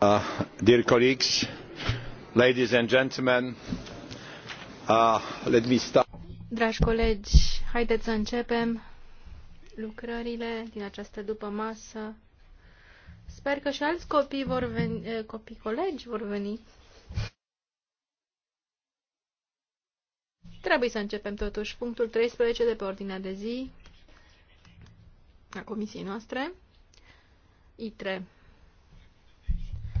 Uh, dear colleagues, ladies and gentlemen, uh, let me start. Dragi colegi, haideți să începem lucrările din această după masă. Sper că și alți copii, vor veni, eh, copii colegi vor veni. Trebuie să începem totuși punctul 13 de pe ordinea de zi a comisiei noastre. ITRE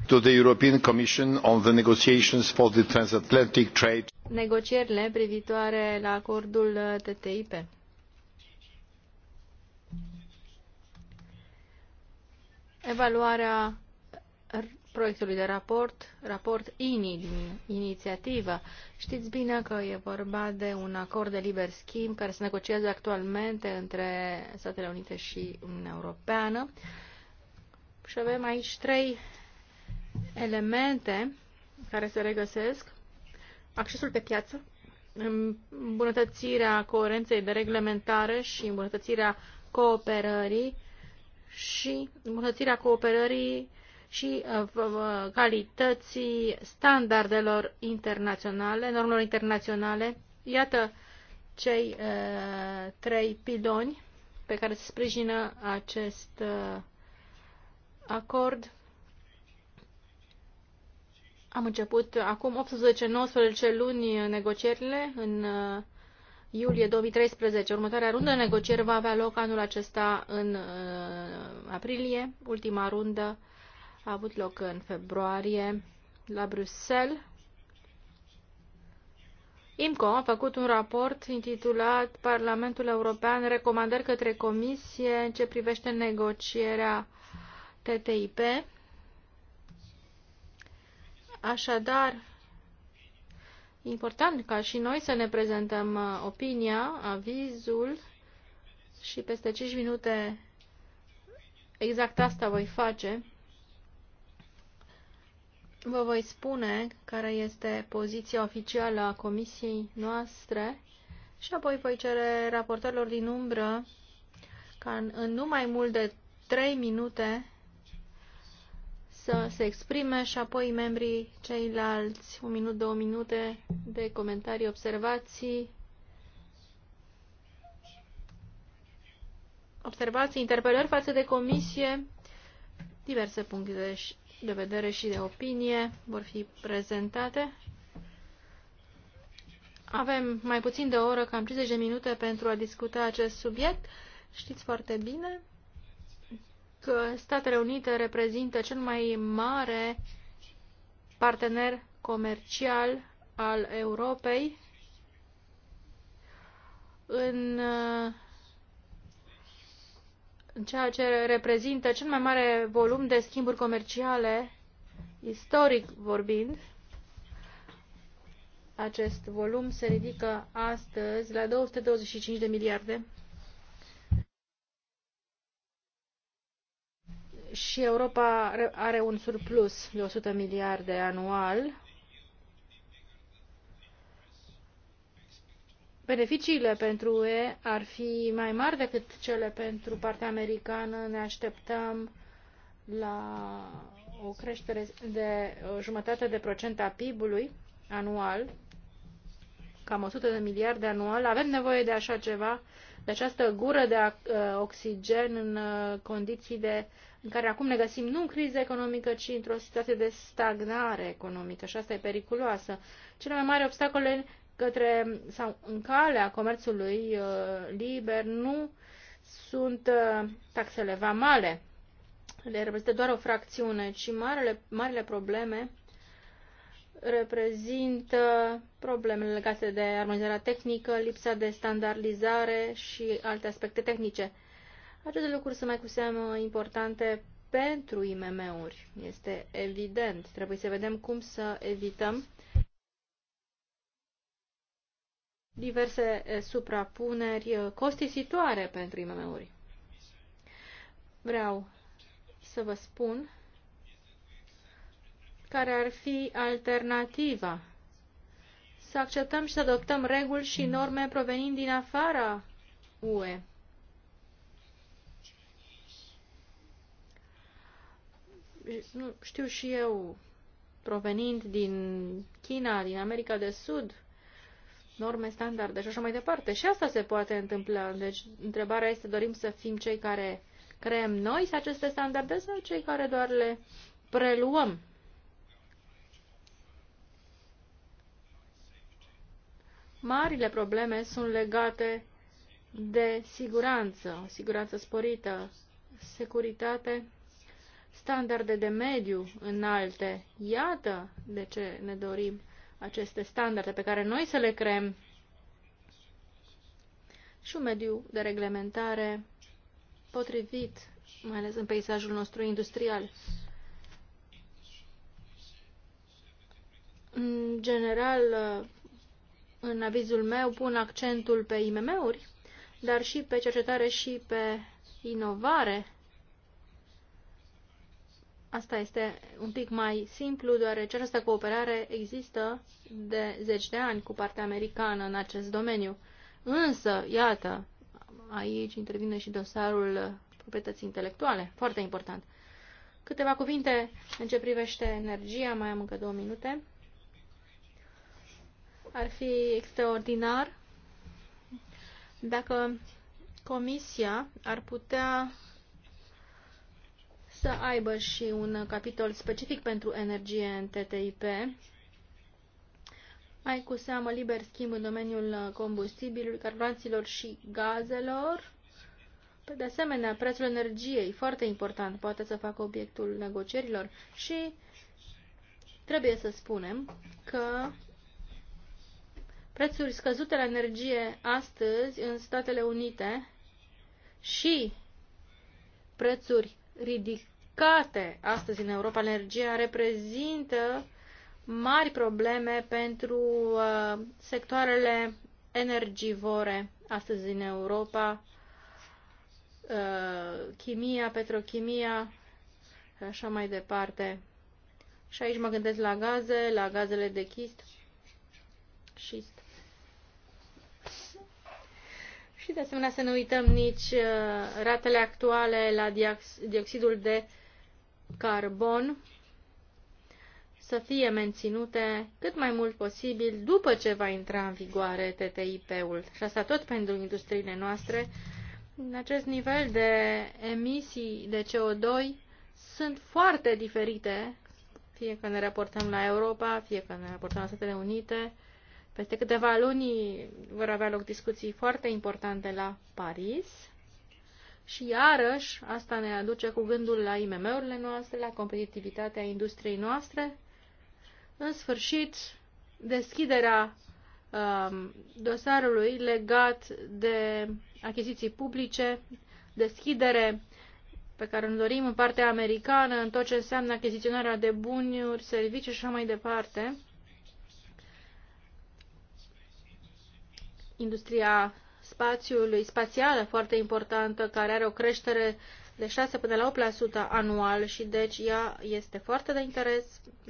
to the European Commission on the negotiations for the transatlantic trade. Negocierile privitoare la acordul TTIP. Evaluarea proiectului de raport, raport INI din inițiativă. Știți bine că e vorba de un acord de liber schimb care se negociază actualmente între Statele Unite și Uniunea Europeană. Și avem aici trei elemente care se regăsesc, accesul pe piață, îmbunătățirea coerenței de reglementare și îmbunătățirea cooperării și îmbunătățirea cooperării și uh, calității standardelor internaționale, normelor internaționale. Iată cei uh, trei piloni pe care se sprijină acest uh, acord am început acum 18-19 luni negocierile în uh, iulie 2013. Următoarea rundă de negocieri va avea loc anul acesta în uh, aprilie. Ultima rundă a avut loc în februarie la Bruxelles. IMCO a făcut un raport intitulat Parlamentul European recomandări către Comisie în ce privește negocierea TTIP Așadar, important ca și noi să ne prezentăm uh, opinia, avizul și peste 5 minute exact asta voi face. Vă voi spune care este poziția oficială a comisiei noastre și apoi voi cere raportărilor din umbră ca în, în nu mai mult de 3 minute să se exprime și apoi membrii ceilalți, un minut, două minute de comentarii, observații. Observații, interpelări față de comisie, diverse puncte de vedere și de opinie vor fi prezentate. Avem mai puțin de o oră, cam 30 de minute pentru a discuta acest subiect. Știți foarte bine Statele Unite reprezintă cel mai mare partener comercial al Europei în, în ceea ce reprezintă cel mai mare volum de schimburi comerciale, istoric vorbind. Acest volum se ridică astăzi la 225 de miliarde și Europa are un surplus de 100 miliarde anual. Beneficiile pentru UE ar fi mai mari decât cele pentru partea americană. Ne așteptăm la o creștere de jumătate de procent a PIB-ului anual, cam 100 de miliarde anual. Avem nevoie de așa ceva, de această gură de oxigen în uh, condiții de uh, în care acum ne găsim nu în criză economică, ci într-o situație de stagnare economică și asta e periculoasă. Cele mai mari obstacole către sau în calea comerțului uh, liber nu sunt uh, taxele vamale. Le reprezintă doar o fracțiune, ci marele, marile probleme reprezintă problemele legate de armonizarea tehnică, lipsa de standardizare și alte aspecte tehnice. Aceste lucruri sunt mai cu seamă importante pentru IMM-uri. Este evident. Trebuie să vedem cum să evităm diverse suprapuneri costisitoare pentru IMM-uri. Vreau să vă spun care ar fi alternativa. Să acceptăm și să adoptăm reguli și norme provenind din afara UE nu, știu și eu, provenind din China, din America de Sud, norme, standarde și așa mai departe. Și asta se poate întâmpla. Deci, întrebarea este, dorim să fim cei care creăm noi aceste standarde sau cei care doar le preluăm? Marile probleme sunt legate de siguranță, o siguranță sporită, securitate standarde de mediu înalte. Iată de ce ne dorim aceste standarde pe care noi să le creăm și un mediu de reglementare potrivit, mai ales în peisajul nostru industrial. În general, în avizul meu pun accentul pe IMM-uri, dar și pe cercetare și pe inovare Asta este un pic mai simplu, deoarece această cooperare există de zeci de ani cu partea americană în acest domeniu. Însă, iată, aici intervine și dosarul proprietății intelectuale, foarte important. Câteva cuvinte în ce privește energia, mai am încă două minute. Ar fi extraordinar dacă Comisia ar putea să aibă și un capitol specific pentru energie în TTIP, ai cu seamă liber schimb în domeniul combustibilului, carburanților și gazelor. Pe de asemenea, prețul energiei, foarte important, poate să facă obiectul negocierilor și trebuie să spunem că prețuri scăzute la energie astăzi în Statele Unite și prețuri ridicate astăzi în Europa, energia reprezintă mari probleme pentru uh, sectoarele energivore astăzi în Europa, uh, chimia, petrochimia și așa mai departe. Și aici mă gândesc la gaze, la gazele de chist și Și de asemenea să nu uităm nici uh, ratele actuale la dioxidul de carbon să fie menținute cât mai mult posibil după ce va intra în vigoare TTIP-ul. Și asta tot pentru industriile noastre. În acest nivel de emisii de CO2 sunt foarte diferite, fie că ne raportăm la Europa, fie că ne raportăm la Statele Unite, peste câteva luni vor avea loc discuții foarte importante la Paris și iarăși asta ne aduce cu gândul la IMM-urile noastre, la competitivitatea industriei noastre. În sfârșit, deschiderea um, dosarului legat de achiziții publice, deschidere pe care ne dorim în partea americană, în tot ce înseamnă achiziționarea de bunuri, servicii și așa mai departe. industria spațiului spațială foarte importantă, care are o creștere de 6 până la 8% anual și deci ea este foarte de interes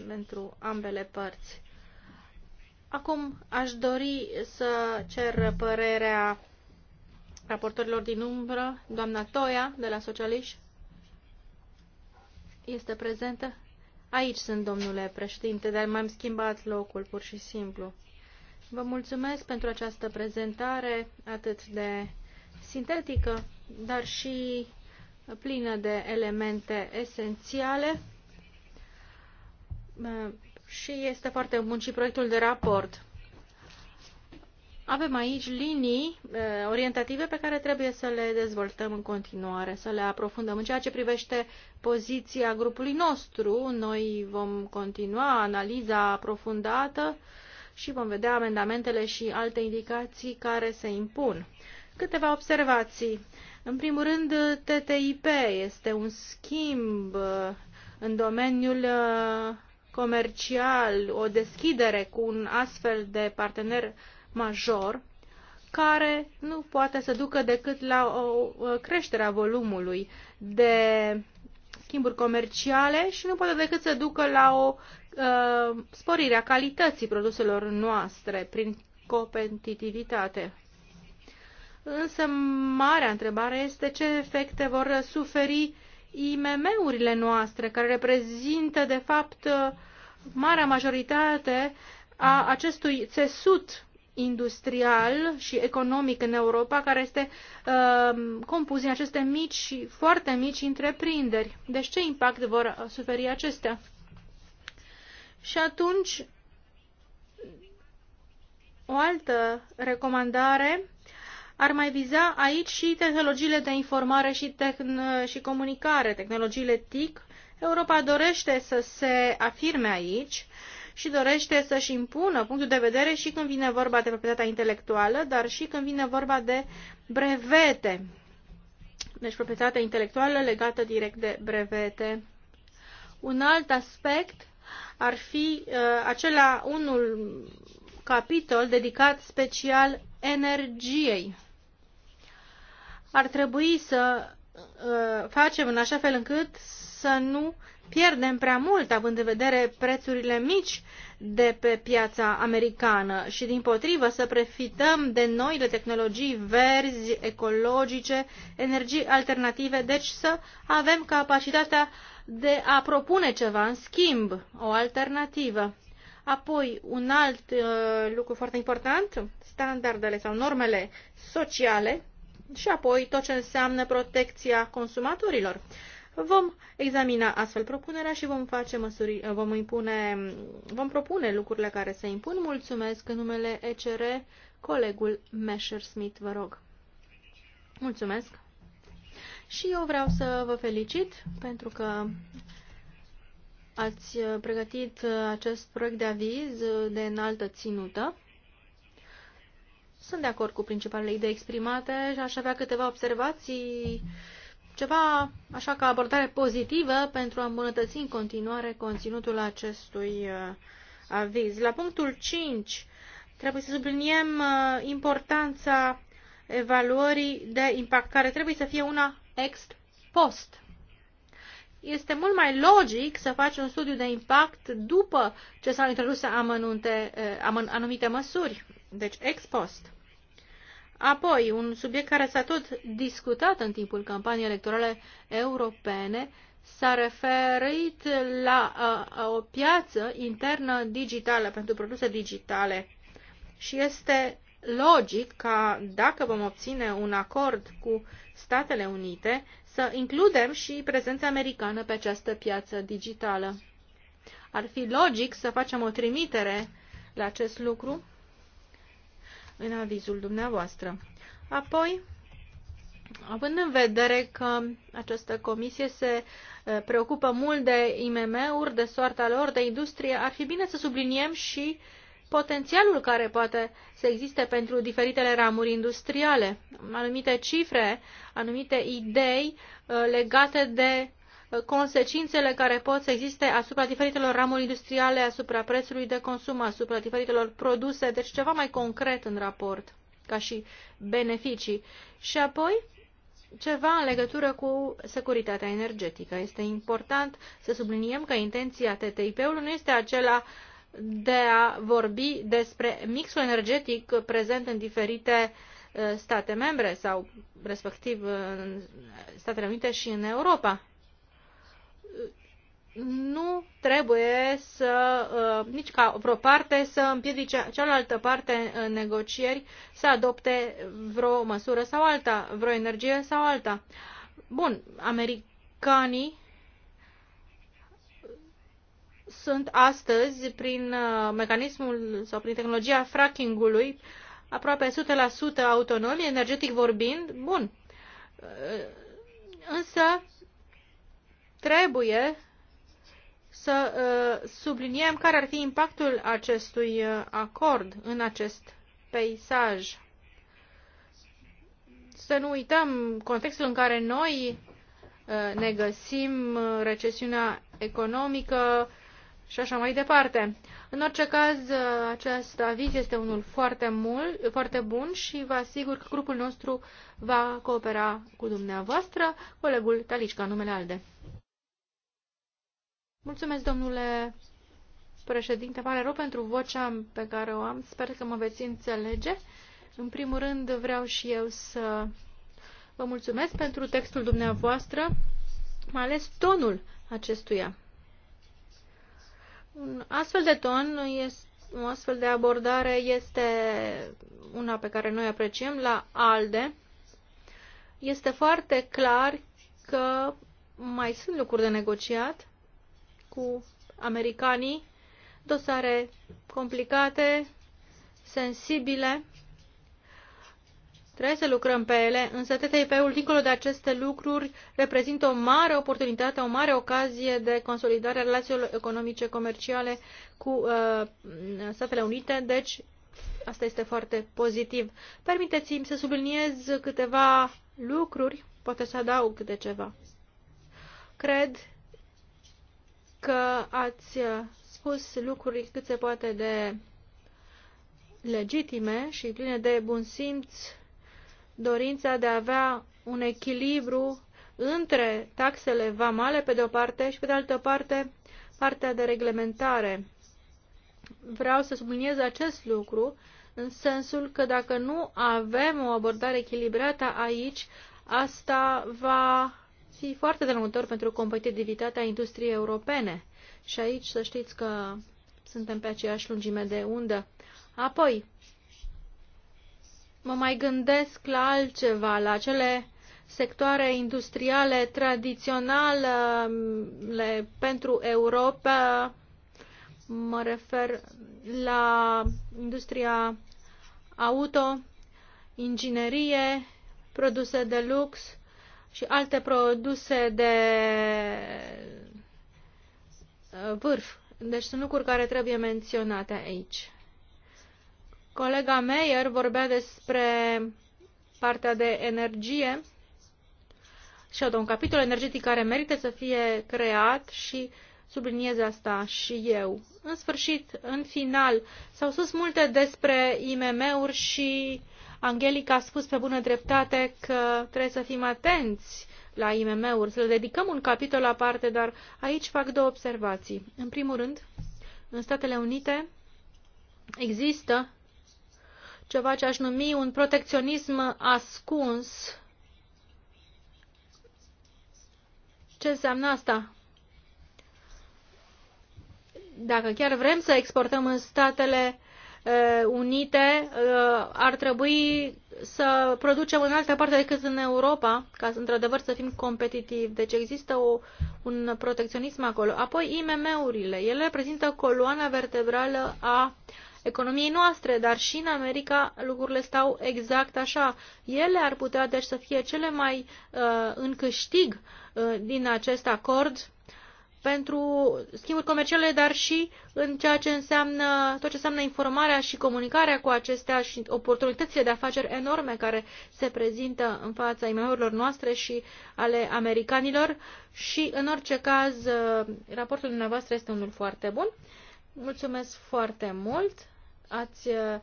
pentru ambele părți. Acum aș dori să cer părerea raportorilor din umbră, doamna Toia de la Socialiști. Este prezentă? Aici sunt, domnule președinte, dar m-am schimbat locul, pur și simplu. Vă mulțumesc pentru această prezentare atât de sintetică, dar și plină de elemente esențiale și este foarte bun și proiectul de raport. Avem aici linii eh, orientative pe care trebuie să le dezvoltăm în continuare, să le aprofundăm. În ceea ce privește poziția grupului nostru, noi vom continua analiza aprofundată și vom vedea amendamentele și alte indicații care se impun. Câteva observații. În primul rând, TTIP este un schimb uh, în domeniul uh, comercial, o deschidere cu un astfel de partener major care nu poate să ducă decât la o creștere a volumului de schimburi comerciale și nu poate decât să ducă la o Uh, sporirea calității produselor noastre prin competitivitate. Însă marea întrebare este ce efecte vor suferi IMM-urile noastre, care reprezintă, de fapt, marea majoritate a acestui țesut industrial și economic în Europa, care este uh, compus din aceste mici, foarte mici întreprinderi. Deci ce impact vor suferi acestea? Și atunci, o altă recomandare ar mai viza aici și tehnologiile de informare și, tehn- și comunicare, tehnologiile TIC. Europa dorește să se afirme aici și dorește să-și impună punctul de vedere și când vine vorba de proprietatea intelectuală, dar și când vine vorba de brevete. Deci proprietatea intelectuală legată direct de brevete. Un alt aspect ar fi uh, acela unul capitol dedicat special energiei. Ar trebui să uh, facem în așa fel încât să nu pierdem prea mult, având în vedere prețurile mici de pe piața americană și, din potrivă, să profităm de noile tehnologii verzi, ecologice, energii alternative, deci să avem capacitatea uh, de a propune ceva în schimb, o alternativă. Apoi, un alt uh, lucru foarte important, standardele sau normele sociale și apoi tot ce înseamnă protecția consumatorilor. Vom examina astfel propunerea și vom face măsuri, uh, vom impune, vom propune lucrurile care se impun. Mulțumesc în numele ECR, colegul Smith, vă rog. Mulțumesc. Și eu vreau să vă felicit pentru că ați pregătit acest proiect de aviz de înaltă ținută. Sunt de acord cu principalele idei exprimate și aș avea câteva observații, ceva așa ca abordare pozitivă pentru a îmbunătăți în continuare conținutul acestui uh, aviz. La punctul 5 trebuie să subliniem uh, importanța evaluării de impact, care trebuie să fie una ex post. Este mult mai logic să faci un studiu de impact după ce s-au introdus amănunte, eh, amân, anumite măsuri, deci ex post. Apoi, un subiect care s-a tot discutat în timpul campaniei electorale europene s-a referit la a, eh, a, o piață internă digitală pentru produse digitale și este logic ca dacă vom obține un acord cu Statele Unite, să includem și prezența americană pe această piață digitală. Ar fi logic să facem o trimitere la acest lucru în avizul dumneavoastră. Apoi, având în vedere că această comisie se preocupă mult de IMM-uri, de soarta lor, de industrie, ar fi bine să subliniem și uh, potențialul care poate să existe pentru diferitele ramuri industriale, anumite cifre, anumite idei uh, legate de uh, consecințele care pot să existe asupra diferitelor ramuri industriale, asupra prețului de consum, asupra diferitelor produse, deci ceva mai concret în raport, ca și beneficii. Și apoi, ceva în legătură cu securitatea energetică. Este important să subliniem că intenția TTIP-ului nu este acela uh, de a vorbi despre mixul energetic prezent în diferite uh, state membre sau respectiv în Statele Unite și în Europa. Nu trebuie să, uh, nici ca vreo parte să împiedice cealaltă parte în negocieri să adopte vreo măsură sau alta, vreo energie sau alta. Bun, americanii sunt astăzi, prin uh, mecanismul sau prin tehnologia frackingului, aproape 100% autonomi, energetic vorbind, bun. Uh, însă trebuie să uh, subliniem care ar fi impactul acestui acord în acest peisaj. Să nu uităm contextul în care noi ne găsim, recesiunea economică, și așa mai departe. În orice caz, acest aviz este unul foarte, mult, foarte bun și vă asigur că grupul nostru va coopera cu dumneavoastră, colegul Talișca, numele ALDE. Mulțumesc, domnule președinte. Pare rău pentru vocea pe care o am. Sper că mă veți înțelege. În primul rând, vreau și eu să vă mulțumesc pentru textul dumneavoastră, mai ales tonul acestuia. Un astfel de ton, este, o astfel de abordare este una pe care noi apreciem la ALDE. Este foarte clar că mai sunt lucruri de negociat cu americanii, dosare complicate, sensibile Trebuie să lucrăm pe ele, însă TTIP-ul, dincolo de aceste lucruri, reprezintă o mare oportunitate, o mare ocazie de consolidare a relațiilor economice comerciale cu uh, Statele Unite, deci asta este foarte pozitiv. Permiteți-mi să subliniez câteva lucruri, poate să adaug câte ceva. Cred că ați uh, spus lucruri cât se poate de legitime și pline de bun simț dorința de a avea un echilibru între taxele vamale, pe de o parte, și pe de altă parte, partea de reglementare. Vreau să subliniez acest lucru, în sensul că dacă nu avem o abordare echilibrată aici, asta va fi foarte dăunător pentru competitivitatea industriei europene. Și aici să știți că suntem pe aceeași lungime de undă. Apoi, mă mai gândesc la altceva, la cele sectoare industriale tradiționale pentru Europa. Mă refer la industria auto, inginerie, produse de lux și alte produse de uh, vârf. Deci sunt lucruri care trebuie menționate aici. Colega Meyer vorbea despre partea de energie și un capitol energetic care merită să fie creat și subliniez asta și eu. În sfârșit, în final, s-au spus multe despre IMM-uri și Angelica a spus pe bună dreptate că trebuie să fim atenți la IMM-uri, să le dedicăm un capitol aparte, dar aici fac două observații. În primul rând, în Statele Unite există ceva ce aș numi un protecționism ascuns. Ce înseamnă asta? Dacă chiar vrem să exportăm în Statele uh, Unite, uh, ar trebui să producem în altă parte decât în Europa, ca să într-adevăr să fim competitivi. Deci există o, un protecționism acolo. Apoi IMM-urile. Ele reprezintă coloana vertebrală a uh, economiei noastre, dar și în America lucrurile stau exact așa. Ele ar putea deci să fie cele mai uh, în câștig uh, din acest acord pentru schimburi comerciale, dar și în ceea ce înseamnă tot ce înseamnă informarea și comunicarea cu acestea și oportunitățile de afaceri enorme care se prezintă în fața imeurilor noastre și ale americanilor. Și, în orice caz, uh, raportul dumneavoastră este unul foarte bun. Mulțumesc foarte mult! ați uh,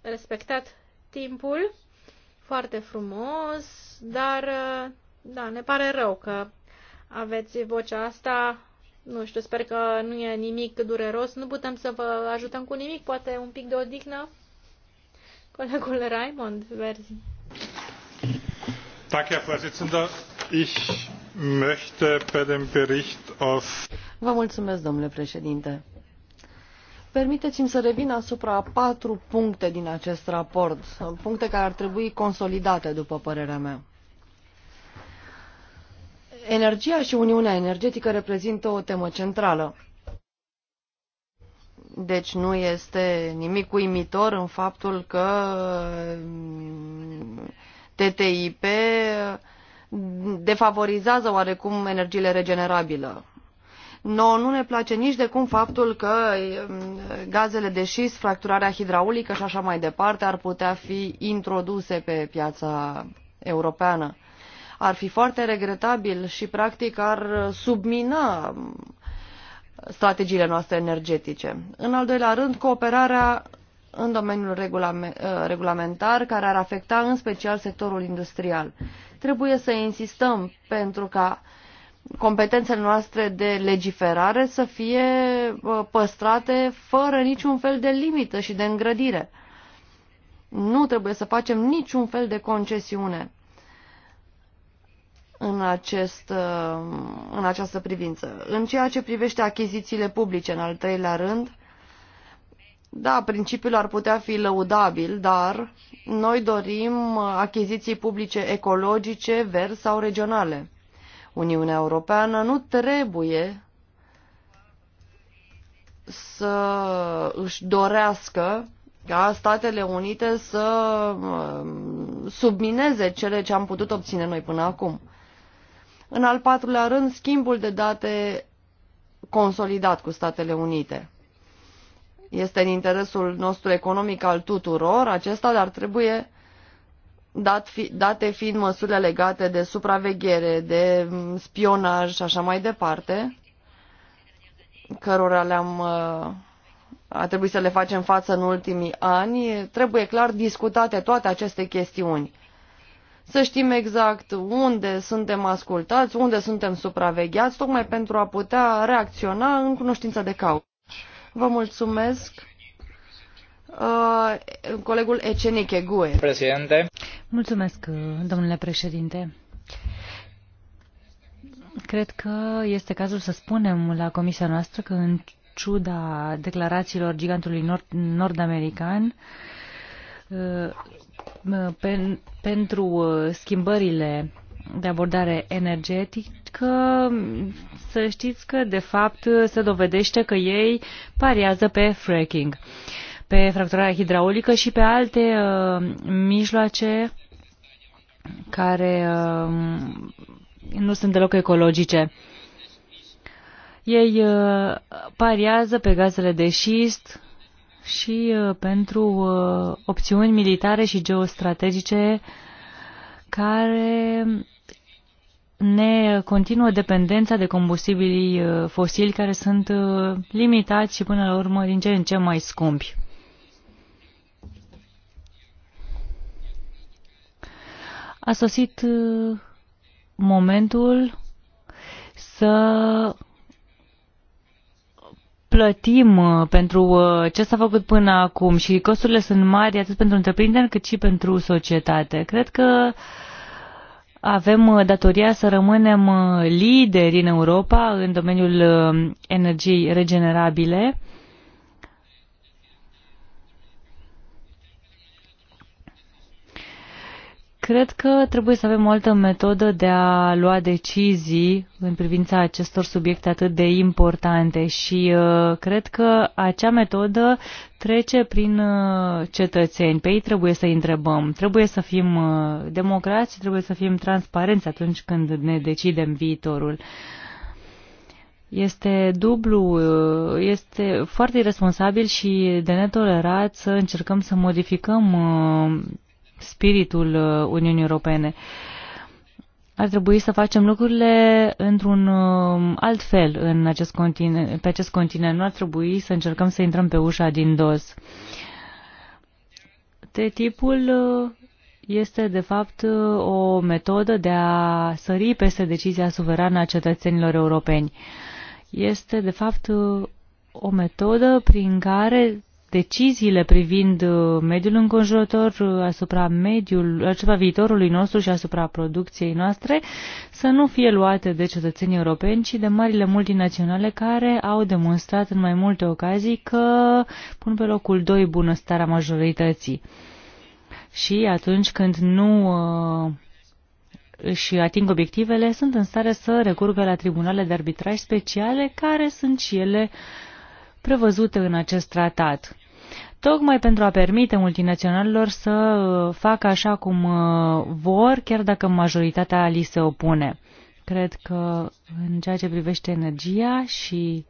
respectat timpul foarte frumos, dar uh, da, ne pare rău că aveți vocea asta. Nu știu, sper că nu e nimic dureros. Nu putem să vă ajutăm cu nimic, poate un pic de odihnă. Colegul Raimond, verzi. Danke, Herr Vorsitzender. Ich möchte bei dem Bericht auf... Vă mulțumesc, domnule președinte. Permiteți-mi să revin asupra patru puncte din acest raport, puncte care ar trebui consolidate, după părerea mea. Energia și Uniunea Energetică reprezintă o temă centrală. Deci nu este nimic uimitor în faptul că mm, TTIP defavorizează oarecum energiile regenerabile Nouă nu ne place nici de cum faptul că um, gazele de șist, fracturarea hidraulică și așa mai departe ar putea fi introduse pe piața europeană. Ar fi foarte regretabil și practic ar submina um, strategiile noastre energetice. În al doilea rând, cooperarea în domeniul uh, regulamentar, care ar afecta în special sectorul industrial. Trebuie să insistăm pentru ca competențele noastre de legiferare să fie păstrate fără niciun fel de limită și de îngrădire. Nu trebuie să facem niciun fel de concesiune în, acest, în această privință. În ceea ce privește achizițiile publice, în al treilea rând, da, principiul ar putea fi lăudabil, dar noi dorim achiziții publice ecologice, verzi sau regionale. Uniunea Europeană nu trebuie să își dorească ca Statele Unite să um, submineze cele ce am putut obține noi până acum. În al patrulea rând, schimbul de date consolidat cu Statele Unite. Este în interesul nostru economic al tuturor acesta, dar trebuie dat fi, date fiind măsurile legate de supraveghere, de spionaj și așa mai departe, cărora le-am uh, a trebuit să le facem față în ultimii ani, trebuie clar discutate toate aceste chestiuni. Să știm exact unde suntem ascultați, unde suntem supravegheați, tocmai pentru a putea reacționa în cunoștință de cauză. Vă mulțumesc! Uh, președinte. Mulțumesc, domnule președinte. Cred că este cazul să spunem la comisia noastră că în ciuda declarațiilor gigantului nord, nord-american, uh, pen, pentru uh, schimbările de abordare energetică, să știți că, de fapt, se dovedește că ei pariază pe fracking. Uh, pe fracturarea hidraulică și pe alte uh, mijloace care uh, nu sunt deloc ecologice. Ei uh, pariază pe gazele de șist și uh, pentru uh, opțiuni militare și geostrategice care ne continuă dependența de combustibilii uh, fosili care sunt uh, limitați și până la urmă din ce în ce mai scumpi. a sosit uh, momentul să plătim uh, pentru uh, ce s-a făcut până acum și costurile sunt mari atât pentru întreprinderi cât și pentru societate. Cred că avem datoria să rămânem lideri în Europa în domeniul energiei regenerabile Cred că trebuie să avem o altă metodă de a lua decizii în privința acestor subiecte atât de importante și uh, cred că acea metodă trece prin uh, cetățeni. Pe ei trebuie să întrebăm. Trebuie să fim uh, democrați, trebuie să fim transparenți atunci când ne decidem viitorul. Este dublu, uh, este foarte irresponsabil și de netolerat să încercăm să modificăm uh, spiritul uh, Uniunii Europene. Ar trebui să facem lucrurile într-un um, alt fel în acest continent, pe acest continent. Nu ar trebui să încercăm să intrăm pe ușa din dos. T-tipul uh, este de fapt uh, o metodă de a sări peste decizia suverană a cetățenilor europeni. Este de fapt o metodă prin care deciziile privind uh, mediul înconjurător, uh, asupra, mediul, asupra viitorului nostru și asupra producției noastre să nu fie luate de cetățenii europeni, ci de marile multinaționale care au demonstrat în mai multe ocazii că pun pe locul doi bunăstarea majorității. Și atunci când nu uh, și ating obiectivele, sunt în stare să recurgă la tribunale de arbitraj speciale, care sunt și ele uh, prevăzute în acest tratat tocmai pentru a permite multinaționalilor să uh, facă așa cum uh, vor, chiar dacă majoritatea li se opune. Cred că în ceea ce privește energia și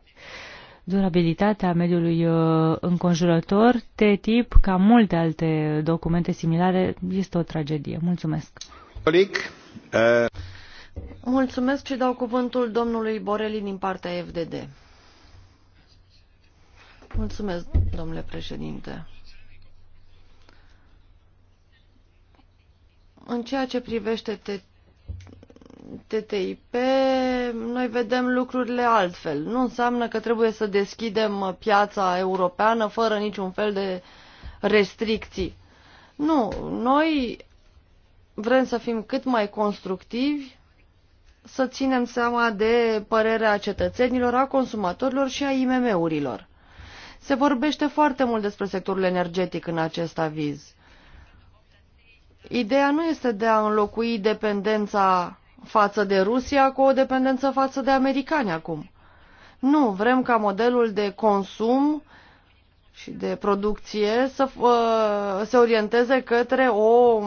durabilitatea mediului uh, înconjurător, TTIP, ca multe alte documente similare, este o tragedie. Mulțumesc! Mulțumesc și dau cuvântul domnului Borelli din partea FDD. Mulțumesc, domnule președinte. În ceea ce privește TTIP, noi vedem lucrurile altfel. Nu înseamnă că trebuie să deschidem piața europeană fără niciun fel de restricții. Nu, noi vrem să fim cât mai constructivi, să ținem seama de părerea cetățenilor, a consumatorilor și a IMM-urilor. Se vorbește foarte mult despre sectorul energetic în acest aviz. Ideea nu este de a înlocui dependența față de Rusia cu o dependență față de americani acum. Nu, vrem ca modelul de consum și de producție să uh, se orienteze către o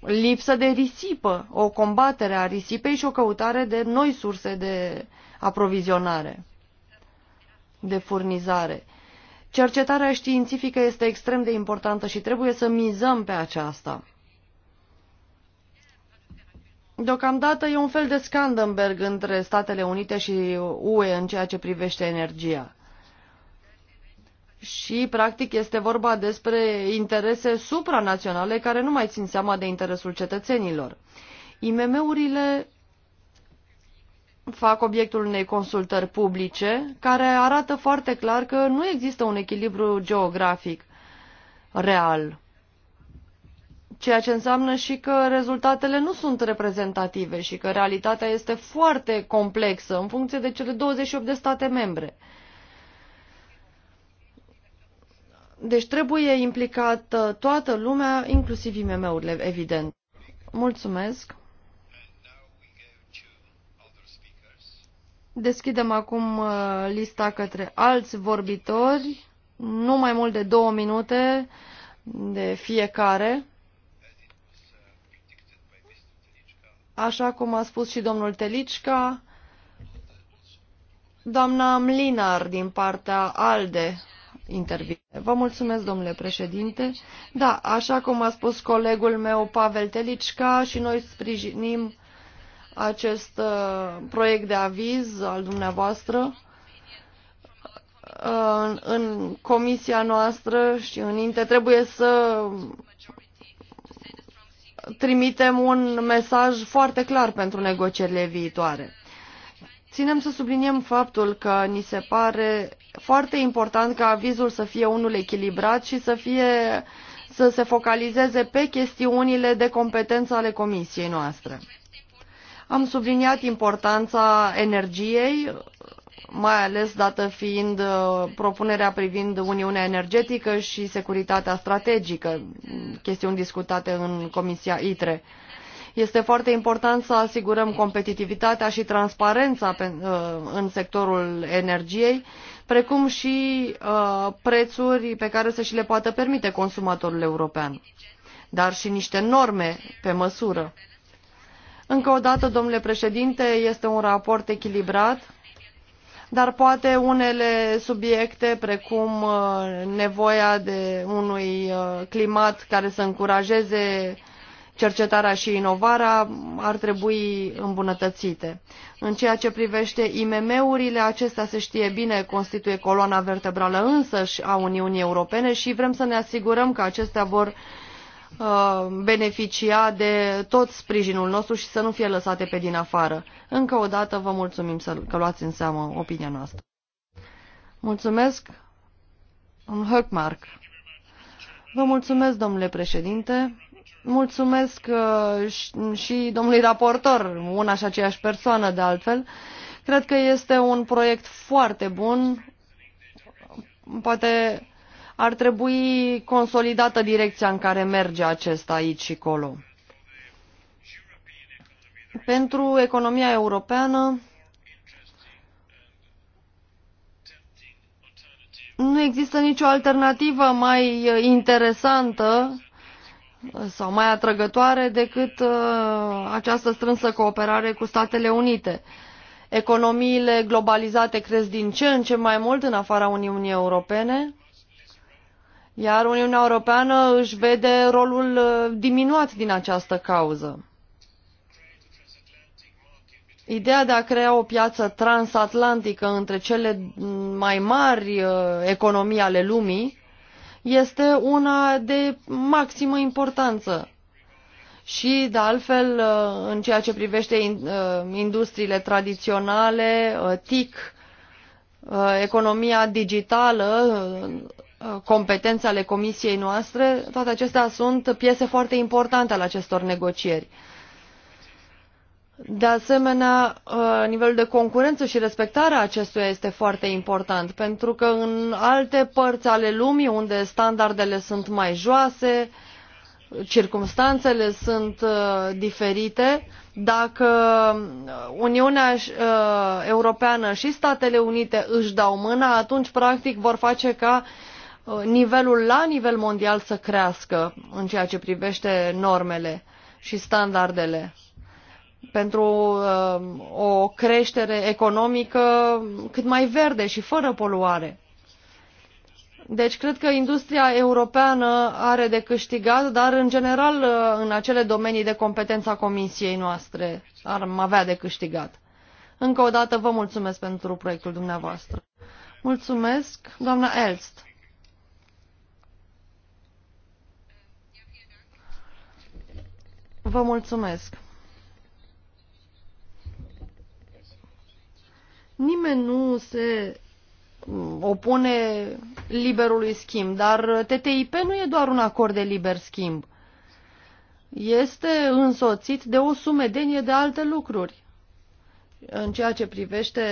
lipsă de risipă, o combatere a risipei și o căutare de noi surse de aprovizionare de furnizare. Cercetarea științifică este extrem de importantă și trebuie să mizăm pe aceasta. Deocamdată e un fel de scandamberg între Statele Unite și UE în ceea ce privește energia. Și, practic, este vorba despre interese supranaționale care nu mai țin seama de interesul cetățenilor. IMM-urile fac obiectul unei consultări publice care arată foarte clar că nu există un echilibru geografic real. Ceea ce înseamnă și că rezultatele nu sunt reprezentative și că realitatea este foarte complexă în funcție de cele 28 de state membre. Deci trebuie implicată toată lumea, inclusiv IMM-urile, evident. Mulțumesc! Deschidem acum uh, lista către alți vorbitori, nu mai mult de două minute de fiecare. Așa cum a spus și domnul Telicca, doamna Mlinar din partea ALDE intervine. Vă mulțumesc, domnule președinte. Da, așa cum a spus colegul meu Pavel Telicca și noi sprijinim acest uh, proiect de aviz al dumneavoastră uh, în, în comisia noastră și în INTE trebuie să trimitem un mesaj foarte clar pentru negocierile viitoare. Ținem să subliniem faptul că ni se pare foarte important ca avizul să fie unul echilibrat și să, fie, să se focalizeze pe chestiunile de competență ale comisiei noastre. Am subliniat importanța energiei, mai ales dată fiind uh, propunerea privind Uniunea Energetică și securitatea strategică, chestiuni discutate în Comisia ITRE. Este foarte important să asigurăm competitivitatea și transparența uh, în sectorul energiei, precum și uh, prețuri pe care să și le poată permite consumatorul european, dar și niște norme pe măsură. Încă o dată, domnule președinte, este un raport echilibrat, dar poate unele subiecte, precum uh, nevoia de unui uh, climat care să încurajeze cercetarea și inovarea ar trebui îmbunătățite. În ceea ce privește IMM-urile, acestea se știe bine constituie coloana vertebrală însăși a Uniunii Europene și vrem să ne asigurăm că acestea vor Uh, beneficia de tot sprijinul nostru și să nu fie lăsate pe din afară. Încă o dată vă mulțumim să, că luați în seamă opinia noastră. Mulțumesc, Höckmark. Vă mulțumesc, domnule președinte. Mulțumesc uh, și domnului raportor, una și aceeași persoană de altfel. Cred că este un proiect foarte bun. Poate ar trebui consolidată direcția în care merge acesta aici și colo. Pentru economia europeană nu există nicio alternativă mai interesantă sau mai atrăgătoare decât uh, această strânsă cooperare cu Statele Unite. Economiile globalizate cresc din ce în ce mai mult în afara Uniunii Europene iar Uniunea Europeană își vede rolul uh, diminuat din această cauză. Ideea de a crea o piață transatlantică între cele mai mari uh, economii ale lumii este una de maximă importanță. Și, de altfel, uh, în ceea ce privește industriile tradiționale, TIC, economia digitală competențe ale comisiei noastre, toate acestea sunt piese foarte importante ale acestor negocieri. De asemenea, uh, nivelul de concurență și respectarea acestuia este foarte important, pentru că în alte părți ale lumii, unde standardele sunt mai joase, circumstanțele sunt uh, diferite, dacă Uniunea uh, Europeană și Statele Unite își dau mâna, atunci practic vor face ca Uh, nivelul la nivel mondial să crească în ceea ce privește normele și standardele pentru uh, o creștere economică cât mai verde și fără poluare. Deci cred că industria europeană are de câștigat, dar în general uh, în acele domenii de competență a comisiei noastre ar avea de câștigat. Încă o dată vă mulțumesc pentru proiectul dumneavoastră. Mulțumesc, doamna Elst. Vă mulțumesc. Nimeni nu se opune liberului schimb, dar TTIP nu e doar un acord de liber schimb. Este însoțit de o sumedenie de alte lucruri în ceea ce privește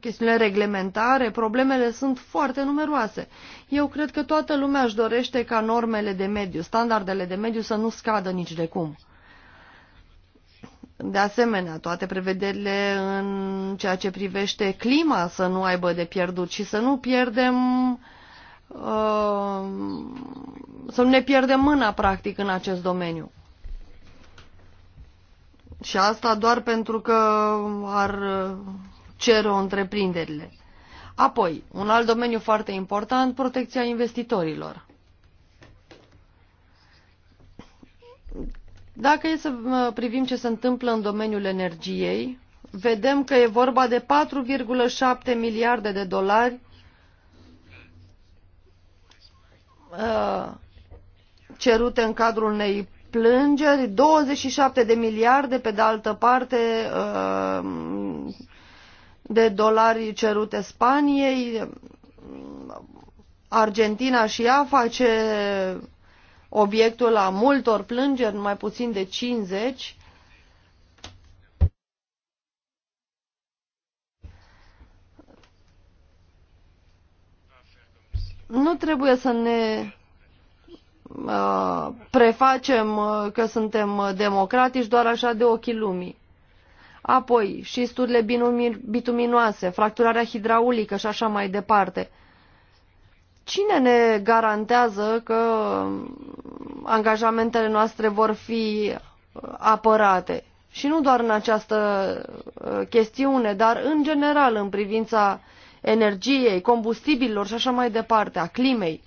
chestiunile reglementare, problemele sunt foarte numeroase. Eu cred că toată lumea își dorește ca normele de mediu, standardele de mediu să nu scadă nici de cum. De asemenea, toate prevederile în ceea ce privește clima să nu aibă de pierdut și să nu pierdem uh, să nu ne pierdem mâna practic în acest domeniu. Și asta doar pentru că ar cer o întreprinderile. Apoi, un alt domeniu foarte important, protecția investitorilor. Dacă e să privim ce se întâmplă în domeniul energiei, vedem că e vorba de 4,7 miliarde de dolari uh, cerute în cadrul unei plângeri, 27 de miliarde, pe de altă parte, uh, de dolari cerute Spaniei, Argentina și ea face obiectul a multor plângeri, mai puțin de 50. Nu trebuie să ne uh, prefacem uh, că suntem democratici doar așa de ochii lumii apoi șisturile bituminoase, fracturarea hidraulică și așa mai departe. Cine ne garantează că angajamentele noastre vor fi uh, apărate? Și nu doar în această uh, chestiune, dar în general în privința energiei, combustibililor și așa mai departe, a climei.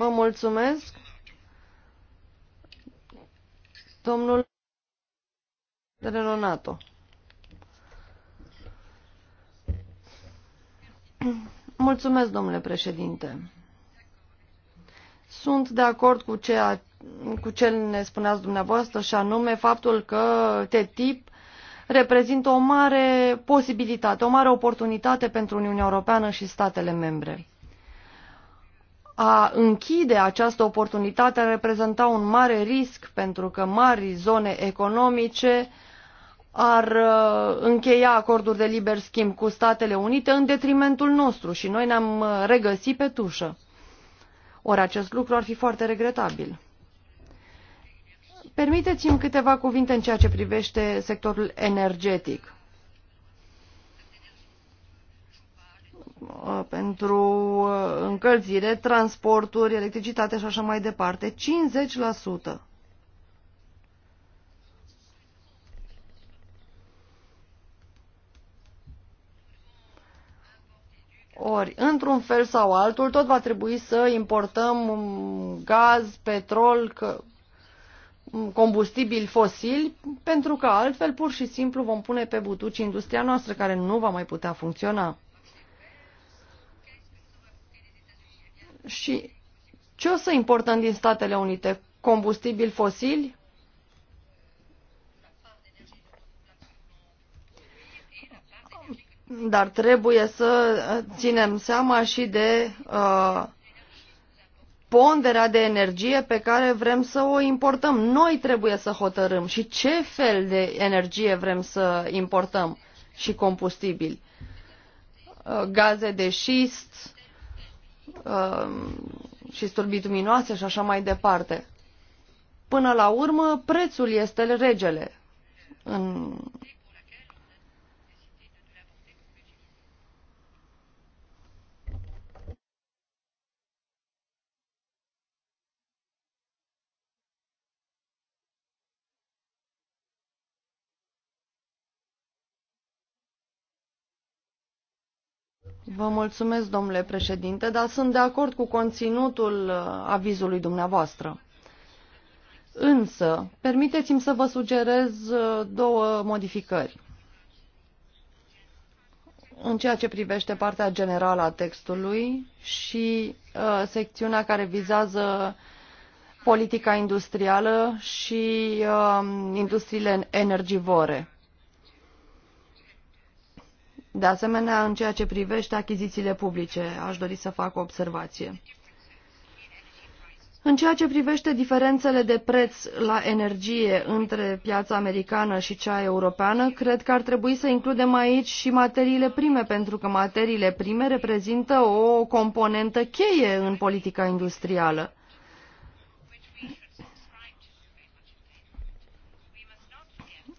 Vă mulțumesc. Domnul Renonato. Mulțumesc, domnule președinte. Sunt de acord cu, ceea, cu ce ne spuneați dumneavoastră și anume faptul că TTIP reprezintă o mare posibilitate, o mare oportunitate pentru Uniunea Europeană și statele membre a închide această oportunitate ar reprezenta un mare risc pentru că mari zone economice ar uh, încheia acorduri de liber schimb cu Statele Unite în detrimentul nostru și noi ne-am uh, regăsit pe tușă. Ori acest lucru ar fi foarte regretabil. Permiteți-mi câteva cuvinte în ceea ce privește sectorul energetic. Uh, pentru uh, încălzire, transporturi, electricitate și așa mai departe, 50%. Ori, într-un fel sau altul, tot va trebui să importăm um, gaz, petrol, că, um, combustibili fosili, pentru că altfel pur și simplu vom pune pe butuci industria noastră care nu va mai putea funcționa. Și ce o să importăm din Statele Unite? Combustibili fosili? Dar trebuie să ținem seama și de uh, ponderea de energie pe care vrem să o importăm. Noi trebuie să hotărâm și ce fel de energie vrem să importăm și combustibili. Uh, gaze de șist, Um, și sturbitminoase și așa mai departe. Până la urmă, prețul este regele în Vă mulțumesc, domnule președinte, dar sunt de acord cu conținutul uh, avizului dumneavoastră. Însă, permiteți-mi să vă sugerez uh, două modificări. În ceea ce privește partea generală a textului și uh, secțiunea care vizează politica industrială și uh, industriile energivore. De asemenea, în ceea ce privește achizițiile publice, aș dori să fac o observație. În ceea ce privește diferențele de preț la energie între piața americană și cea europeană, cred că ar trebui să includem aici și materiile prime, pentru că materiile prime reprezintă o componentă cheie în politica industrială.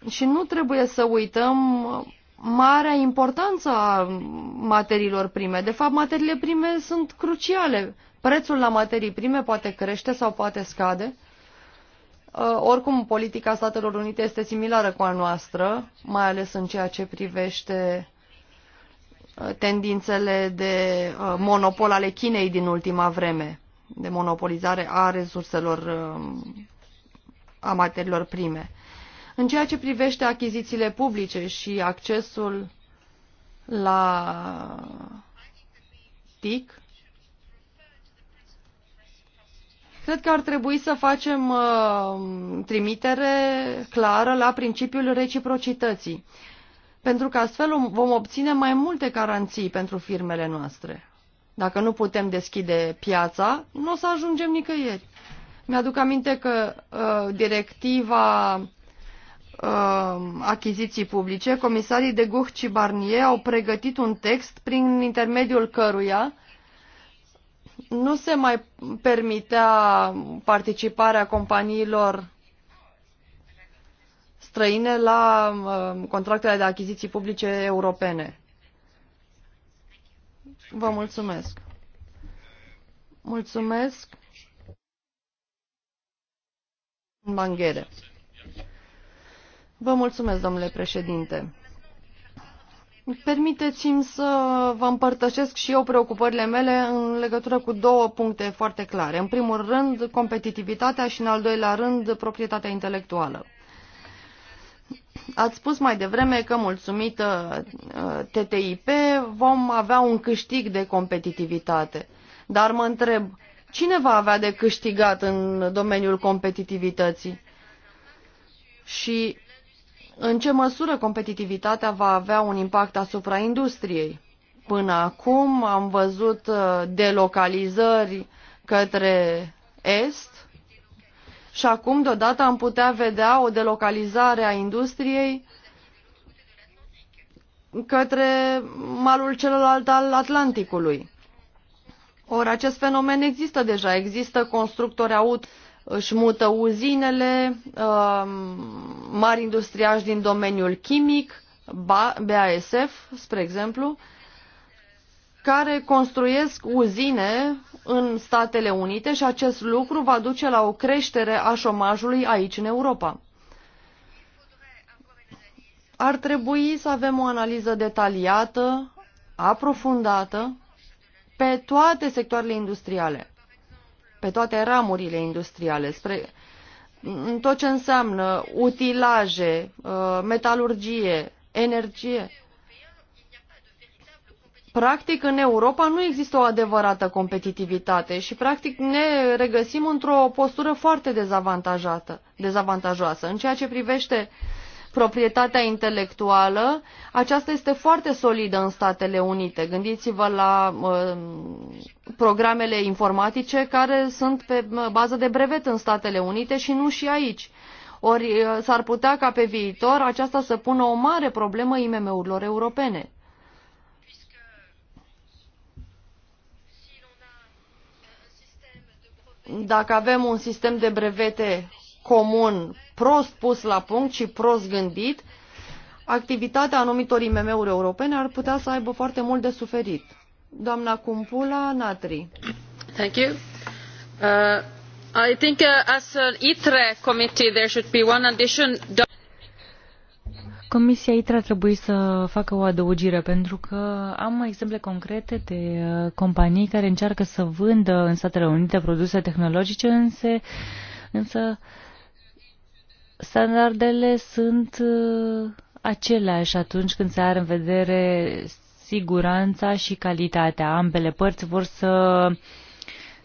Și nu trebuie să uităm marea importanță a materiilor prime. De fapt, materiile prime sunt cruciale. Prețul la materii prime poate crește sau poate scade. Uh, oricum, politica Statelor Unite este similară cu a noastră, mai ales în ceea ce privește uh, tendințele de uh, monopol ale Chinei din ultima vreme, de monopolizare a resurselor, a materiilor prime. În ceea ce privește achizițiile publice și accesul la TIC, cred că ar trebui să facem uh, trimitere clară la principiul reciprocității, pentru că astfel vom obține mai multe garanții pentru firmele noastre. Dacă nu putem deschide piața, nu o să ajungem nicăieri. Mi-aduc aminte că uh, directiva Uh, achiziții publice, comisarii de Gucht și Barnier au pregătit un text prin intermediul căruia nu se mai permitea participarea companiilor străine la uh, contractele de achiziții publice europene. Vă mulțumesc. Mulțumesc. Mangere. Vă mulțumesc, domnule președinte. Permiteți-mi să vă împărtășesc și eu preocupările mele în legătură cu două puncte foarte clare. În primul rând, competitivitatea și, în al doilea rând, proprietatea intelectuală. Ați spus mai devreme că, mulțumită uh, TTIP, vom avea un câștig de competitivitate. Dar mă întreb, cine va avea de câștigat în domeniul competitivității? Și în ce măsură competitivitatea va avea un impact asupra industriei? Până acum am văzut uh, delocalizări către est și acum deodată am putea vedea o delocalizare a industriei către malul celălalt al Atlanticului. Ori acest fenomen există deja, există constructori auto își mută uzinele, um, mari industriași din domeniul chimic, BASF, spre exemplu, care construiesc uzine în Statele Unite și acest lucru va duce la o creștere a șomajului aici în Europa. Ar trebui să avem o analiză detaliată, aprofundată, pe toate sectoarele industriale pe toate ramurile industriale, spre tot ce înseamnă utilaje, uh, metalurgie, energie. Practic, în Europa nu există o adevărată competitivitate și, practic, ne regăsim într-o postură foarte dezavantajată, dezavantajoasă. În ceea ce privește uh, proprietatea intelectuală, aceasta este foarte solidă în Statele Unite. Gândiți-vă la uh, programele informatice care sunt pe uh, bază de brevet în Statele Unite și nu și aici. Ori uh, s-ar putea ca pe viitor aceasta să pună o mare problemă IMM-urilor europene. Dacă avem un sistem de brevete comun prost pus la punct și prost gândit, activitatea anumitor IMM-uri europene ar putea să aibă foarte mult de suferit. Doamna Cumpula Natri. Thank you. Uh, I think uh, as an ITRE committee there should be one addition. Comisia ITRA trebuie să facă o adăugire pentru că am exemple concrete de uh, companii care încearcă să vândă în Statele Unite produse tehnologice, însă, însă standardele sunt uh, aceleași atunci când se are în vedere siguranța și calitatea. Ambele părți vor să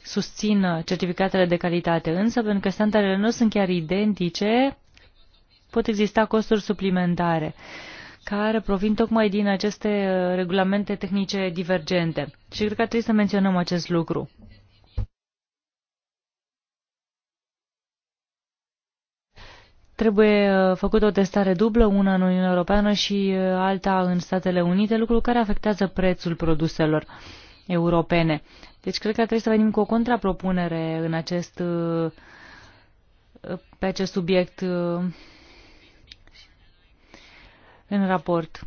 susțină certificatele de calitate, însă pentru că standardele nu sunt chiar identice, pot exista costuri suplimentare care provin tocmai din aceste uh, regulamente tehnice divergente. Și cred că trebuie să menționăm acest lucru. Trebuie uh, făcută o testare dublă, una în Uniunea Europeană și uh, alta în Statele Unite, lucru care afectează prețul produselor europene. Deci cred că trebuie să venim cu o contrapropunere în acest, uh, pe acest subiect în raport.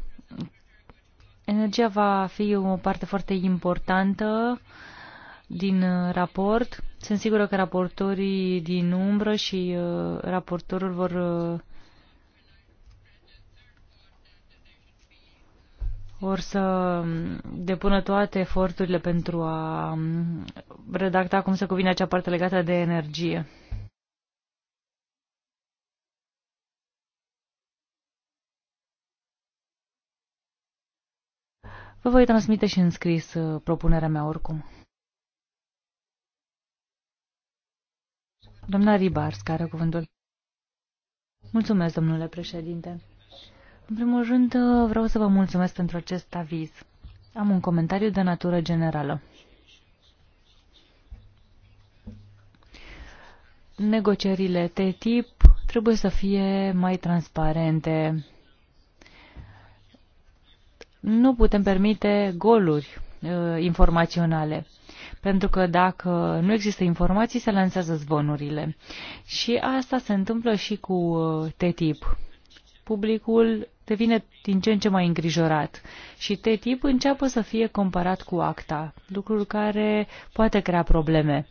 Energia va fi o parte foarte importantă din uh, raport. Sunt sigură că raportorii din umbră și uh, raportorul vor vor uh, să um, depună toate eforturile pentru a um, redacta cum se cuvine acea parte legată de energie. Vă voi transmite și în scris propunerea mea oricum. Doamna Ribars, care are cuvântul. Mulțumesc, domnule președinte. În primul rând, vreau să vă mulțumesc pentru acest aviz. Am un comentariu de natură generală. Negocierile TTIP trebuie să fie mai transparente. Nu putem permite goluri uh, informaționale pentru că dacă nu există informații, se lansează zvonurile. Și asta se întâmplă și cu uh, TTIP. Publicul devine din ce în ce mai îngrijorat și TTIP înceapă să fie comparat cu ACTA, lucrul care poate crea probleme.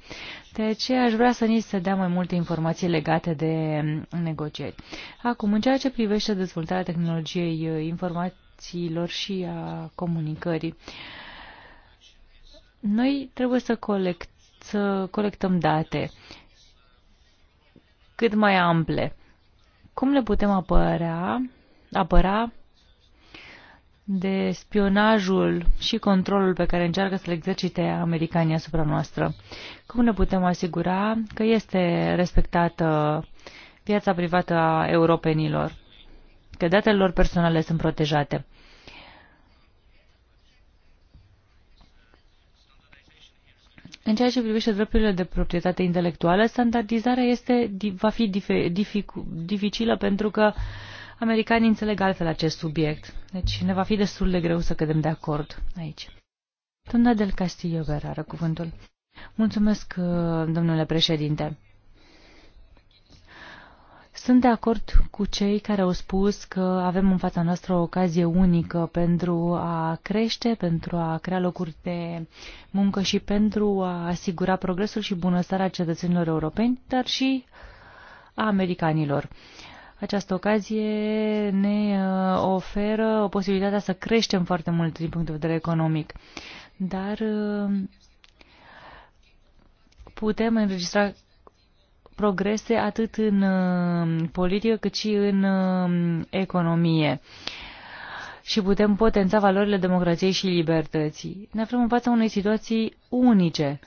De aceea aș vrea să ni se dea mai multe informații legate de mm, negocieri. Acum, în ceea ce privește dezvoltarea tehnologiei uh, informațiilor și a comunicării, uh, noi trebuie să, colect, să colectăm date cât mai ample. Cum le putem apărea, apăra de spionajul și controlul pe care încearcă să-l exercite americanii asupra noastră? Cum ne putem asigura că este respectată viața privată a europenilor, că datele lor personale sunt protejate? În ceea ce privește drepturile de proprietate intelectuală, standardizarea este, va fi dificilă pentru că americanii înțeleg altfel acest subiect. Deci ne va fi destul de greu să cădem de acord aici. Tunda del Castillo Vera are cuvântul. Mulțumesc, uh, domnule președinte. Sunt de acord cu cei care au spus că avem în fața noastră o ocazie unică pentru a crește, pentru a crea locuri de muncă și pentru a asigura progresul și bunăstarea cetățenilor europeni, dar și a americanilor. Această ocazie ne uh, oferă o posibilitate să creștem foarte mult din punct de vedere economic, dar uh, putem înregistra progrese atât în uh, politică cât și în uh, economie și putem potența valorile democrației și libertății. Ne aflăm în fața unei situații unice,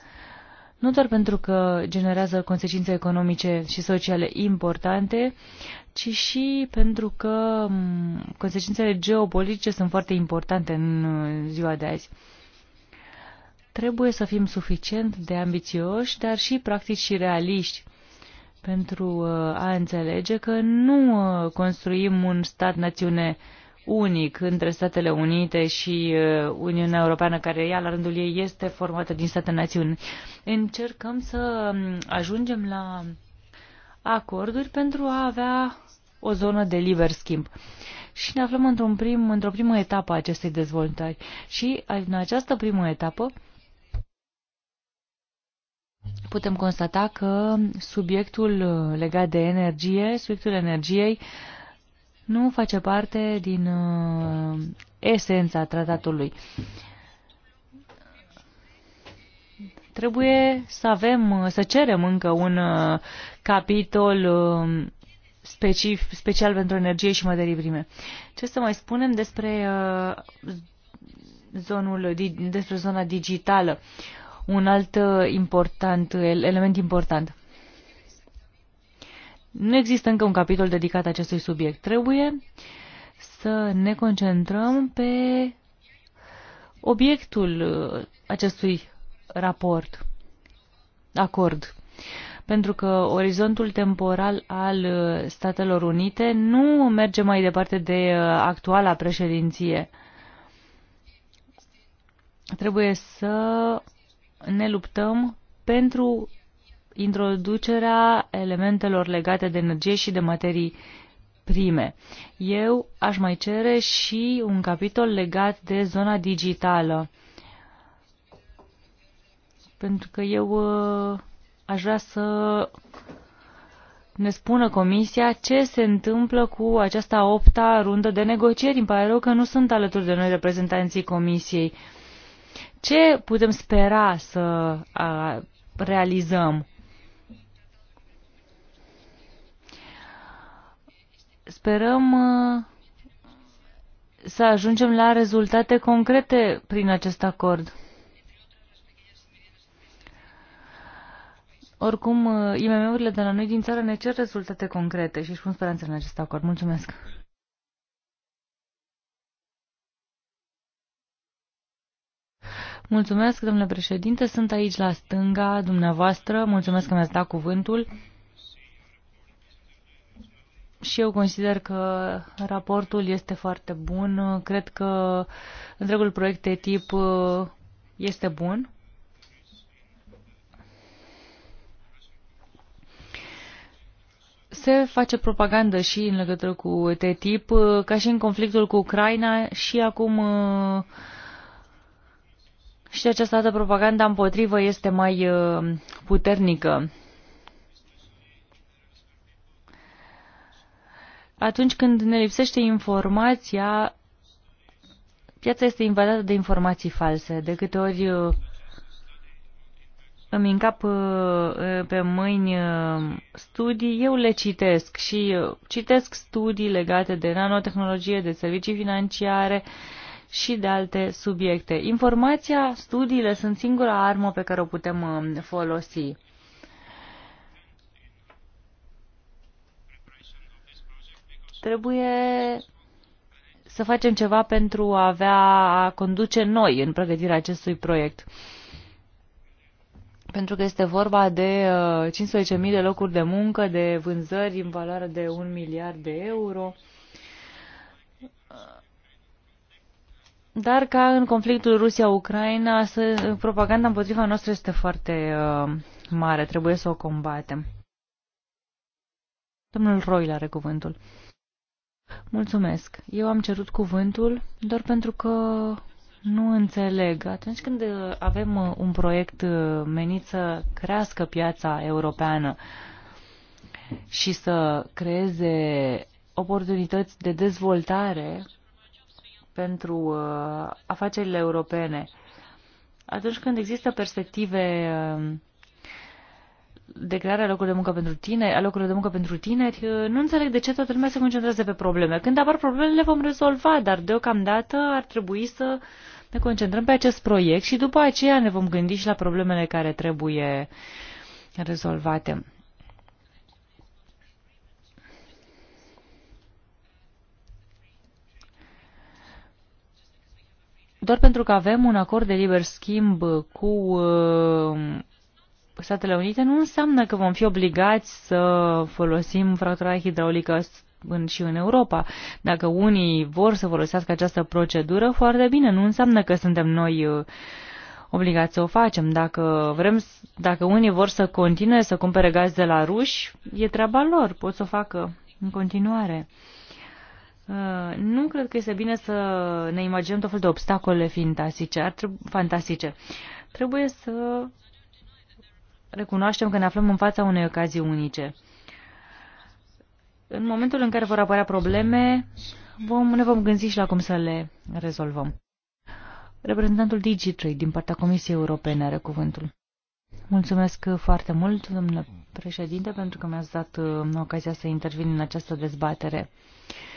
nu doar pentru că generează consecințe economice și sociale importante, ci și pentru că mm, consecințele geopolitice sunt foarte importante în uh, ziua de azi. Trebuie să fim suficient de ambițioși, dar și practici și realiști pentru uh, a înțelege că nu uh, construim un stat-națiune unic între Statele Unite și uh, Uniunea Europeană, care ea, la rândul ei, este formată din state-națiuni. Încercăm să um, ajungem la acorduri pentru a avea o zonă de liber schimb. Și ne aflăm într-o într, prim, într primă etapă a acestei dezvoltări. Și în această primă etapă putem constata că subiectul legat de energie, subiectul energiei, nu face parte din uh, esența tratatului. Trebuie să avem, să cerem încă un uh, capitol um, specif, special pentru energie și materii prime. Ce să mai spunem despre uh, zonul, despre zona digitală? un alt uh, important, element important. Nu există încă un capitol dedicat acestui subiect. Trebuie să ne concentrăm pe obiectul uh, acestui raport, acord. Pentru că orizontul temporal al uh, Statelor Unite nu merge mai departe de actuala președinție. Trebuie să ne luptăm pentru introducerea elementelor legate de energie și de materii prime. Eu aș mai cere și un capitol legat de zona digitală. Pentru că eu ă, aș vrea să ne spună Comisia ce se întâmplă cu această opta rundă de negocieri. Îmi pare rău că nu sunt alături de noi reprezentanții Comisiei. Uh, ce putem spera să realizăm? Sperăm să ajungem la rezultate concrete prin acest acord. Oricum, IMM-urile de la noi din țară ne cer rezultate concrete și își pun speranțe în acest acord. Mulțumesc! Mulțumesc, domnule președinte, sunt aici la stânga dumneavoastră. Mulțumesc că mi-ați dat cuvântul. Și eu consider că raportul este foarte bun. Cred că întregul proiect de tip uh, este bun. se face propagandă și în legătură cu TTIP, uh, ca și în conflictul cu Ucraina și acum uh, și această dată propaganda împotrivă este mai uh, puternică. Atunci când ne lipsește informația, piața este invadată de informații false. De câte ori uh, îmi încap uh, pe mâini studii, eu le citesc și citesc studii legate de nanotehnologie, de servicii financiare, și de alte subiecte. Informația, studiile sunt singura armă pe care o putem um, folosi. Trebuie să facem ceva pentru a avea a conduce noi în pregătirea acestui proiect. Pentru că este vorba de 15.000 uh, de locuri de muncă, de vânzări în valoare de 1 miliard de euro. Dar ca în conflictul Rusia-Ucraina, propaganda împotriva noastră este foarte uh, mare, trebuie să o combatem. Domnul Roil are cuvântul. Mulțumesc. Eu am cerut cuvântul doar pentru că nu înțeleg. Atunci când uh, avem uh, un proiect uh, menit să crească piața europeană și să creeze oportunități de dezvoltare pentru uh, afacerile europene. Atunci când există perspective uh, de crearea locurilor de muncă pentru tine, a locurilor de muncă pentru tineri, uh, nu înțeleg de ce toată lumea se concentrează pe probleme. Când apar probleme le vom rezolva, dar deocamdată ar trebui să ne concentrăm pe acest proiect și după aceea ne vom gândi și la problemele care trebuie rezolvate. doar pentru că avem un acord de liber schimb cu uh, Statele Unite, nu înseamnă că vom fi obligați să folosim fractura hidraulică în, și în Europa. Dacă unii vor să folosească această procedură, foarte bine, nu înseamnă că suntem noi uh, obligați să o facem. Dacă, vrem, dacă unii vor să continue să cumpere gaz de la ruși, e treaba lor, pot să o facă în continuare. Uh, Uh, nu cred că este bine să ne imaginăm tot felul de obstacole fantastice. Ar fantastice. Trebuie să recunoaștem că ne aflăm în fața unei ocazii unice. În momentul în care vor apărea probleme, vom, ne vom gândi și la cum să le rezolvăm. Reprezentantul DigiTrade din partea Comisiei Europene are cuvântul. Mulțumesc foarte mult, domnule președinte, pentru că mi-ați dat uh, ocazia să intervin în această dezbatere. Uh,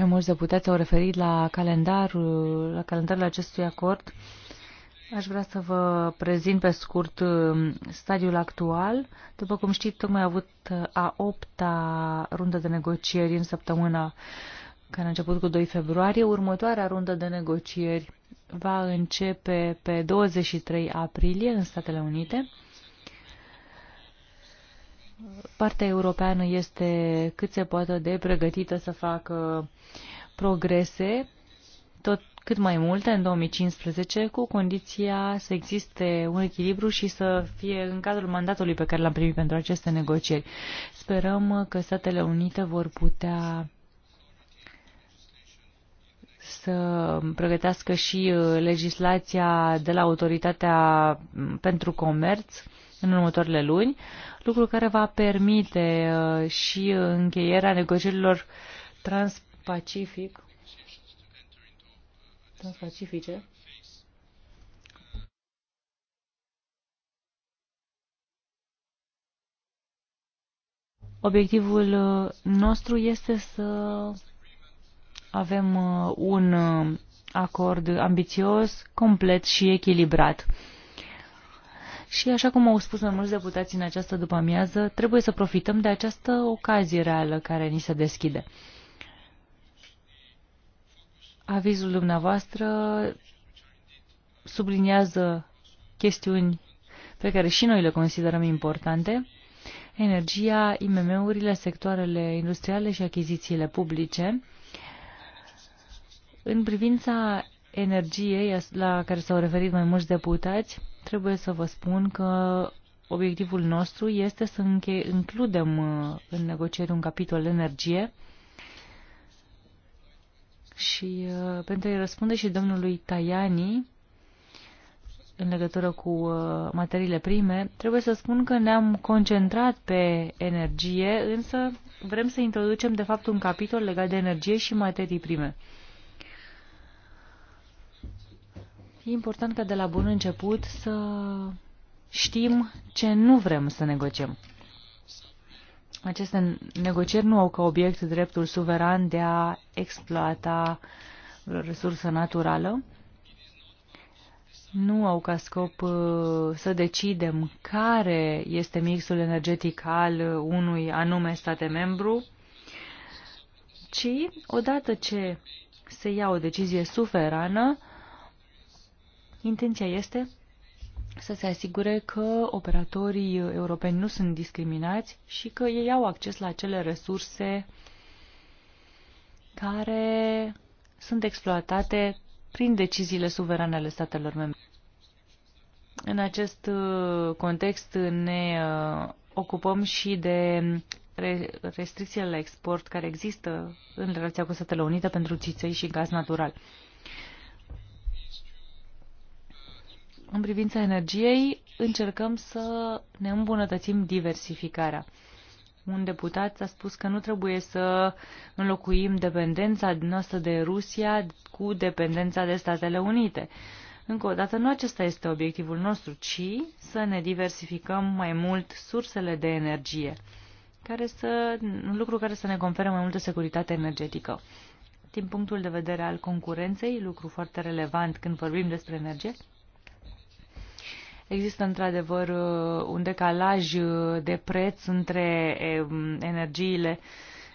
Mai mulți deputați au referit la calendarul, la calendarul acestui acord. Aș vrea să vă prezint pe scurt uh, stadiul actual. După cum știți, tocmai a avut uh, a opta rundă de negocieri în săptămâna care a început cu 2 februarie. Următoarea rundă de negocieri va începe pe 23 aprilie în Statele Unite partea europeană este cât se poate de pregătită să facă progrese, tot cât mai multe în 2015, cu condiția să existe un echilibru și să fie în cadrul mandatului pe care l-am primit pentru aceste negocieri. Sperăm că Statele Unite vor putea să pregătească și uh, legislația de la Autoritatea pentru Comerț, în următoarele luni, lucru care va permite uh, și încheierea negocierilor transpacific, transpacifice. Obiectivul uh, nostru este să avem uh, un acord ambițios, complet și echilibrat. Și așa cum au spus mai mulți deputați în această după-amiază, trebuie să profităm de această ocazie reală care ni se deschide. Avizul dumneavoastră subliniază chestiuni pe care și noi le considerăm importante, energia, IMM-urile, sectoarele industriale și achizițiile publice. În privința energiei, la care s-au referit mai mulți deputați, trebuie să vă spun că obiectivul nostru este să includem uh, în negocieri un capitol energie și uh, pentru a-i răspunde și domnului Tajani în legătură cu uh, materiile prime, trebuie să spun că ne-am concentrat pe energie, însă vrem să introducem de fapt un capitol legat de energie și materii prime. E important ca de la bun început să știm ce nu vrem să negociem. Aceste negocieri nu au ca obiect dreptul suveran de a exploata resursă naturală, nu au ca scop uh, să decidem care este mixul energetic al uh, unui anume state membru, ci odată ce se ia o decizie suverană, Intenția este să se asigure că operatorii europeni nu sunt discriminați și că ei au acces la acele resurse care sunt exploatate prin deciziile suverane ale statelor membre. În acest uh, context ne uh, ocupăm și de restricțiile la export care există în relația cu Statele Unite pentru țiței și gaz natural. în privința energiei, încercăm să ne îmbunătățim diversificarea. Un deputat a spus că nu trebuie să înlocuim dependența noastră de Rusia cu dependența de Statele Unite. Încă o dată, nu acesta este obiectivul nostru, ci să ne diversificăm mai mult sursele de energie, care să, un lucru care să ne confere mai multă securitate energetică. Din punctul de vedere al concurenței, lucru foarte relevant când vorbim despre energie, Există într-adevăr uh, un decalaj uh, de preț între um, energiile,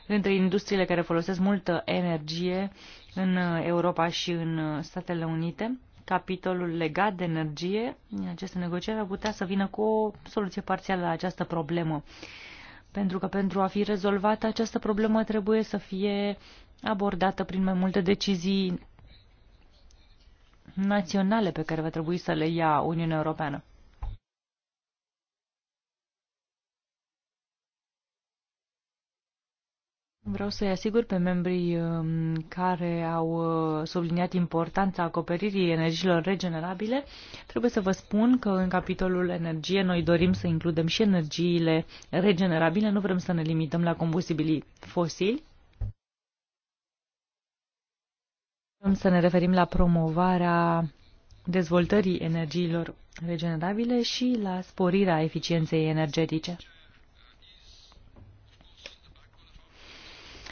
între industriile care folosesc multă energie în uh, Europa și în Statele Unite. Capitolul legat de energie, aceste negocieri ar putea să vină cu o soluție parțială la această problemă. Pentru că pentru a fi rezolvată această problemă trebuie să fie abordată prin mai multe decizii naționale pe care va trebui să le ia Uniunea Europeană. Vreau să-i asigur pe membrii um, care au uh, subliniat importanța acoperirii energiilor regenerabile. Trebuie să vă spun că în capitolul energie noi dorim să includem și energiile regenerabile, nu vrem să ne limităm la combustibilii fosili. Să ne referim la promovarea dezvoltării energiilor regenerabile și la sporirea eficienței energetice.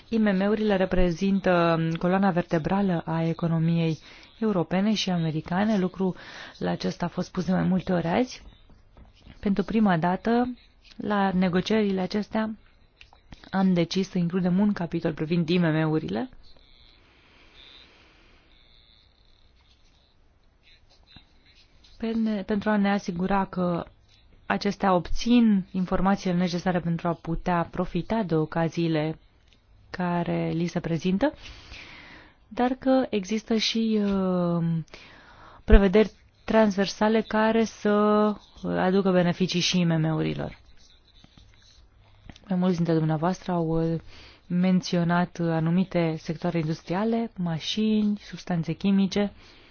IMM-urile reprezintă coloana vertebrală a economiei europene și americane, lucru la acesta a fost pus de mai multe ori azi. Pentru prima dată, la negocierile acestea, am decis să includem un capitol privind IMM-urile ne, pentru a ne asigura că acestea obțin informațiile necesare pentru a putea profita de ocaziile care li se prezintă, dar că există și uh, prevederi transversale care să aducă beneficii și IMM-urilor. Mai mulți dintre dumneavoastră au uh, menționat anumite sectoare industriale, mașini, substanțe chimice, uh,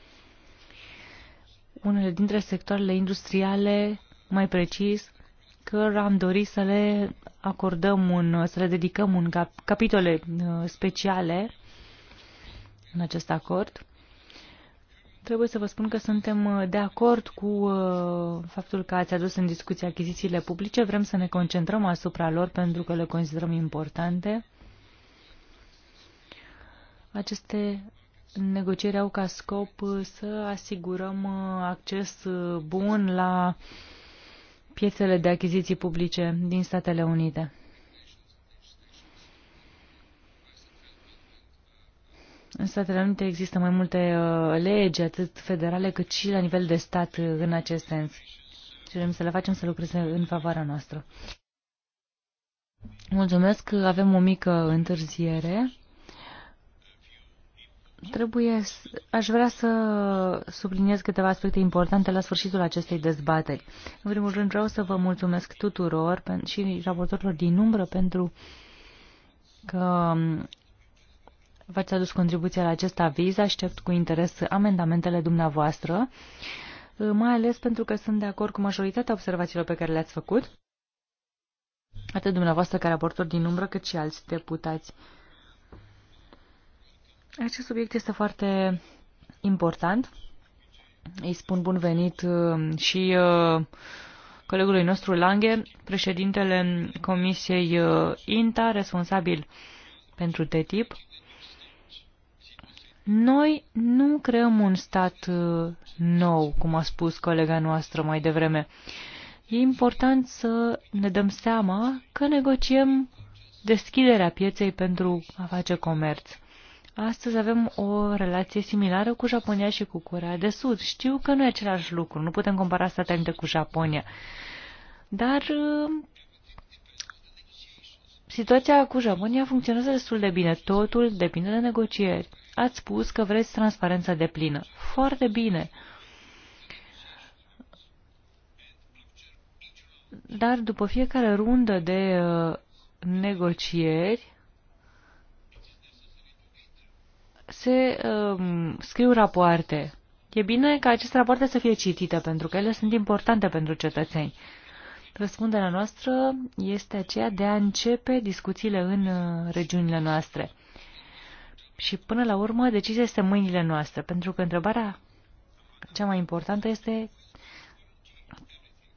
unele dintre sectoarele industriale, mai precis, că am dorit să le acordăm un, să le dedicăm un cap, capitole uh, speciale în acest acord. Trebuie să vă spun că suntem uh, de acord cu uh, faptul că ați adus în discuție achizițiile publice. Vrem să ne concentrăm asupra lor pentru că le considerăm importante. Aceste Negocierea au ca scop uh, să asigurăm uh, acces uh, bun la piețele de achiziții publice din Statele Unite. În Statele Unite există mai multe legi, atât federale cât și la nivel de stat în acest sens. Cerem să le facem să lucreze în favoarea noastră. Mulțumesc, avem o mică întârziere. Trebuie, aș vrea să subliniez câteva aspecte importante la sfârșitul acestei dezbateri. În primul rând vreau să vă mulțumesc tuturor și raportorilor din umbră pentru că um, v-ați adus contribuția la acest aviz. Aștept cu interes amendamentele dumneavoastră, uh, mai ales pentru că sunt de acord cu majoritatea observațiilor pe care le-ați făcut, atât dumneavoastră ca raportor din umbră, cât și alți deputați. Acest subiect este foarte important. Îi spun bun venit uh, și uh, colegului nostru Lange, președintele Comisiei uh, INTA, responsabil pentru TTIP. Noi nu creăm un stat nou, cum a spus colega noastră mai devreme. E important să ne dăm seama că negociem deschiderea pieței pentru a face comerț. Astăzi avem o relație similară cu Japonia și cu Corea de Sud. Știu că nu e același lucru, nu putem compara Statele Unite cu Japonia. Dar uh, situația cu Japonia funcționează destul de bine. Totul depinde de negocieri. Ați spus că vreți transparența de plină. Foarte bine. Dar după fiecare rundă de uh, negocieri, se uh, scriu rapoarte. E bine ca aceste rapoarte să fie citite, pentru că ele sunt importante pentru cetățeni. Răspunderea noastră este aceea de a începe discuțiile în uh, regiunile noastre. Și până la urmă, decizia este mâinile noastre, pentru că întrebarea cea mai importantă este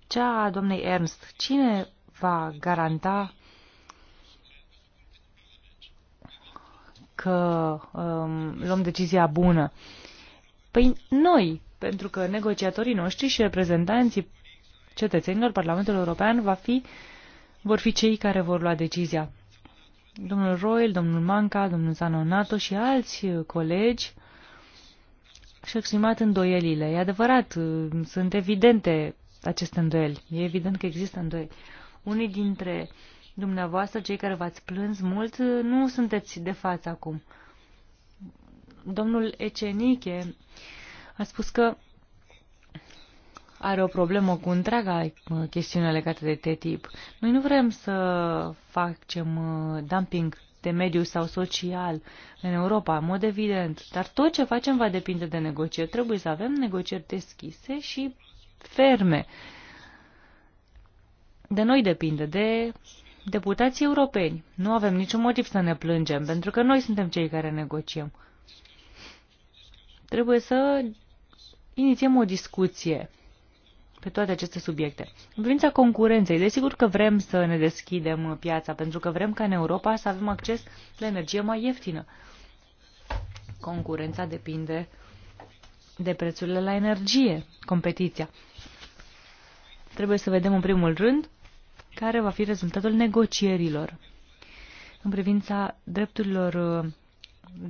cea a doamnei Ernst. Cine va garanta că um, luăm decizia bună? Păi noi, pentru că negociatorii noștri și reprezentanții cetățenilor Parlamentului European va fi, vor fi cei care vor lua decizia. Domnul Royal, domnul Manca, domnul Zanonato și alți uh, colegi și-au exprimat îndoielile. E adevărat, uh, sunt evidente aceste îndoieli. E evident că există îndoieli. Unii dintre uh, Dumneavoastră, cei care v-ați plâns mult, nu sunteți de față acum. Domnul Eceniche a spus că are o problemă cu întreaga uh, chestiune legată de tip. Noi nu vrem să facem uh, dumping de mediu sau social în Europa, în mod evident, dar tot ce facem va depinde de negocieri. Trebuie să avem negocieri deschise și ferme. De noi depinde, de deputații europeni. Nu avem niciun motiv să ne plângem, pentru că noi suntem cei care negociem. Trebuie să inițiem o discuție pe toate aceste subiecte. În privința concurenței, desigur că vrem să ne deschidem piața, pentru că vrem ca în Europa să avem acces la energie mai ieftină. Concurența depinde de prețurile la energie, competiția. Trebuie să vedem în primul rând care va fi rezultatul negocierilor în privința drepturilor uh,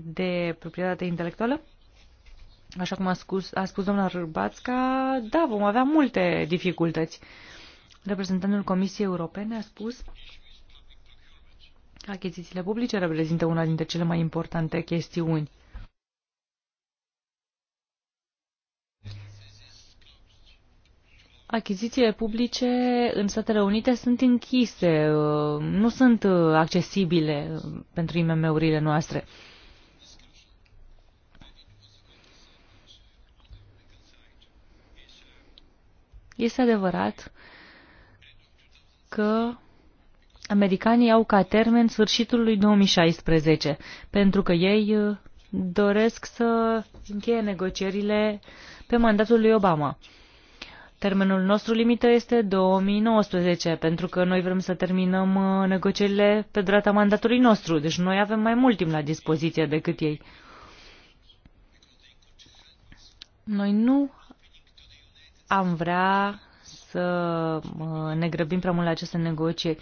de proprietate intelectuală. Așa cum a spus, a spus doamna Râbațca, da, vom avea multe dificultăți. Reprezentantul Comisiei Europene a spus că achizițiile publice reprezintă una dintre cele mai importante chestiuni. achizițiile publice în Statele Unite sunt închise, uh, nu sunt uh, accesibile uh, pentru IMM-urile noastre. Este adevărat că americanii au ca termen sfârșitul lui 2016, pentru că ei doresc să încheie negocierile pe mandatul lui Obama. Termenul nostru limită este 2019, pentru că noi vrem să terminăm uh, negocierile pe durata mandatului nostru, deci noi avem mai mult timp la dispoziție decât ei. Noi nu am vrea să uh, ne grăbim prea mult la aceste negocieri.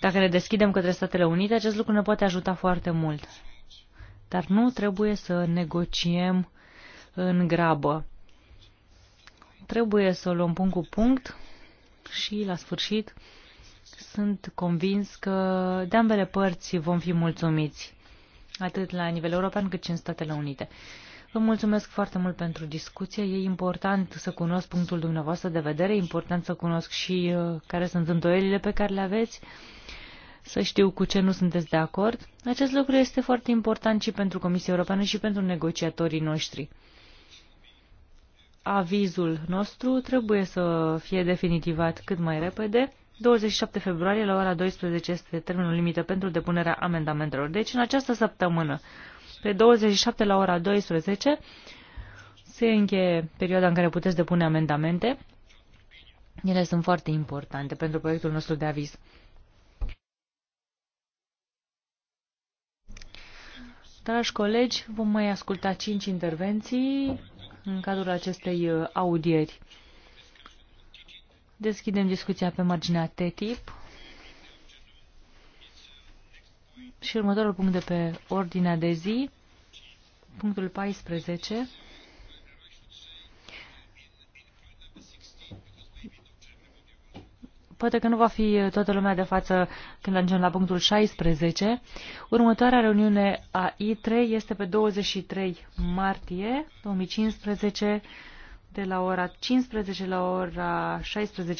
Dacă ne deschidem către Statele Unite, acest lucru ne poate ajuta foarte mult. Dar nu trebuie să negociem în grabă. Trebuie să o luăm punct cu punct și, la sfârșit, sunt convins că de ambele părți vom fi mulțumiți, atât la nivel european cât și în Statele Unite. Vă mulțumesc foarte mult pentru discuție. E important să cunosc punctul dumneavoastră de vedere, e important să cunosc și uh, care sunt îndoielile pe care le aveți, să știu cu ce nu sunteți de acord. Acest lucru este foarte important și pentru Comisia Europeană și pentru negociatorii noștri avizul nostru trebuie să fie definitivat cât mai repede. 27 februarie la ora 12 este termenul limită pentru depunerea amendamentelor. Deci în această săptămână, pe 27 la ora 12, se încheie perioada în care puteți depune amendamente. Ele sunt foarte importante pentru proiectul nostru de aviz. Dragi colegi, vom mai asculta 5 intervenții în cadrul acestei uh, audieri. Deschidem discuția pe marginea TTIP și următorul punct de pe ordinea de zi, punctul 14, Poate că nu va fi uh, toată lumea de față când ajungem la punctul 16. Următoarea reuniune a I3 este pe 23 martie 2015 de la ora 15 la ora 16.30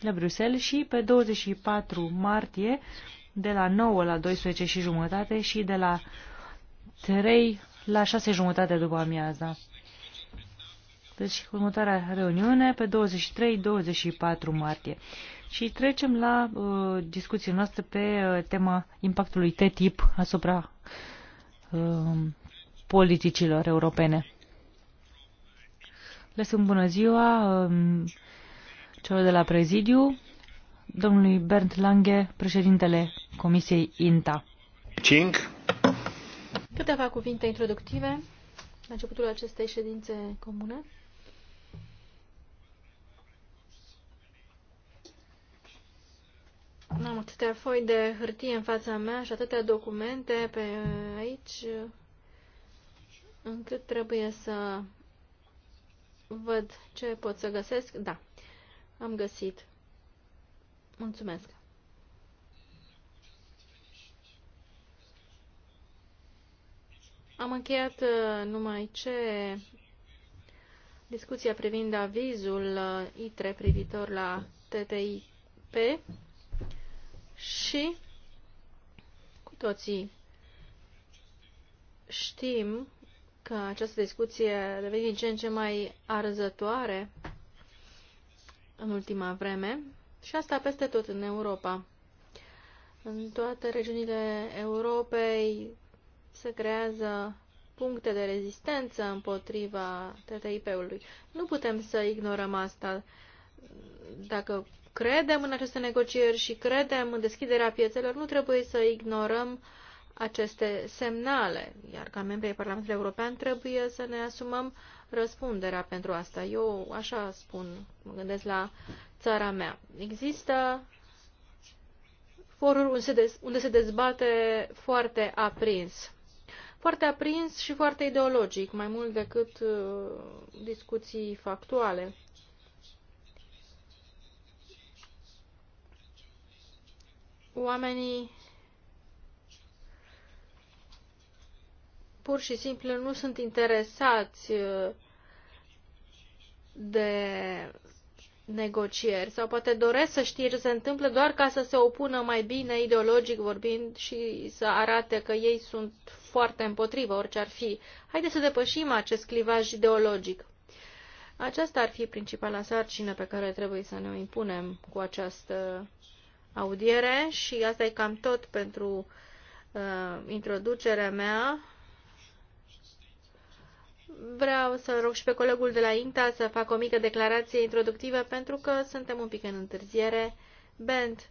la Bruxelles și pe 24 martie de la 9 la 12 și jumătate și de la 3 la 6 jumătate după amiaza. Deci, următoarea reuniune pe 23-24 martie. Și trecem la uh, discuția noastră pe uh, tema impactului TTIP asupra uh, politicilor europene. Le sunt bună ziua uh, celor de la prezidiu, domnului Bernd Lange, președintele Comisiei INTA. Cinc. Câteva cuvinte introductive la începutul acestei ședințe comune. atâtea foi de hârtie în fața mea și atâtea documente pe aici, încât trebuie să văd ce pot să găsesc. Da, am găsit. Mulțumesc. Am încheiat uh, numai ce discuția privind avizul uh, ITRE privitor la TTIP. Și cu toții știm că această discuție devine din ce în ce mai arzătoare în ultima vreme și asta peste tot în Europa. În toate regiunile Europei se creează puncte de rezistență împotriva TTIP-ului. Nu putem să ignorăm asta dacă credem în aceste negocieri și credem în deschiderea piețelor, nu trebuie să ignorăm aceste semnale, iar ca membrii Parlamentului European trebuie să ne asumăm răspunderea pentru asta. Eu așa spun, mă gândesc la țara mea. Există foruri unde se, dez, unde se dezbate foarte aprins. Foarte aprins și foarte ideologic, mai mult decât uh, discuții factuale. oamenii pur și simplu nu sunt interesați uh, de negocieri sau poate doresc să știe ce se întâmplă doar ca să se opună mai bine ideologic vorbind și să arate că ei sunt foarte împotrivă orice ar fi. Haideți să depășim acest clivaj ideologic. Aceasta ar fi principala sarcină pe care trebuie să ne o impunem cu această audiere și asta e cam tot pentru uh, introducerea mea. Vreau să rog și pe colegul de la INTA să facă o mică declarație introductivă pentru că suntem un pic în întârziere. Bent,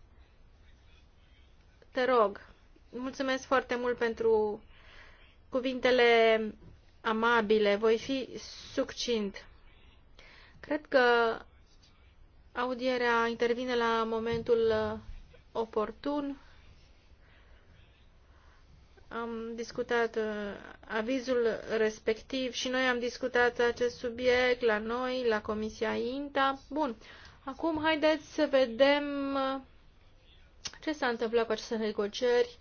te rog, mulțumesc foarte mult pentru cuvintele amabile. Voi fi succint. Cred că audierea intervine la momentul uh, oportun. Am discutat uh, avizul respectiv și noi am discutat acest subiect la noi, la Comisia INTA. Bun, acum haideți să vedem uh, ce s-a întâmplat cu aceste negocieri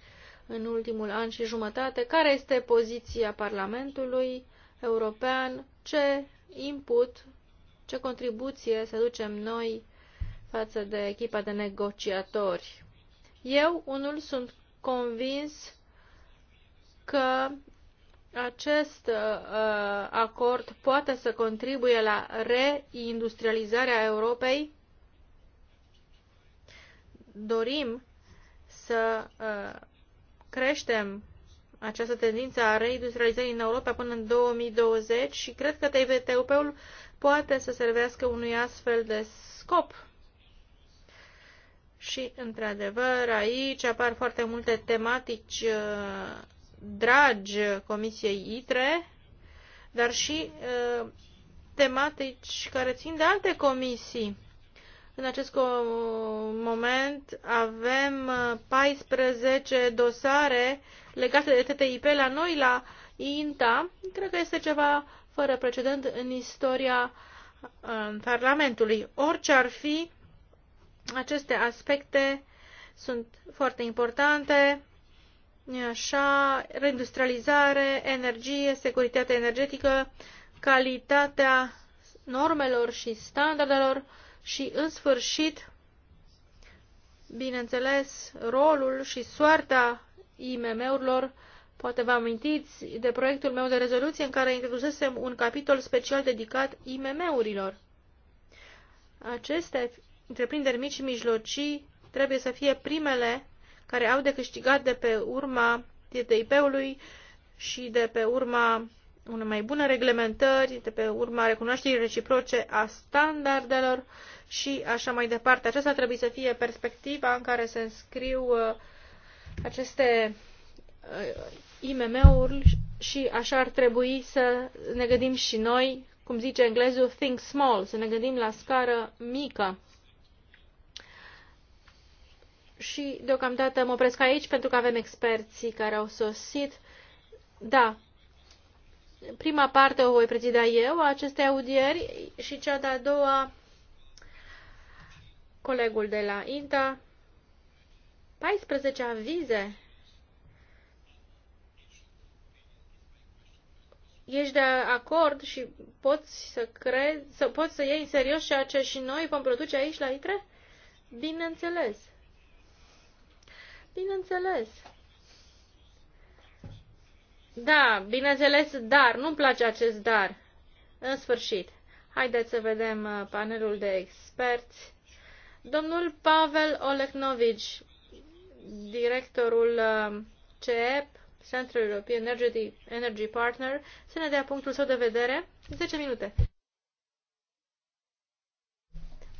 în ultimul an și jumătate, care este poziția Parlamentului European, ce input, ce contribuție să ducem noi față de echipa de negociatori. Eu, unul, sunt convins că acest uh, acord poate să contribuie la reindustrializarea Europei. Dorim să uh, creștem această tendință a reindustrializării în Europa până în 2020 și cred că TVTUP-ul poate să servească unui astfel de scop. Și, într-adevăr, aici apar foarte multe tematici uh, dragi Comisiei ITRE, dar și uh, tematici care țin de alte comisii. În acest moment avem 14 uh, dosare legate de TTIP la noi, la INTA. Cred că este ceva fără precedent în istoria Parlamentului. Orice ar fi, aceste aspecte sunt foarte importante. Așa, reindustrializare, energie, securitate energetică, calitatea normelor și standardelor și, în sfârșit, bineînțeles, rolul și soarta IMM-urilor. Poate vă amintiți de proiectul meu de rezoluție în care introdusesem un capitol special dedicat IMM-urilor. Acestea întreprinderi mici și mijlocii trebuie să fie primele care au de câștigat de pe urma TTIP-ului și de pe urma unei mai bune reglementări, de pe urma recunoașterii reciproce a standardelor și așa mai departe. Aceasta trebuie să fie perspectiva în care se înscriu uh, aceste uh, IMM-uri și așa ar trebui să ne gândim și noi, cum zice englezul, think small, să ne gândim la scară mică. Și deocamdată mă opresc aici pentru că avem experții care au sosit. Da, prima parte o voi prezida eu, aceste audieri, și cea de-a doua, colegul de la INTA. 14 avize. Ești de acord și poți să crezi, să poți să iei în serios ceea ce și noi vom produce aici la ITRE? Bineînțeles. Bineînțeles. Da, bineînțeles, dar. Nu-mi place acest dar. În sfârșit, haideți să vedem uh, panelul de experți. Domnul Pavel Olechnovici, directorul uh, CEP, Central European Energy, Energy Partner, să ne dea punctul său de vedere. 10 minute.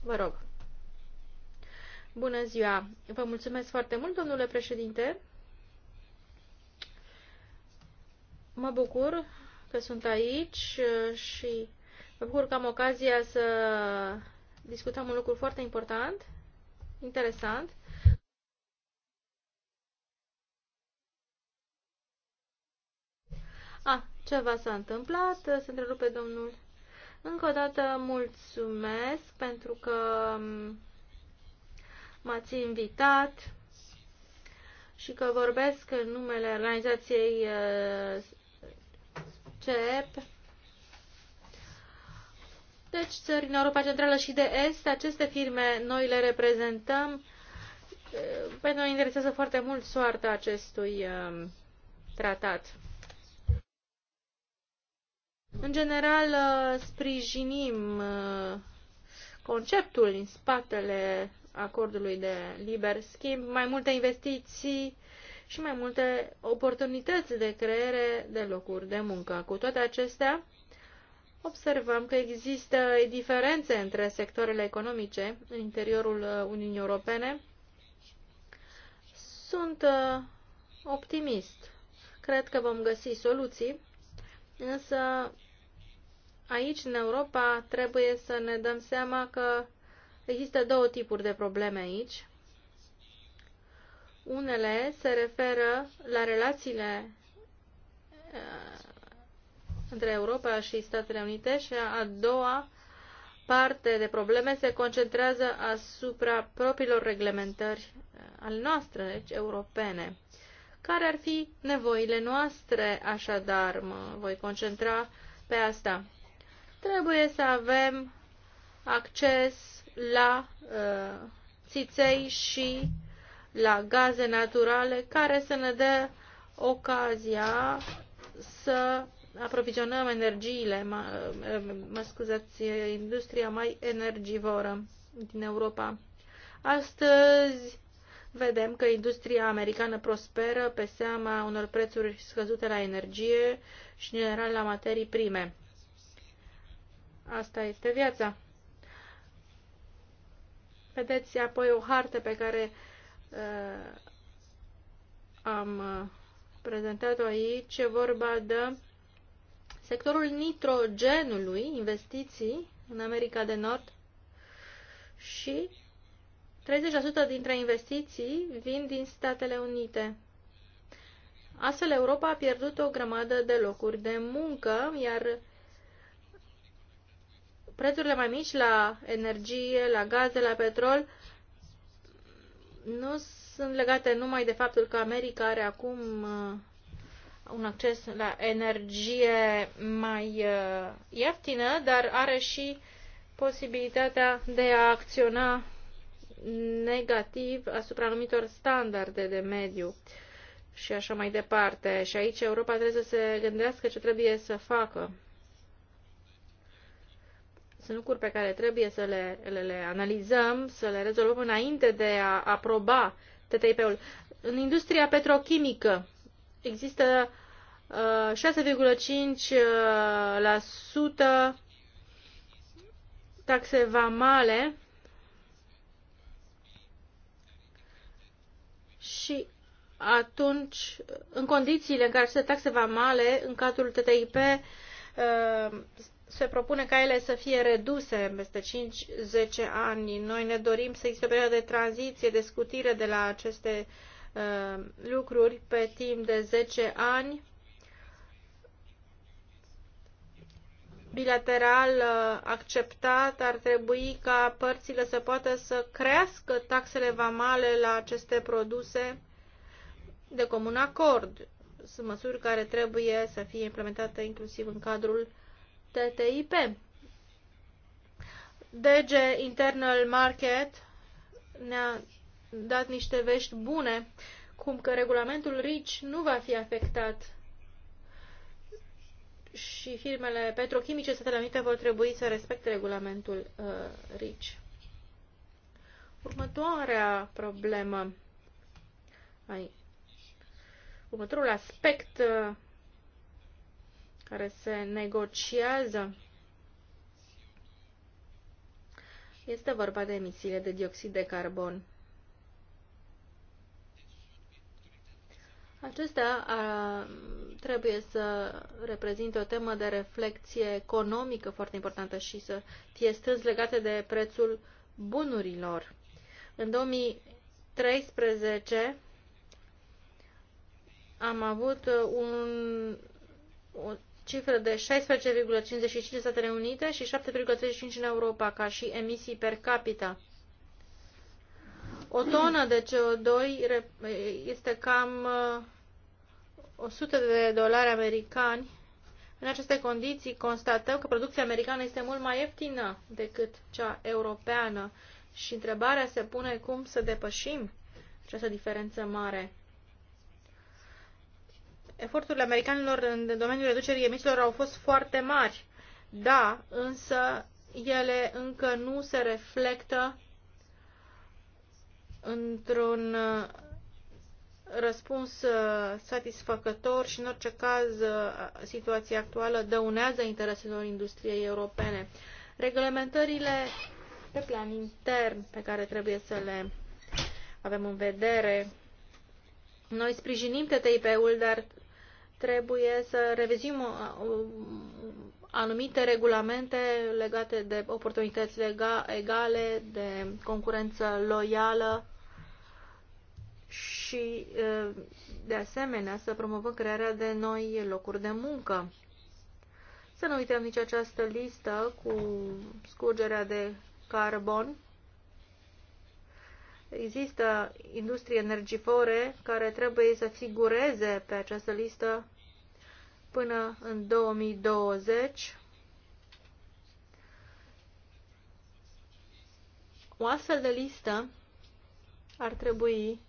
Vă rog. Bună ziua! Vă mulțumesc foarte mult, domnule președinte. Mă bucur că sunt aici uh, și mă bucur că am ocazia să discutăm un lucru foarte important, interesant. A, ah, ceva s-a întâmplat, se întrerupe domnul. Încă o dată mulțumesc pentru că um, m-ați invitat și că vorbesc în numele organizației uh, CEP. Deci, țări în Europa Centrală și de Est, aceste firme noi le reprezentăm. Uh, pe noi interesează foarte mult soarta acestui um, tratat. În general, uh, sprijinim conceptul în spatele acordului de liber schimb, mai multe investiții și mai multe oportunități de creere de locuri de muncă. Cu toate acestea, observăm că există diferențe între sectoarele economice în interiorul uh, Uniunii Europene. Sunt uh, optimist. Cred că vom găsi soluții, însă aici, în Europa, trebuie să ne dăm seama că Există două tipuri de probleme aici. Unele se referă la relațiile uh, între Europa și Statele Unite și a doua parte de probleme se concentrează asupra propriilor reglementări uh, ale noastre, deci europene. Care ar fi nevoile noastre, așadar, mă voi concentra pe asta. Trebuie să avem acces la uh, țiței și la gaze naturale care să ne dă ocazia să aprovizionăm energiile, mă, mă scuzați, industria mai energivoră din Europa. Astăzi vedem că industria americană prosperă pe seama unor prețuri scăzute la energie și, în general, la materii prime. Asta este viața. Vedeți apoi o hartă pe care uh, am uh, prezentat-o aici, e vorba de sectorul nitrogenului, investiții în America de Nord și 30% dintre investiții vin din Statele Unite. Astfel, Europa a pierdut o grămadă de locuri de muncă, iar prețurile mai mici la energie, la gaze, la petrol nu sunt legate numai de faptul că America are acum uh, un acces la energie mai uh, ieftină, dar are și posibilitatea de a acționa negativ asupra anumitor standarde de mediu și așa mai departe. Și aici Europa trebuie să se gândească ce trebuie să facă. Sunt lucruri pe care trebuie să le, le, le analizăm, să le rezolvăm înainte de a aproba TTIP-ul. În industria petrochimică există uh, 6,5% uh, taxe vamale și atunci, în condițiile în care aceste taxe vamale, în cadrul TTIP, uh, se propune ca ele să fie reduse peste 5-10 ani. Noi ne dorim să existe o perioadă de tranziție, de scutire de la aceste uh, lucruri pe timp de 10 ani. Bilateral uh, acceptat ar trebui ca părțile să poată să crească taxele vamale la aceste produse de comun acord. Sunt măsuri care trebuie să fie implementate inclusiv în cadrul uh, TTIP. DG Internal Market ne-a dat niște vești bune, cum că regulamentul RICI nu va fi afectat și firmele petrochimice Statele Unite vor trebui să respecte regulamentul uh, RICI. Următoarea problemă, ai, următorul aspect uh, care se negociază. Este vorba de emisiile de dioxid de carbon. Acestea a, trebuie să reprezinte o temă de reflexie economică foarte importantă și să fie strâns legate de prețul bunurilor. În 2013 am avut un, o, cifră de 16,55 în Statele Unite și 7,35 în Europa ca și emisii per capita. O tonă de CO2 este cam 100 uh, de dolari americani. În aceste condiții constatăm că producția americană este mult mai ieftină decât cea europeană și întrebarea se pune cum să depășim această diferență mare. Eforturile americanilor în domeniul reducerii emisiilor au fost foarte mari, da, însă ele încă nu se reflectă într-un uh, răspuns uh, satisfăcător și, în orice caz, uh, situația actuală dăunează intereselor industriei europene. Reglementările pe plan intern pe care trebuie să le avem în vedere. Noi sprijinim TTIP-ul, dar trebuie să revizuim uh, uh, anumite regulamente legate de oportunități egale, de concurență loială și, uh, de asemenea, să promovăm crearea de noi locuri de muncă. Să nu uităm nici această listă cu scurgerea de carbon. Există industrie energifore care trebuie să figureze pe această listă până în 2020. O astfel de listă ar trebui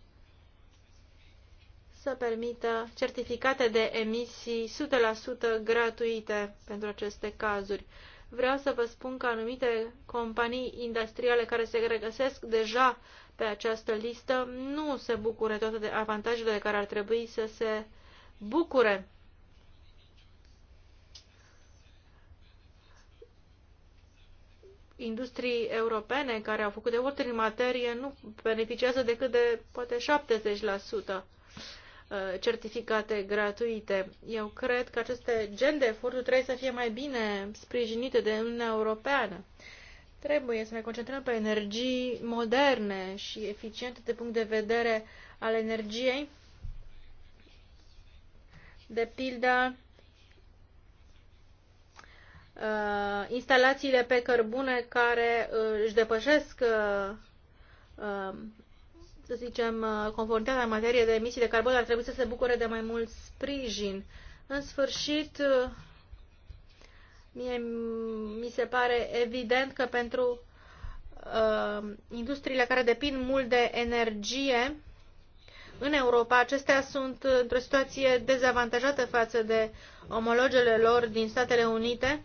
să permită certificate de emisii 100% gratuite pentru aceste cazuri. Vreau să vă spun că anumite companii industriale care se regăsesc deja pe această listă nu se bucură toate de avantajele de care ar trebui să se bucure. industrii europene care au făcut eforturi în materie nu beneficiază decât de poate 70% uh, certificate gratuite. Eu cred că aceste gen de eforturi trebuie să fie mai bine sprijinite de Uniunea Europeană. Trebuie să ne concentrăm pe energii moderne și eficiente de punct de vedere al energiei. De pildă, uh, instalațiile pe cărbune care uh, își depășesc, uh, uh, să zicem, uh, conformitatea în materie de emisii de carbon ar trebui să se bucure de mai mult sprijin. În sfârșit, uh, mie, mi se pare evident că pentru uh, industriile care depind mult de energie în Europa, acestea sunt într-o situație dezavantajată față de omologele lor din Statele Unite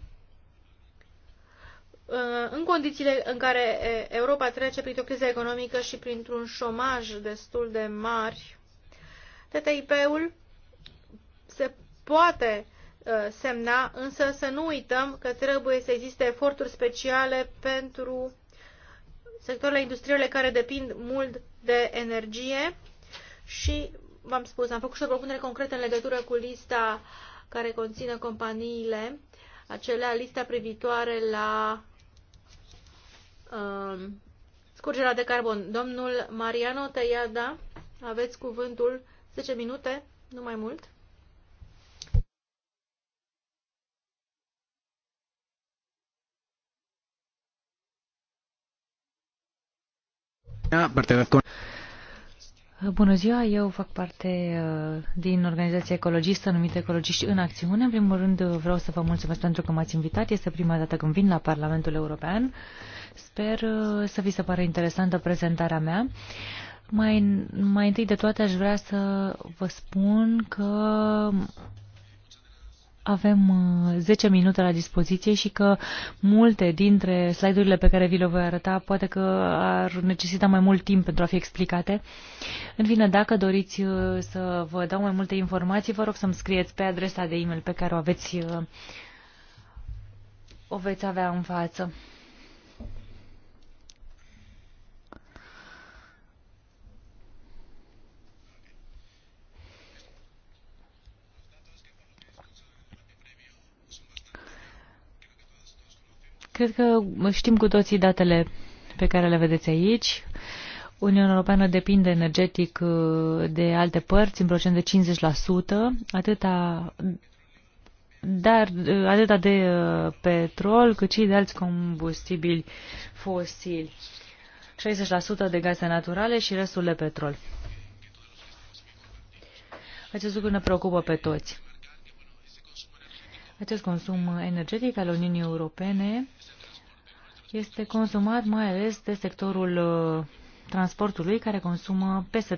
Uh, în condițiile în care uh, Europa trece printr-o criză economică și printr-un șomaj destul de mari, TTIP-ul se poate uh, semna, însă să nu uităm că trebuie să existe eforturi speciale pentru sectoarele industriale care depind mult de energie și, v-am spus, am făcut și o propunere concretă în legătură cu lista care conține companiile, acelea lista privitoare la uh, scurgerea de carbon. Domnul Mariano Tăiada, aveți cuvântul 10 minute, nu mai mult. Pertenezco Bună ziua, eu fac parte uh, din organizația ecologistă numită Ecologiști în Acțiune. În primul rând uh, vreau să vă mulțumesc pentru că m-ați invitat. Este prima dată când vin la Parlamentul European. Sper uh, să vi se pare interesantă prezentarea mea. Mai, mai întâi de toate aș vrea să vă spun că avem 10 uh, minute la dispoziție și că multe dintre slide-urile pe care vi le voi arăta poate că ar necesita mai mult timp pentru a fi explicate. În fine, dacă doriți uh, să vă dau mai multe informații, vă rog să-mi scrieți pe adresa de e-mail pe care o aveți uh, o veți avea în față. Cred că știm cu toții datele pe care le vedeți aici. Uniunea Europeană depinde energetic uh, de alte părți în procent de 50%, atâta, dar, uh, atâta de uh, petrol cât și de alți combustibili fosili. 60% de gaze naturale și restul de petrol. Acest lucru ne preocupă pe toți. Acest consum energetic al Uniunii Europene este consumat mai ales de sectorul uh, transportului, care consumă peste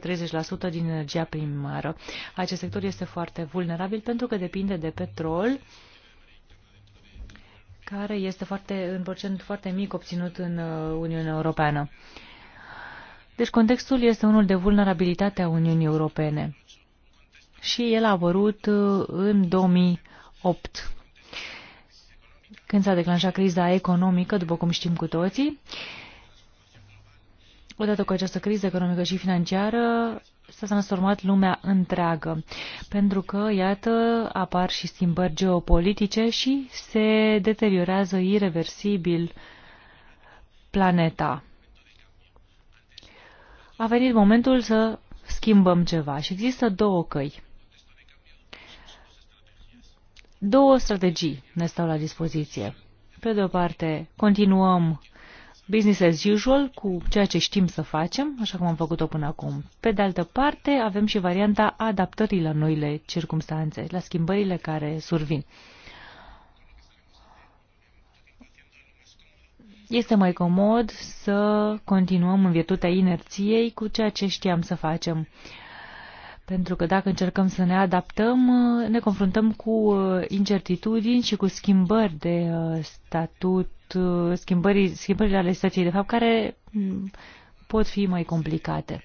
30% din energia primară. Acest sector este foarte vulnerabil pentru că depinde de petrol, care este foarte, în procent foarte mic obținut în uh, Uniunea Europeană. Deci contextul este unul de vulnerabilitate a Uniunii Europene. Și el a apărut uh, în 2008 când s-a declanșat criza economică, după cum știm cu toții. Odată cu această criză economică și financiară, s-a transformat lumea întreagă, pentru că, iată, apar și schimbări geopolitice și se deteriorează irreversibil planeta. A venit momentul să schimbăm ceva și există două căi. Două strategii ne stau la dispoziție. Pe de o parte, continuăm business as usual cu ceea ce știm să facem, așa cum am făcut-o până acum. Pe de altă parte, avem și varianta adaptării la noile circumstanțe, la schimbările care survin. Este mai comod să continuăm în virtutea inerției cu ceea ce știam să facem. Pentru că dacă încercăm să ne adaptăm, ne confruntăm cu uh, incertitudini și cu schimbări de uh, statut, uh, schimbări, schimbările ale situației, de fapt, care mm, pot fi mai complicate.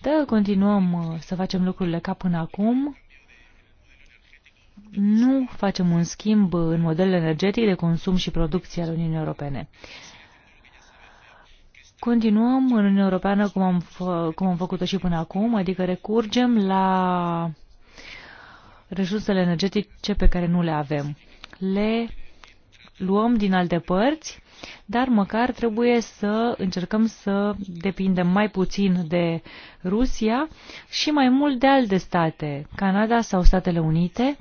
Dacă continuăm să facem lucrurile ca până acum, nu facem un schimb în modelul energetic de consum și producție al Uniunii Europene. Continuăm în Uniunea Europeană cum am, fă, cum am făcut-o și până acum, adică recurgem la resursele energetice pe care nu le avem. Le luăm din alte părți, dar măcar trebuie să încercăm să depindem mai puțin de Rusia și mai mult de alte state, Canada sau Statele Unite,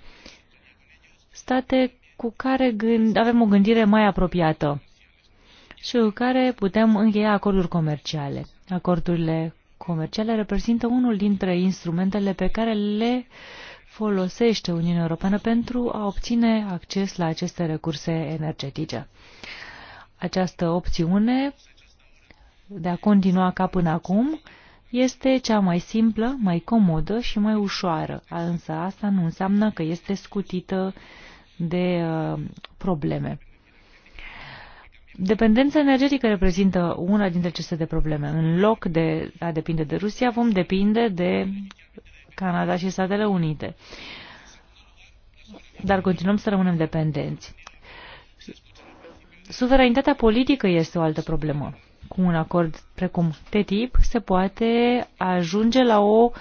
state cu care gând, avem o gândire mai apropiată și cu care putem încheia acorduri comerciale. Acordurile comerciale reprezintă unul dintre instrumentele pe care le folosește Uniunea Europeană pentru a obține acces la aceste recurse energetice. Această opțiune de a continua ca până acum este cea mai simplă, mai comodă și mai ușoară, însă asta nu înseamnă că este scutită de uh, probleme. Dependența energetică reprezintă una dintre aceste probleme. În loc de a depinde de Rusia, vom depinde de Canada și Statele Unite. Dar continuăm să rămânem dependenți. Suveranitatea politică este o altă problemă. Cu un acord precum TTIP se poate ajunge la o uh,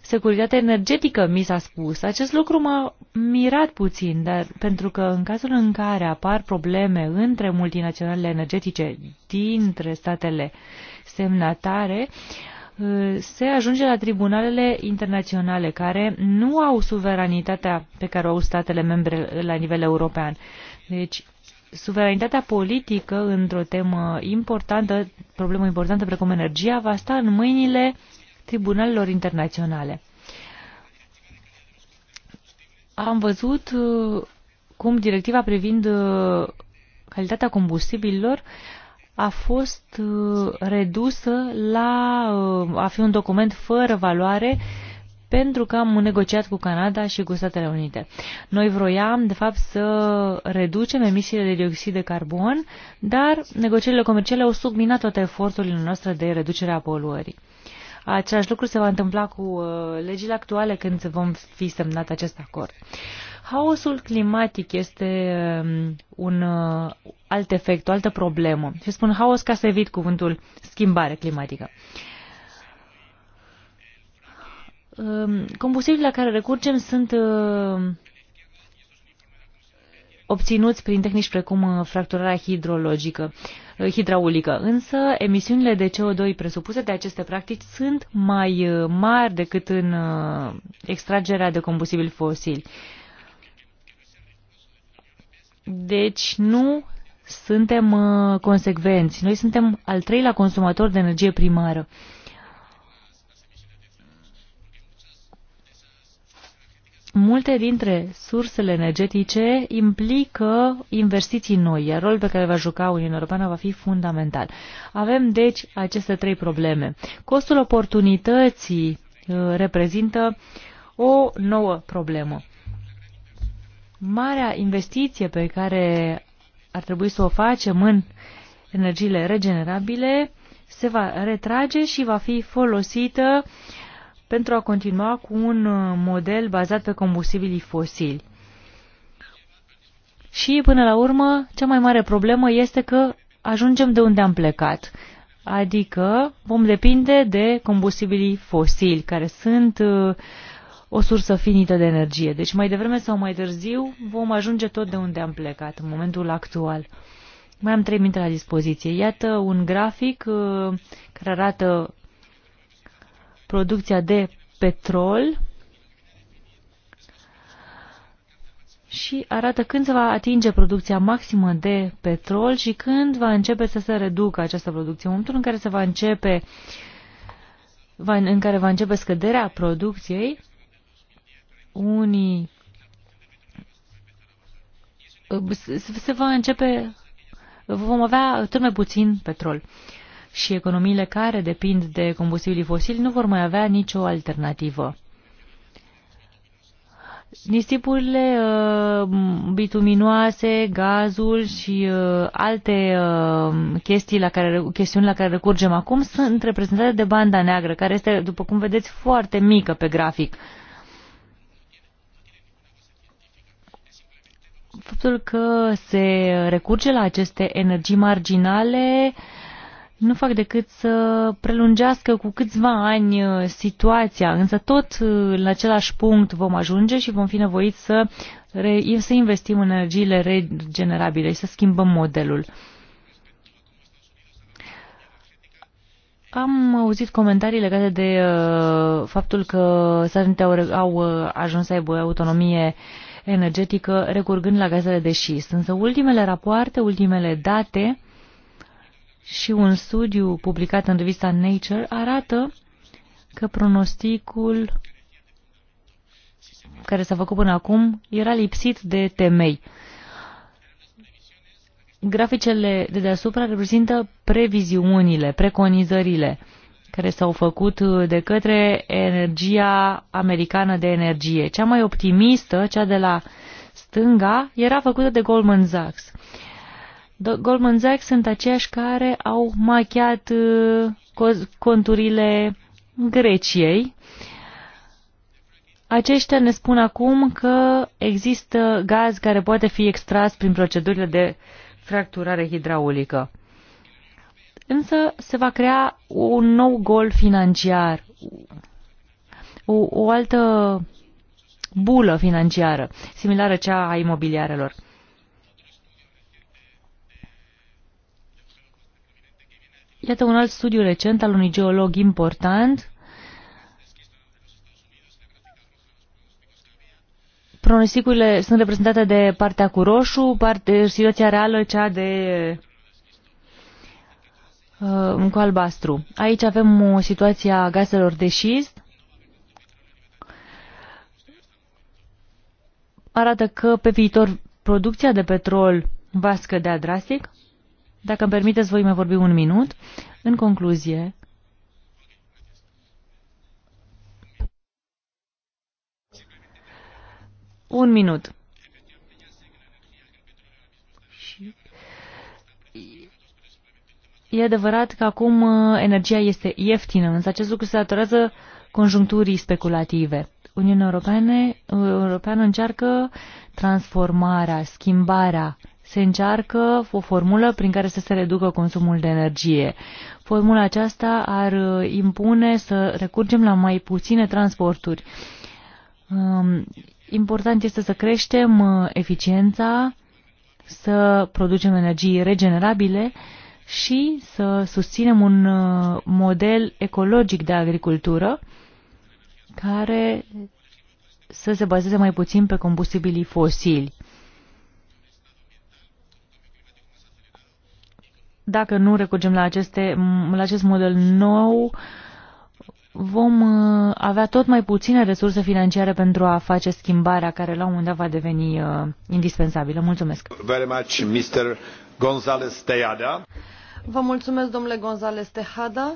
securitate energetică, mi s-a spus. Acest lucru m-a mirat puțin, dar pentru că în cazul în care apar probleme între multinaționalele energetice dintre statele semnatare, eh, se ajunge la tribunalele internaționale care nu au suveranitatea pe care o au statele membre la nivel european. Deci, suveranitatea politică într-o temă importantă, problemă importantă precum energia, va sta în mâinile tribunalelor internaționale. Am văzut uh, cum directiva privind uh, calitatea combustibililor a fost uh, redusă la a fi un document fără valoare pentru că am negociat cu Canada și cu Statele Unite. Noi vroiam, de fapt, să reducem emisiile de dioxid de carbon, dar negocierile comerciale au subminat toate eforturile noastre de reducere a poluării. Același lucru se va întâmpla cu uh, legile actuale când vom fi semnat acest acord. Haosul climatic este um, un uh, alt efect, o altă problemă. Și spun haos ca să evit cuvântul schimbare climatică. Um, Combustibilii la care recurgem sunt uh, obținuți prin tehnici precum uh, fracturarea hidrologică, uh, hidraulică. Însă, emisiunile de CO2 presupuse de aceste practici sunt mai uh, mari decât în extragerea de combustibili fosili. Deci nu suntem consecvenți. Noi suntem al treilea consumator de energie primară. Uh, multe dintre sursele energetice implică investiții noi, iar rolul pe care va juca Uniunea Europeană va fi fundamental. Avem, deci, aceste trei probleme. Costul oportunității uh, reprezintă o nouă problemă. Marea investiție pe care ar trebui să o facem în energiile regenerabile se va retrage și va fi folosită uh, pentru a continua cu un uh, model bazat pe combustibilii fosili. Și, până la urmă, cea mai mare problemă este că ajungem de unde am plecat, adică vom depinde de combustibilii fosili, care sunt uh, o sursă finită de energie. Deci mai devreme sau mai târziu vom ajunge tot de unde am plecat în momentul actual. Mai am trei minute la dispoziție. Iată un grafic uh, care arată producția de petrol și arată când se va atinge producția maximă de petrol și când va începe să se reducă această producție. În momentul în care se va începe va, în care va începe scăderea producției, unii se va începe vom avea tot mai puțin petrol. Uh, și economiile care depind de combustibilii fosili nu vor mai avea nicio alternativă. Nisipurile uh, bituminoase, gazul și uh, alte uh, chestii la care, chestiuni la care recurgem acum sunt reprezentate de banda neagră, care este, după cum vedeți, foarte mică pe grafic. Faptul că se recurge la aceste energii marginale uh, nu fac decât să prelungească cu câțiva ani uh, situația, însă tot uh, la același punct vom ajunge și vom fi nevoiți să, re, să investim în energiile regenerabile și să schimbăm modelul. Am auzit comentarii legate de uh, faptul că Statele au, au uh, ajuns să aibă autonomie energetică recurgând la gazele de șist. Însă ultimele rapoarte, ultimele date și un studiu publicat în revista Nature arată că pronosticul care s-a făcut până acum era lipsit de temei. Graficele de deasupra reprezintă previziunile, preconizările care s-au făcut de către energia americană de energie. Cea mai optimistă, cea de la stânga, era făcută de Goldman Sachs. Goldman Sachs sunt aceiași care au machiat uh, conturile Greciei. Aceștia ne spun acum că există gaz care poate fi extras prin procedurile de fracturare hidraulică. Însă se va crea un nou gol financiar, o, o altă bulă financiară, similară cea a imobiliarelor. Iată un alt studiu recent al unui geolog important pronosticurile sunt reprezentate de partea cu roșu, parte, situația reală cea de uh, cu albastru. Aici avem o situație a gazelor de șist. Arată că pe viitor producția de petrol va scădea drastic. Dacă îmi permiteți, voi mai vorbi un minut. În concluzie, un minut. E adevărat că acum uh, energia este ieftină, însă acest lucru se datorează conjuncturii speculative. Uniunea Europeană, uh, Europeană încearcă transformarea, schimbarea se încearcă o formulă prin care să se reducă consumul de energie. Formula aceasta ar uh, impune să recurgem la mai puține transporturi. Um, important este să creștem uh, eficiența, să producem energii regenerabile și să susținem un uh, model ecologic de agricultură care să se bazeze mai puțin pe combustibilii fosili. dacă nu recurgem la, aceste, la acest model nou, vom uh, avea tot mai puține resurse financiare pentru a face schimbarea care la un moment dat va deveni uh, indispensabilă. Mulțumesc. Very much, Mr. González Tejada. Vă mulțumesc, domnule González Tejada.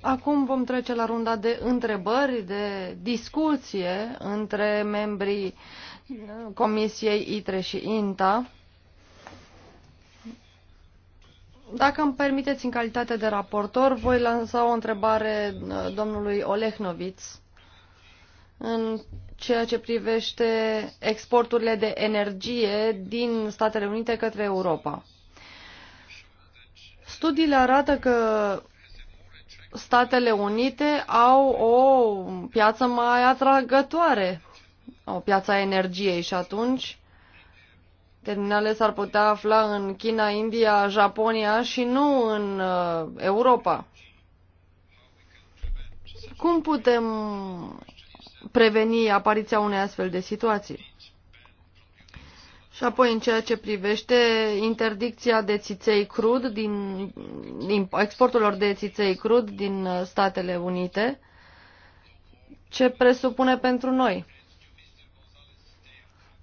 Acum vom trece la runda de întrebări, de discuție între membrii uh, Comisiei ITRE și INTA. Dacă îmi permiteți, în calitate de raportor, voi lansa o întrebare uh, domnului Olehnoviț în ceea ce privește exporturile de energie din Statele Unite către Europa. Studiile arată că Statele Unite au o piață mai atragătoare, o piață a energiei și atunci Terminale s-ar putea afla în China, India, Japonia și nu în uh, Europa. Cum putem preveni apariția unei astfel de situații? Și apoi în ceea ce privește interdicția de țiței crud, din, din exporturilor de țiței crud din uh, Statele Unite, ce presupune pentru noi?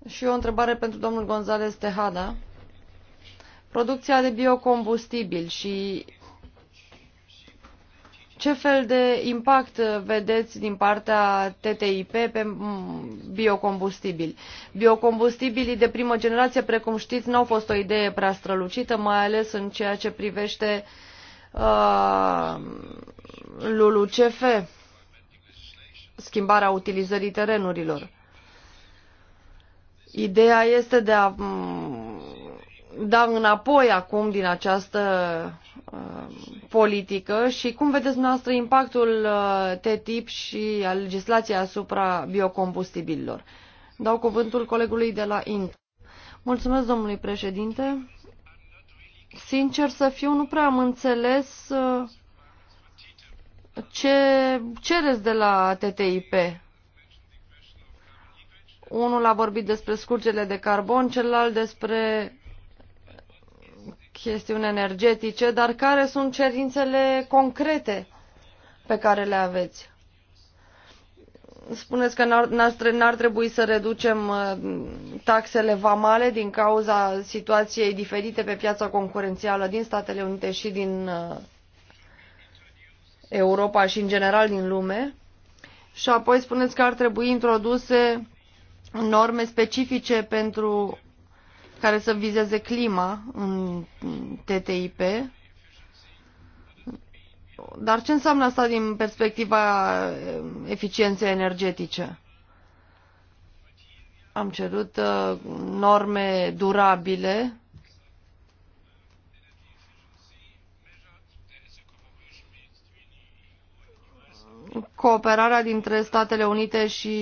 Și o întrebare pentru domnul González Tejada. Producția de biocombustibil și ce fel de impact vedeți din partea TTIP pe biocombustibili? Biocombustibilii de primă generație, precum știți, n-au fost o idee prea strălucită, mai ales în ceea ce privește uh, LULUCF, schimbarea utilizării terenurilor. Ideea este de a da înapoi acum din această uh, politică și cum vedeți noastră impactul uh, TTIP și a legislației asupra biocombustibililor. Dau cuvântul colegului de la INT. Mulțumesc, domnului președinte. Sincer să fiu, nu prea am înțeles uh, ce cereți de la TTIP. Unul a vorbit despre scurgele de carbon, celălalt despre chestiuni energetice, dar care sunt cerințele concrete pe care le aveți? Spuneți că n-ar trebui să reducem uh, taxele vamale din cauza situației diferite pe piața concurențială din Statele Unite și din uh, Europa și în general din lume. Și apoi spuneți că ar trebui introduse norme specifice pentru care să vizeze clima în TTIP. Dar ce înseamnă asta din perspectiva eh, eficienței energetice? Am cerut eh, norme durabile cooperarea dintre Statele Unite și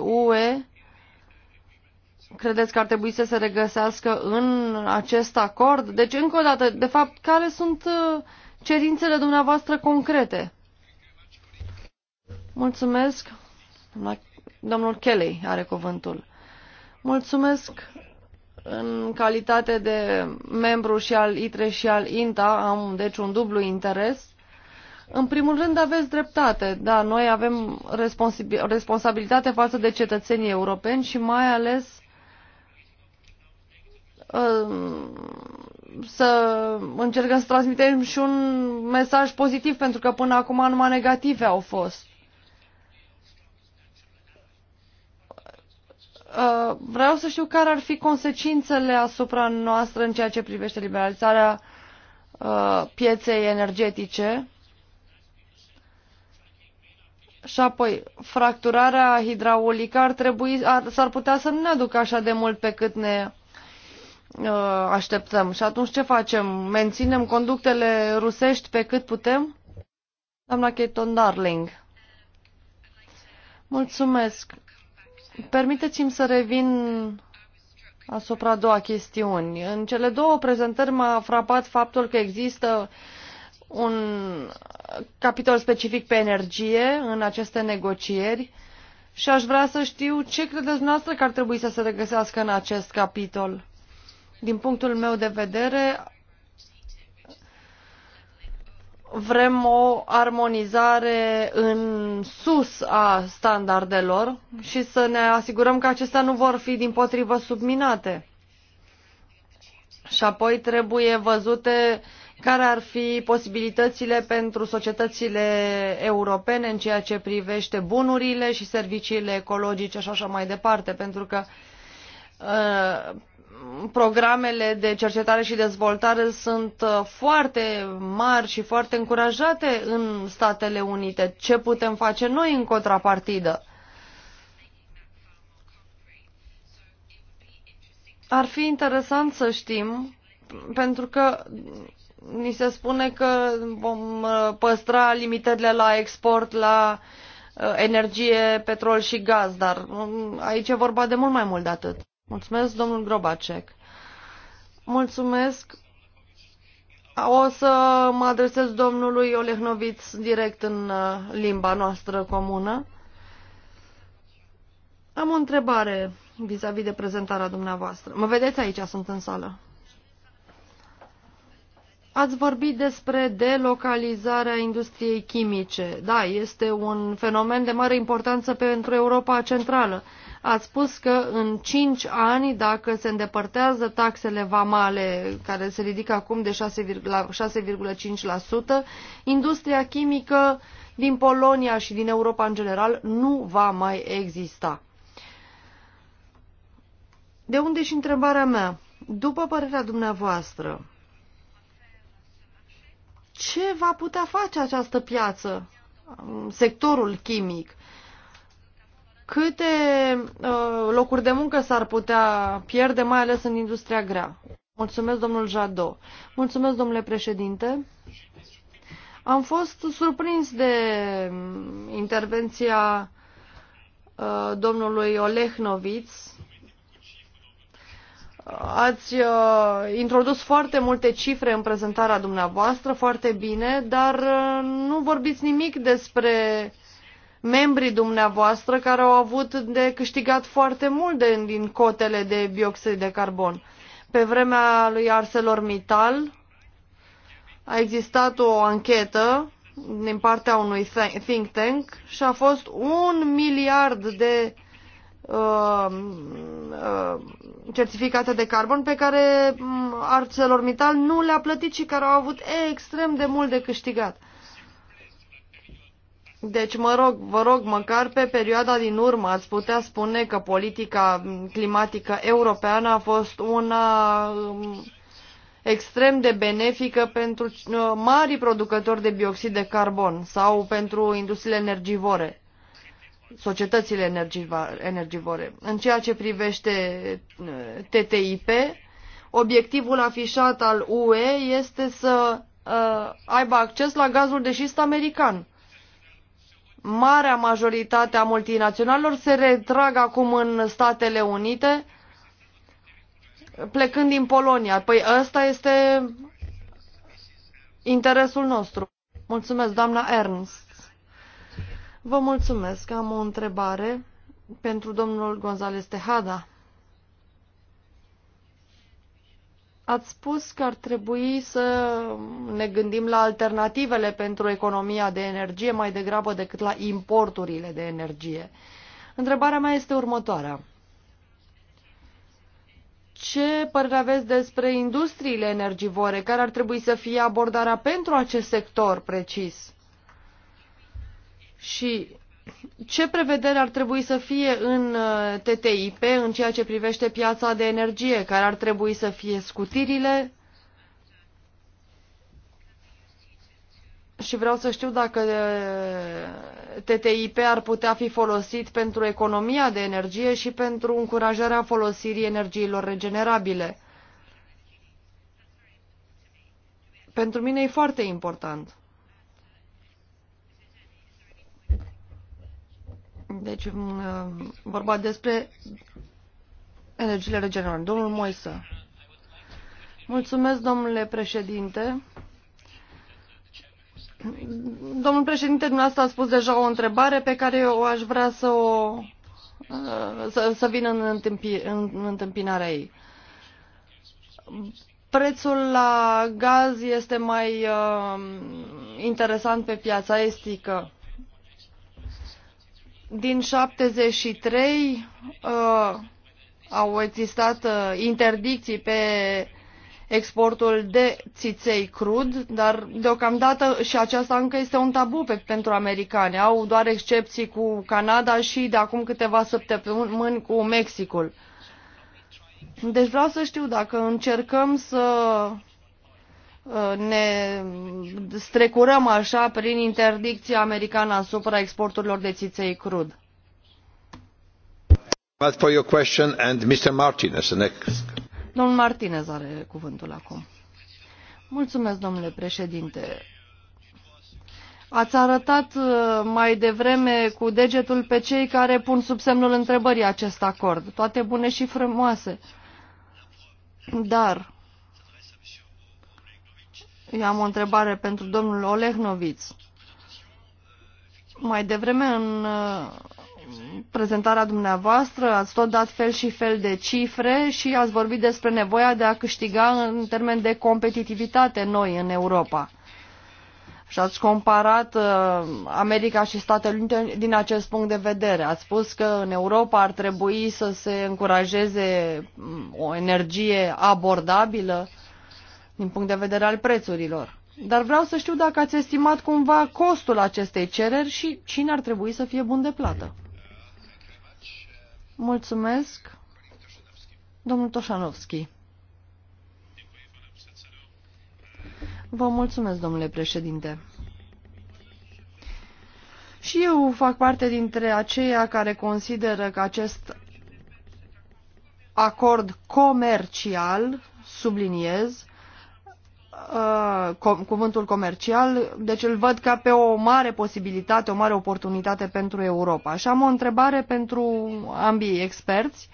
UE credeți că ar trebui să se regăsească în acest acord? Deci, încă o dată, de fapt, care sunt uh, cerințele dumneavoastră concrete? Mulțumesc. Domnul Kelly are cuvântul. Mulțumesc în calitate de membru și al ITRE și al INTA, am deci un dublu interes. În primul rând aveți dreptate, da, noi avem responsabilitate față de cetățenii europeni și mai ales Ehm, să încercăm să transmitem și un mesaj pozitiv, pentru că până acum numai negative au fost. Ehm, vreau să știu care ar fi consecințele asupra noastră în ceea ce privește liberalizarea ehm, pieței energetice și apoi fracturarea hidraulică ar trebui, ar, s-ar putea să nu ne aducă așa de mult pe cât ne Uh, așteptăm. Și atunci ce facem? Menținem conductele rusești pe cât putem? Doamna Keton Darling. Mulțumesc. Permiteți-mi să revin asupra a doua chestiuni. În cele două prezentări m-a frapat faptul că există un capitol specific pe energie în aceste negocieri și aș vrea să știu ce credeți noastră că ar trebui să se regăsească în acest capitol. Din punctul meu de vedere, vrem o armonizare în sus a standardelor și să ne asigurăm că acestea nu vor fi din potrivă subminate. Și apoi trebuie văzute care ar fi posibilitățile pentru societățile europene în ceea ce privește bunurile și serviciile ecologice și așa mai departe, pentru că uh, programele de cercetare și dezvoltare sunt uh, foarte mari și foarte încurajate în Statele Unite. Ce putem face noi în contrapartidă? Ar fi interesant să știm, pentru că ni se spune că vom uh, păstra limitările la export, la uh, energie, petrol și gaz, dar um, aici e vorba de mult mai mult de atât. Mulțumesc, domnul Grobacek. Mulțumesc. O să mă adresez domnului Olehnoviț direct în uh, limba noastră comună. Am o întrebare vis-a-vis -vis de prezentarea dumneavoastră. Mă vedeți aici, sunt în sală. Ați vorbit despre delocalizarea industriei chimice. Da, este un fenomen de mare importanță pentru Europa Centrală. A spus că în 5 ani, dacă se îndepărtează taxele vamale, care se ridică acum de 6,5%, industria chimică din Polonia și din Europa în general nu va mai exista. De unde și întrebarea mea? După părerea dumneavoastră, ce va putea face această piață, sectorul chimic? câte uh, locuri de muncă s-ar putea pierde, mai ales în industria grea? Mulțumesc, domnul Jadot. Mulțumesc, domnule președinte. Am fost surprins de intervenția uh, domnului Olehnoviț. Ați uh, introdus foarte multe cifre în prezentarea dumneavoastră, foarte bine, dar uh, nu vorbiți nimic despre membrii dumneavoastră care au avut de câștigat foarte mult de, din cotele de bioxid de carbon. Pe vremea lui ArcelorMittal a existat o anchetă din partea unui think tank și a fost un miliard de uh, uh, certificate de carbon pe care mm, ArcelorMittal nu le-a plătit și care au avut extrem de mult de câștigat. Deci, mă rog, vă rog, măcar pe perioada din urmă ați putea spune că politica climatică europeană a fost una um, extrem de benefică pentru uh, mari producători de bioxid de carbon sau pentru industriile energivore, societățile energivore. În ceea ce privește uh, TTIP, obiectivul afișat al UE este să uh, aibă acces la gazul de șist american marea majoritate a multinaționalelor se retrag acum în Statele Unite, plecând din Polonia. Păi ăsta este interesul nostru. Mulțumesc, doamna Ernst. Vă mulțumesc. Am o întrebare pentru domnul González Tejada. Ați spus că ar trebui să ne gândim la alternativele pentru economia de energie mai degrabă decât la importurile de energie. Întrebarea mea este următoarea. Ce părere aveți despre industriile energivore? Care ar trebui să fie abordarea pentru acest sector precis? Și ce prevedere ar trebui să fie în uh, TTIP în ceea ce privește piața de energie, care ar trebui să fie scutirile? Și vreau să știu dacă uh, TTIP ar putea fi folosit pentru economia de energie și pentru încurajarea folosirii energiilor regenerabile. Pentru mine e foarte important. Deci, uh, vorba despre energiile regenerabile. Domnul Moisă. Mulțumesc, domnule președinte. Domnul președinte, dumneavoastră a spus deja o întrebare pe care eu aș vrea să o uh, să, să vină în, întâmpi, în întâmpinarea ei. Prețul la gaz este mai uh, interesant pe piața estică. Din 73 uh, au existat uh, interdicții pe exportul de țiței crud, dar deocamdată și aceasta încă este un tabu pe, pentru americani. Au doar excepții cu Canada și de acum câteva săptămâni cu Mexicul. Deci vreau să știu dacă încercăm să Uh, ne strecurăm așa prin interdicția americană asupra exporturilor de țiței crud. For your question and Mr. Martinez, next. Domnul Martinez are cuvântul acum. Mulțumesc, domnule președinte. Ați arătat uh, mai devreme cu degetul pe cei care pun sub semnul întrebării acest acord. Toate bune și frumoase. Dar eu am o întrebare pentru domnul Olehnoviț. Mai devreme în uh, prezentarea dumneavoastră ați tot dat fel și fel de cifre și ați vorbit despre nevoia de a câștiga în termen de competitivitate noi în Europa. Și ați comparat uh, America și Statele Unite din acest punct de vedere. Ați spus că în Europa ar trebui să se încurajeze mm, o energie abordabilă din punct de vedere al prețurilor. Dar vreau să știu dacă ați estimat cumva costul acestei cereri și cine ar trebui să fie bun de plată. Mulțumesc, domnul Toșanovski. Vă mulțumesc, domnule președinte. Și eu fac parte dintre aceia care consideră că acest acord comercial, subliniez, Uh, cuvântul comercial, deci îl văd ca pe o mare posibilitate, o mare oportunitate pentru Europa. Și am o întrebare pentru ambii experți.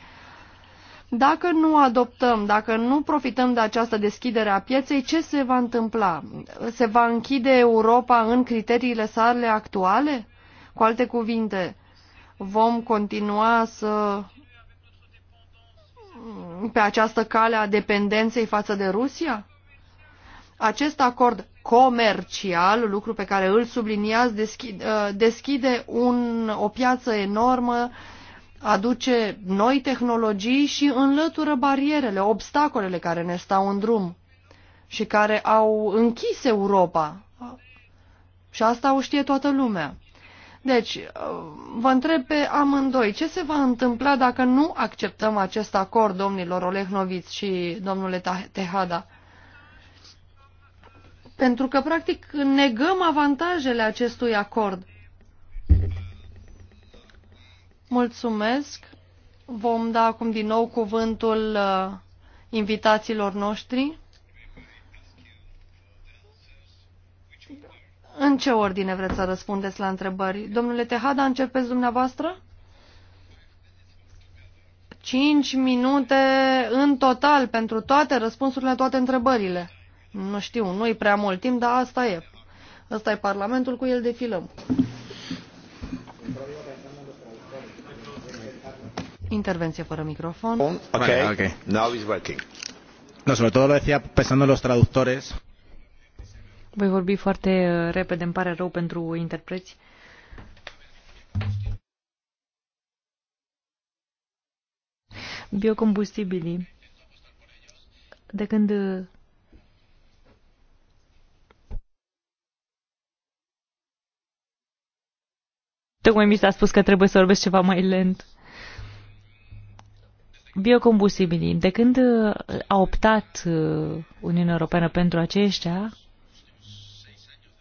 Dacă nu adoptăm, dacă nu profităm de această deschidere a pieței, ce se va întâmpla? Se va închide Europa în criteriile sale actuale? Cu alte cuvinte, vom continua să pe această cale a dependenței față de Rusia? Acest acord comercial, lucru pe care îl subliniați, uh, deschide un, o piață enormă, aduce noi tehnologii și înlătură barierele, obstacolele care ne stau în drum și care au închis Europa. Și asta o știe toată lumea. Deci, uh, vă întreb pe amândoi, ce se va întâmpla dacă nu acceptăm acest acord, domnilor Olehnoviț și domnule Tehada? pentru că, practic, negăm avantajele acestui acord. Mulțumesc. Vom da acum din nou cuvântul uh, invitațiilor noștri. În ce ordine vreți să răspundeți la întrebări? Domnule Tehada, începeți dumneavoastră? Cinci minute în total pentru toate răspunsurile, toate întrebările. Nu știu, nu-i prea mult timp, dar asta e. Asta e Parlamentul, cu el defilăm. Intervenție fără microfon. Ok, ok. Now it's working. No, sobre todo lo decía pensando en los traductores. Voi vorbi foarte uh, repede, îmi pare rău pentru interpreți. Biocombustibilii. De când uh, Tocmai mi s-a spus că trebuie să vorbesc ceva mai lent. Biocombustibilii. De când uh, a optat uh, Uniunea Europeană pentru aceștia,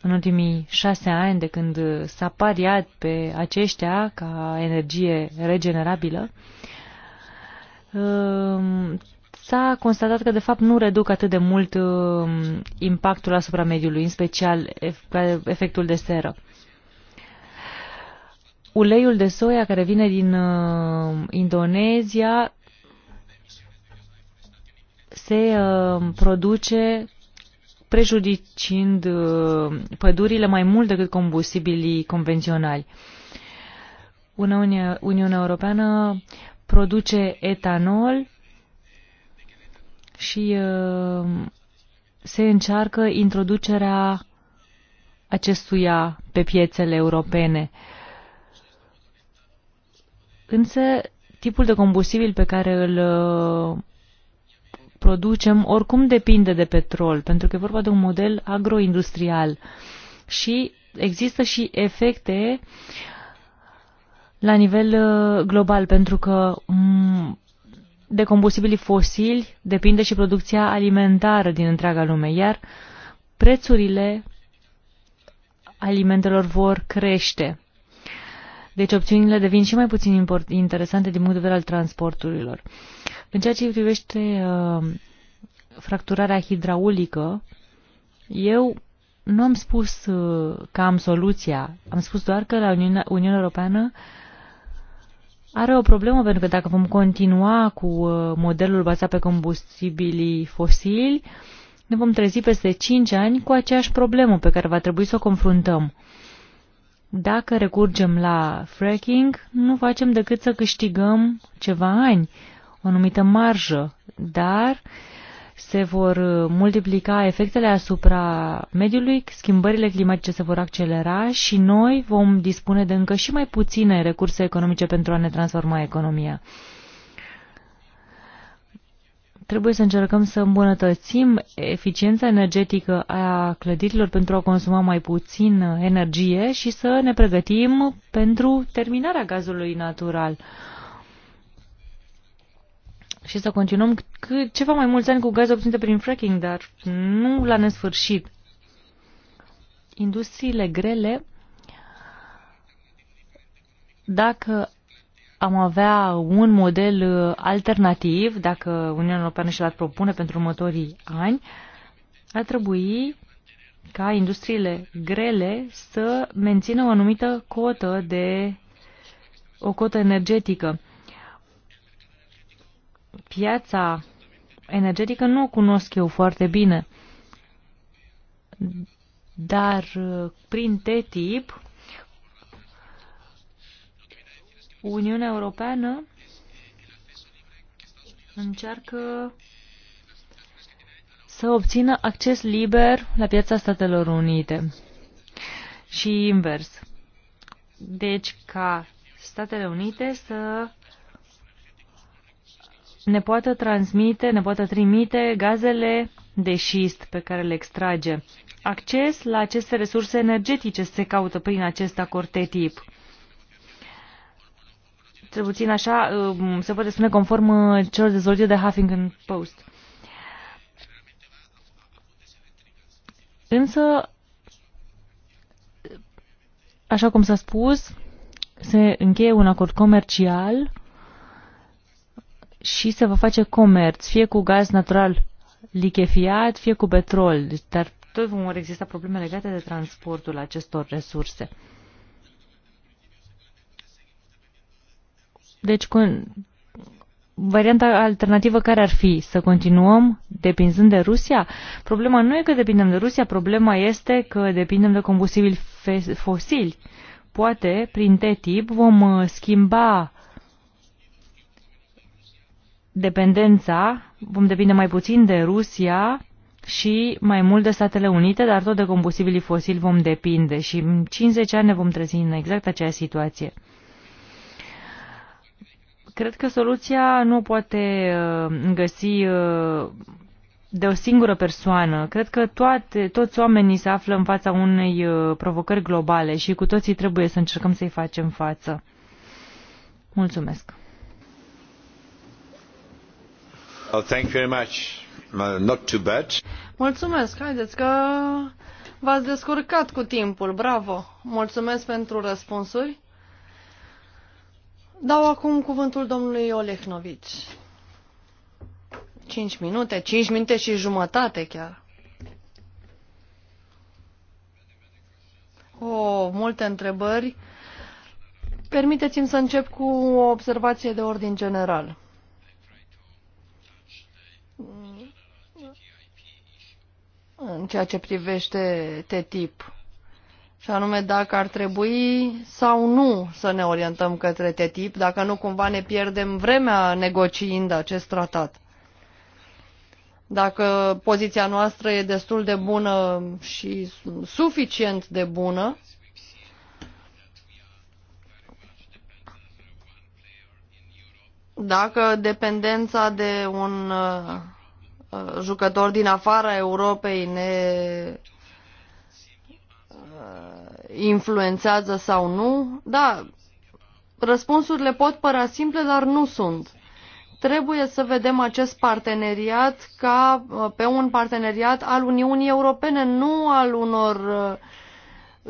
în ultimii șase ani, de când uh, s-a pariat pe aceștia ca energie regenerabilă, um, s-a constatat că, de fapt, nu reduc atât de mult um, impactul asupra mediului, în special efectul de seră uleiul de soia care vine din uh, Indonezia se uh, produce prejudicind uh, pădurile mai mult decât combustibilii convenționali. Uniunea, Europeană produce etanol și uh, se încearcă introducerea acestuia pe piețele europene. Uh, Însă, tipul de combustibil pe care îl uh, producem oricum depinde de petrol, pentru că e vorba de un model agroindustrial și există și efecte la nivel uh, global, pentru că mm, de combustibilii fosili depinde și producția alimentară din întreaga lume, iar prețurile alimentelor vor crește. Deci opțiunile devin și mai puțin interesante din punct de vedere al transporturilor. În ceea ce privește uh, fracturarea hidraulică, eu nu am spus uh, că am soluția, am spus doar că la Uniunea, Uniunea Europeană are o problemă, pentru că dacă vom continua cu uh, modelul bazat pe combustibilii fosili, ne vom trezi peste 5 ani cu aceeași problemă pe care va trebui să o confruntăm. Uh, dacă recurgem la fracking, nu facem decât să câștigăm ceva ani, o anumită marjă, dar se vor uh, multiplica efectele asupra mediului, schimbările climatice se vor accelera și noi vom dispune de încă și mai puține recurse economice pentru a ne transforma economia trebuie să încercăm să îmbunătățim eficiența energetică a clădirilor pentru a consuma mai puțin energie și să ne pregătim pentru terminarea gazului natural. Și să continuăm ceva mai mulți ani cu gaz obținute prin fracking, dar nu la nesfârșit. Industriile grele, dacă am avea un model uh, alternativ, dacă Uniunea Europeană și-l ar propune pentru următorii ani, ar trebui ca industriile grele să mențină o anumită cotă de o cotă energetică. Piața energetică nu o cunosc eu foarte bine, dar uh, prin TTIP Uniunea Europeană încearcă să obțină acces liber la piața Statelor Unite și invers. Deci ca Statele Unite să ne poată transmite, ne poată trimite gazele de șist pe care le extrage. Acces la aceste resurse energetice se caută prin acest acord TTIP cel puțin așa um, se poate spune conform uh, celor dezvoltate de Huffington Post. Însă, așa cum s-a spus, se încheie un acord comercial și se va face comerț, fie cu gaz natural lichefiat, fie cu petrol, deci, dar tot vor exista probleme legate de transportul acestor resurse. Deci, cu varianta alternativă care ar fi? Să continuăm depinzând de Rusia? Problema nu e că depindem de Rusia, problema este că depindem de combustibili fosili. Poate, prin TTIP, vom uh, schimba dependența, vom depinde mai puțin de Rusia și mai mult de Statele Unite, dar tot de combustibilii fosili vom depinde și în 50 ani ne vom trezi în exact aceeași situație. Cred că soluția nu poate uh, găsi uh, de o singură persoană. Cred că toate, toți oamenii se află în fața unei uh, provocări globale și cu toții trebuie să încercăm să-i facem față. Mulțumesc. Well, thank you very much. Not too bad. Mulțumesc. Haideți că v-ați descurcat cu timpul. Bravo. Mulțumesc pentru răspunsuri. Dau acum cuvântul domnului Olehnovici. Cinci minute, cinci minute și jumătate chiar. O, oh, multe întrebări. Permiteți-mi să încep cu o observație de ordin general. În ceea ce privește te-tip și anume dacă ar trebui sau nu să ne orientăm către TTIP, dacă nu cumva ne pierdem vremea negociind acest tratat. Dacă poziția noastră e destul de bună și suficient de bună, dacă dependența de un uh, jucător din afara Europei ne influențează sau nu? Da, răspunsurile pot părea simple, dar nu sunt. Trebuie să vedem acest parteneriat ca uh, pe un parteneriat al Uniunii Europene, nu al unor uh,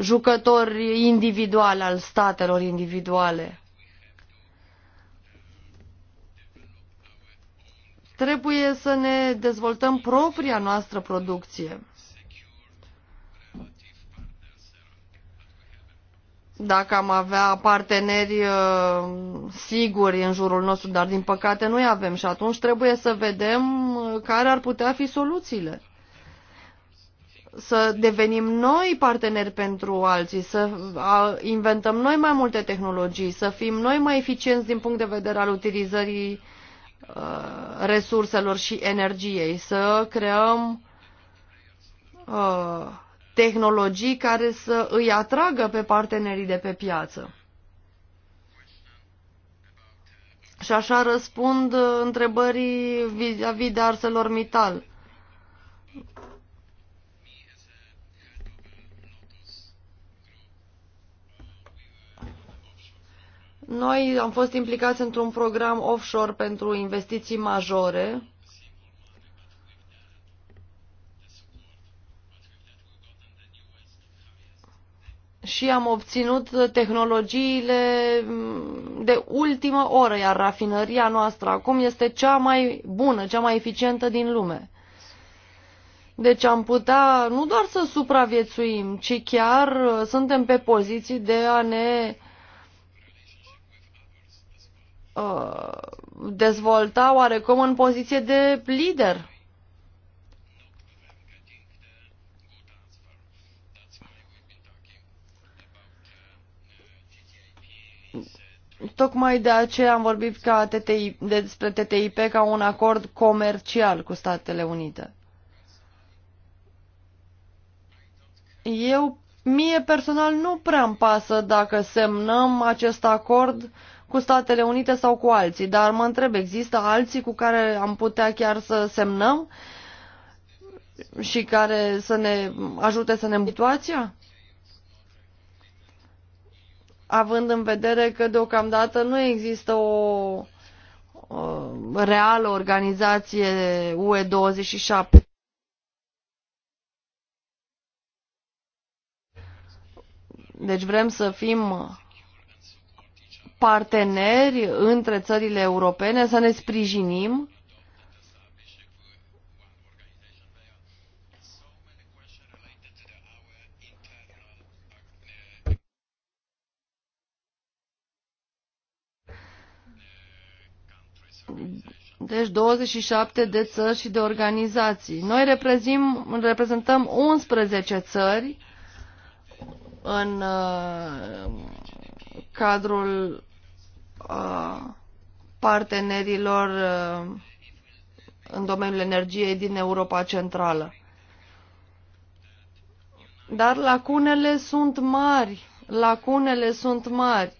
jucători individuali, al statelor individuale. Trebuie să ne dezvoltăm propria noastră producție. dacă am avea parteneri uh, siguri în jurul nostru, dar din păcate nu-i avem și atunci trebuie să vedem uh, care ar putea fi soluțiile. Să devenim noi parteneri pentru alții, să inventăm noi mai multe tehnologii, să fim noi mai eficienți din punct de vedere al utilizării uh, resurselor și energiei, să creăm tehnologii care să îi atragă pe partenerii de pe piață. Și așa răspund uh, întrebării vis-a-vis de ArcelorMittal. Noi am fost implicați într-un program offshore pentru investiții majore și am obținut tehnologiile mm, de ultimă oră, iar rafinăria noastră acum este cea mai bună, cea mai eficientă din lume. Deci am putea nu doar să supraviețuim, ci chiar uh, suntem pe poziții de a ne uh, dezvolta oarecum în poziție de lider Tocmai de aceea am vorbit ca TTI, despre TTIP ca un acord comercial cu Statele Unite. Eu, mie personal, nu prea îmi pasă dacă semnăm acest acord cu Statele Unite sau cu alții, dar mă întreb, există alții cu care am putea chiar să semnăm și care să ne ajute să ne situația? având în vedere că deocamdată nu există o, o reală organizație UE27. Deci vrem să fim parteneri între țările europene, să ne sprijinim deci 27 de țări și de organizații. Noi reprezentăm 11 țări în uh, cadrul uh, partenerilor uh, în domeniul energiei din Europa Centrală. Dar lacunele sunt mari, lacunele sunt mari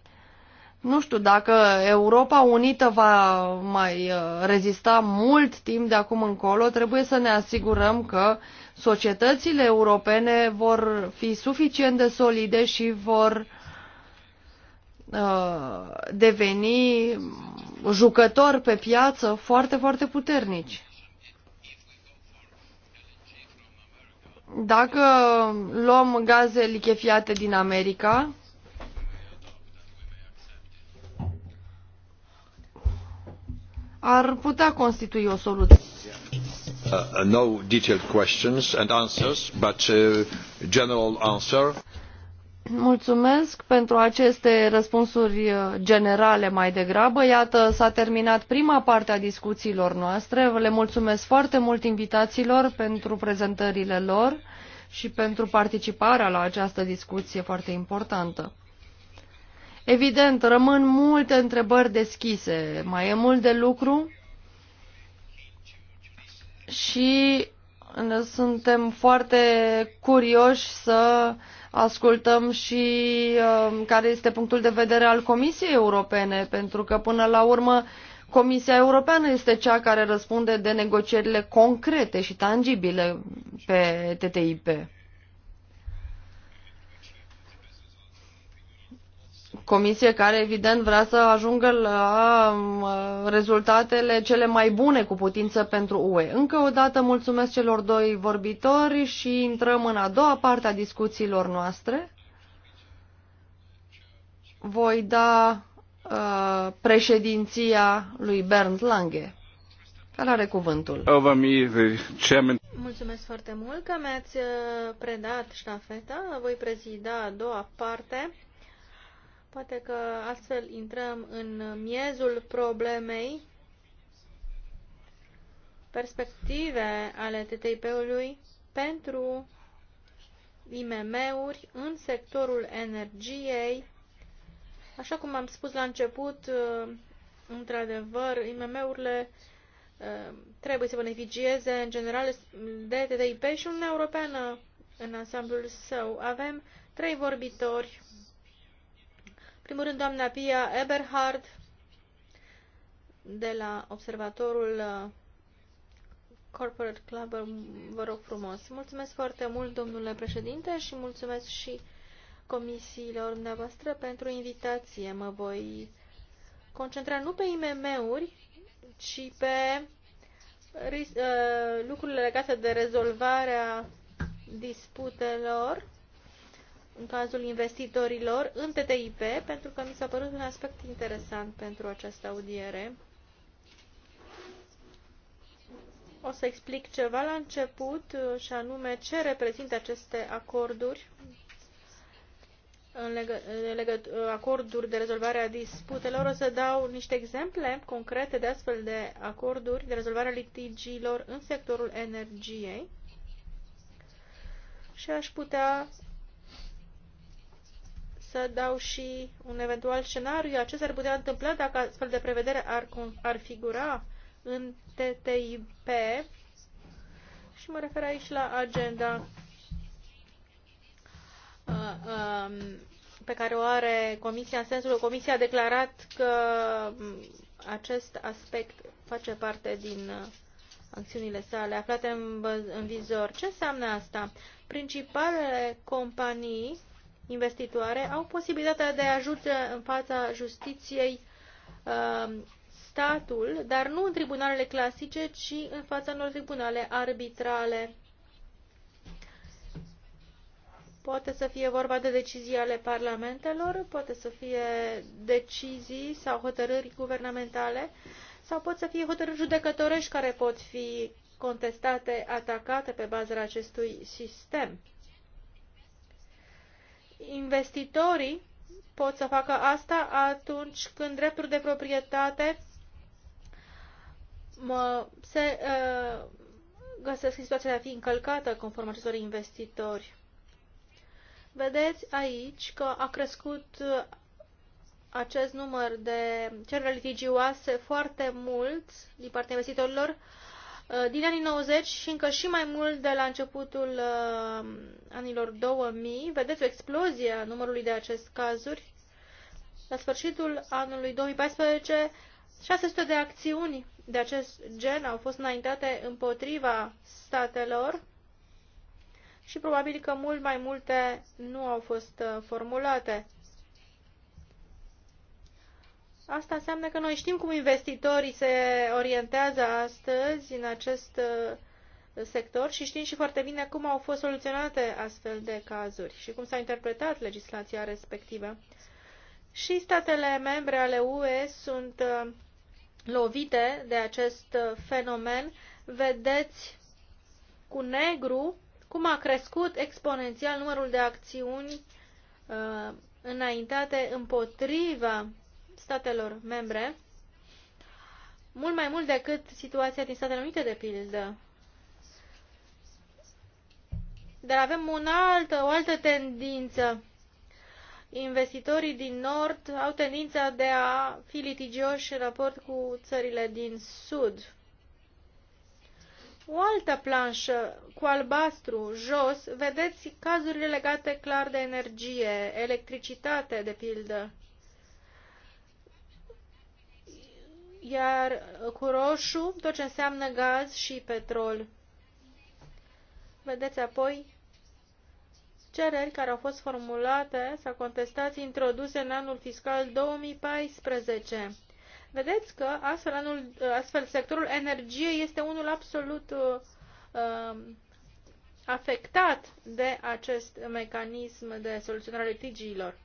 nu știu dacă Europa Unită va mai uh, rezista mult timp de acum încolo, trebuie să ne asigurăm că societățile europene vor fi suficient de solide și vor uh, deveni jucători pe piață foarte, foarte puternici. Dacă luăm gaze lichefiate din America, ar putea constitui o soluție. Uh, no detailed questions and answers, but uh, general answer. Mulțumesc pentru aceste răspunsuri uh, generale mai degrabă. Iată, s-a terminat prima parte a discuțiilor noastre. Le mulțumesc foarte mult invitațiilor pentru prezentările lor și pentru participarea la această discuție foarte importantă. Evident, rămân multe întrebări deschise, mai e mult de lucru și suntem foarte curioși să ascultăm și um, care este punctul de vedere al Comisiei Europene, pentru că până la urmă Comisia Europeană este cea care răspunde de negocierile concrete și tangibile pe TTIP. comisie care evident vrea să ajungă la uh, rezultatele cele mai bune cu putință pentru UE. Încă o dată mulțumesc celor doi vorbitori și intrăm în a doua parte a discuțiilor noastre. Voi da uh, președinția lui Bernd Lange, care are cuvântul. Mulțumesc foarte mult că mi-ați uh, predat ștafeta. Voi prezida a doua parte Poate că astfel intrăm în miezul problemei perspective ale TTIP-ului pentru IMM-uri în sectorul energiei. Așa cum am spus la început, într-adevăr, IMM-urile uh, trebuie să beneficieze în general de TTIP și Uniunea Europeană în ansamblul său. Avem trei vorbitori primul rând, doamna Pia Eberhard, de la Observatorul uh, Corporate Club, vă rog frumos. Mulțumesc foarte mult, domnule președinte, și mulțumesc și comisiilor dumneavoastră pentru invitație. Mă voi concentra nu pe IMM-uri, ci pe uh, lucrurile legate de rezolvarea disputelor în cazul investitorilor în TTIP, pentru că mi s-a părut un aspect interesant pentru această audiere. O să explic ceva la început, și anume ce reprezintă aceste acorduri, în legă, în legă, acorduri de rezolvare a disputelor. O să dau niște exemple concrete de astfel de acorduri de rezolvare a litigiilor în sectorul energiei și aș putea să dau și un eventual scenariu. Ce s-ar putea întâmpla dacă astfel de prevedere ar, ar figura în TTIP? Și mă refer aici la agenda uh, um, pe care o are Comisia, în sensul că Comisia a declarat că um, acest aspect face parte din uh, acțiunile sale aflate în, în vizor. Ce înseamnă asta? Principalele companii investitoare au posibilitatea de a ajunge în fața justiției uh, statul, dar nu în tribunalele clasice, ci în fața unor tribunale arbitrale. Poate să fie vorba de decizii ale parlamentelor, poate să fie decizii sau hotărâri guvernamentale, sau pot să fie hotărâri judecătorești care pot fi contestate, atacate pe baza acestui sistem. Investitorii pot să facă asta atunci când drepturi de proprietate se uh, găsesc în situația de a fi încălcată conform acestor investitori. Vedeți aici că a crescut uh, acest număr de cereri litigioase foarte mult din partea investitorilor Uh, din anii 90 și încă și mai mult de la începutul uh, anilor 2000. Vedeți o explozie a numărului de acest cazuri. La sfârșitul anului 2014, 600 de acțiuni de acest gen au fost înaintate împotriva statelor și probabil că mult mai multe nu au fost uh, formulate. Asta înseamnă că noi știm cum investitorii se orientează astăzi în acest uh, sector și știm și foarte bine cum au fost soluționate astfel de cazuri și cum s-a interpretat legislația respectivă. Și statele membre ale UE sunt uh, lovite de acest uh, fenomen. Vedeți cu negru cum a crescut exponențial numărul de acțiuni uh, înaintate împotriva statelor membre, mult mai mult decât situația din Statele Unite, de pildă. Dar avem un alt, o altă tendință. Investitorii din Nord au tendința de a fi litigioși în raport cu țările din Sud. O altă planșă cu albastru jos, vedeți cazurile legate clar de energie, electricitate, de pildă. iar cu roșu tot ce înseamnă gaz și petrol. Vedeți apoi cereri care au fost formulate sau contestații introduse în anul fiscal 2014. Vedeți că astfel, anul, astfel sectorul energiei este unul absolut uh, afectat de acest mecanism de soluționare litigiilor.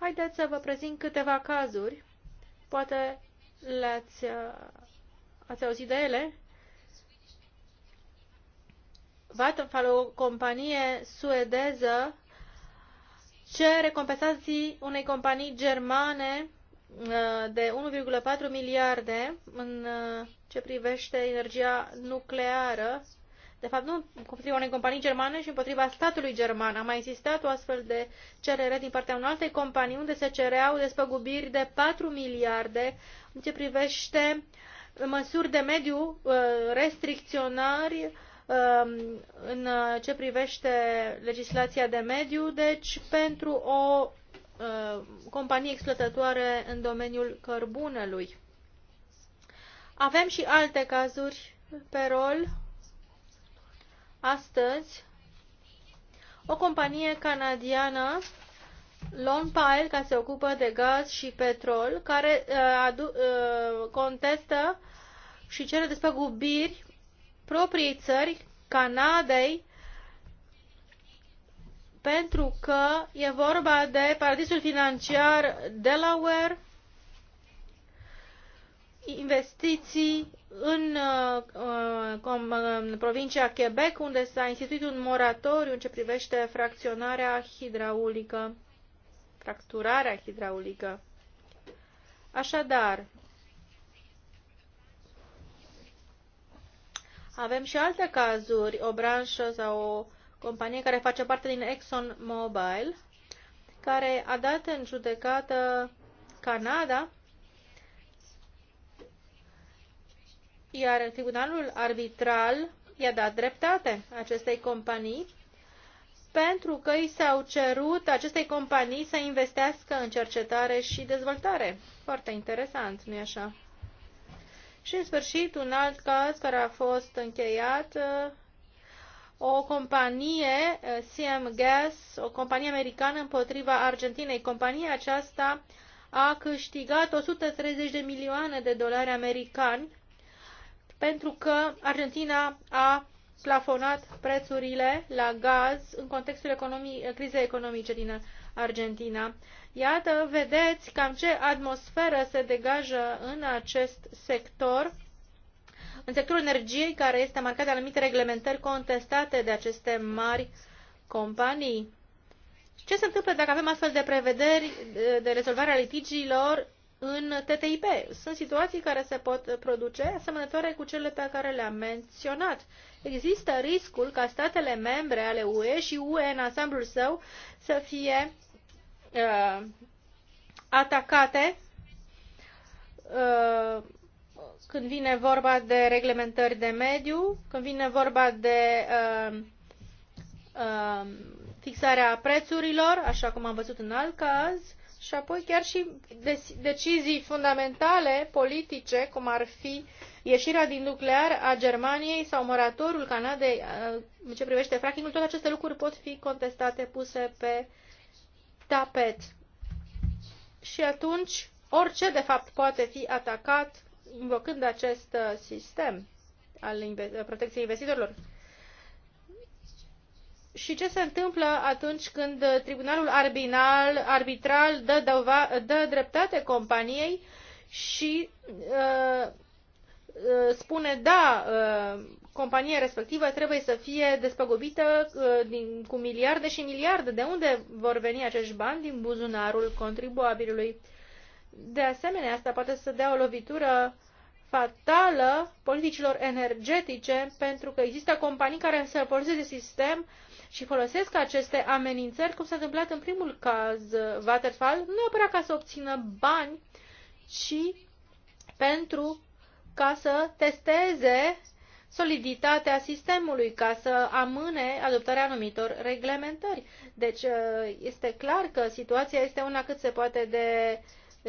Haideți să vă prezint câteva cazuri. Poate le-ați uh, ați auzit de ele? Vattenfall, o companie suedeză, ce compensații unei companii germane uh, de 1,4 miliarde în uh, ce privește energia nucleară. De fapt, nu împotriva unei companii germane, ci împotriva statului german. A mai existat o astfel de cerere din partea unei alte companii unde se cereau despăgubiri de 4 miliarde în ce privește uh, măsuri de mediu uh, restricționari um, în uh, ce privește legislația de mediu, deci pentru o companie exploatătoare în domeniul cărbunelui. Avem și alte cazuri pe rol. Astăzi, o companie canadiană Lone Pile, care se ocupă de gaz și petrol, care uh, adu- uh, contestă și cere despăgubiri proprii țări, Canadei, pentru că e vorba de paradisul financiar Delaware, investiții în, în, uh, uh, provincia Quebec, unde s-a instituit un moratoriu în ce privește fracționarea hidraulică fracturarea hidraulică. Așadar, avem și alte cazuri, o branșă sau o companie care face parte din Exxon Mobil, care a dat în judecată Canada, iar tribunalul arbitral i-a dat dreptate acestei companii pentru că i s-au cerut acestei companii să investească în cercetare și dezvoltare. Foarte interesant, nu-i așa? Și, în sfârșit, un alt caz care a fost încheiat, o companie, CM Gas, o companie americană împotriva Argentinei. Compania aceasta a câștigat 130 de milioane de dolari americani pentru că Argentina a plafonat prețurile la gaz în contextul economii, crizei economice din Argentina. Iată, vedeți cam ce atmosferă se degajă în acest sector, în sectorul energiei, care este marcat de anumite reglementări contestate de aceste mari companii. Ce se întâmplă dacă avem astfel de prevederi de rezolvare a litigiilor în TTIP. Sunt situații care se pot produce asemănătoare cu cele pe care le-am menționat. Există riscul ca statele membre ale UE și UE în ansamblul său să fie uh, atacate uh, când vine vorba de reglementări de mediu, când vine vorba de uh, uh, fixarea prețurilor, așa cum am văzut în alt caz, și apoi chiar și deci- decizii fundamentale politice, cum ar fi ieșirea din nuclear a Germaniei sau moratorul Canadei uh, în ce privește frackingul, toate aceste lucruri pot fi contestate, puse pe tapet. Și atunci, orice de fapt poate fi atacat invocând acest uh, sistem al protecției investitorilor și ce se întâmplă atunci când uh, tribunalul arbitral, arbitral dă, dova, dă dreptate companiei și uh, uh, spune da, uh, compania respectivă trebuie să fie despăgubită uh, din, cu miliarde și miliarde. De unde vor veni acești bani? Din buzunarul contribuabilului. De asemenea, asta poate să dea o lovitură fatală politicilor energetice, pentru că există companii care să folosesc sistem și folosesc aceste amenințări, cum s-a întâmplat în primul caz Waterfall, nu neapărat ca să obțină bani, ci pentru ca să testeze soliditatea sistemului, ca să amâne adoptarea anumitor reglementări. Deci uh, este clar că situația este una cât se poate de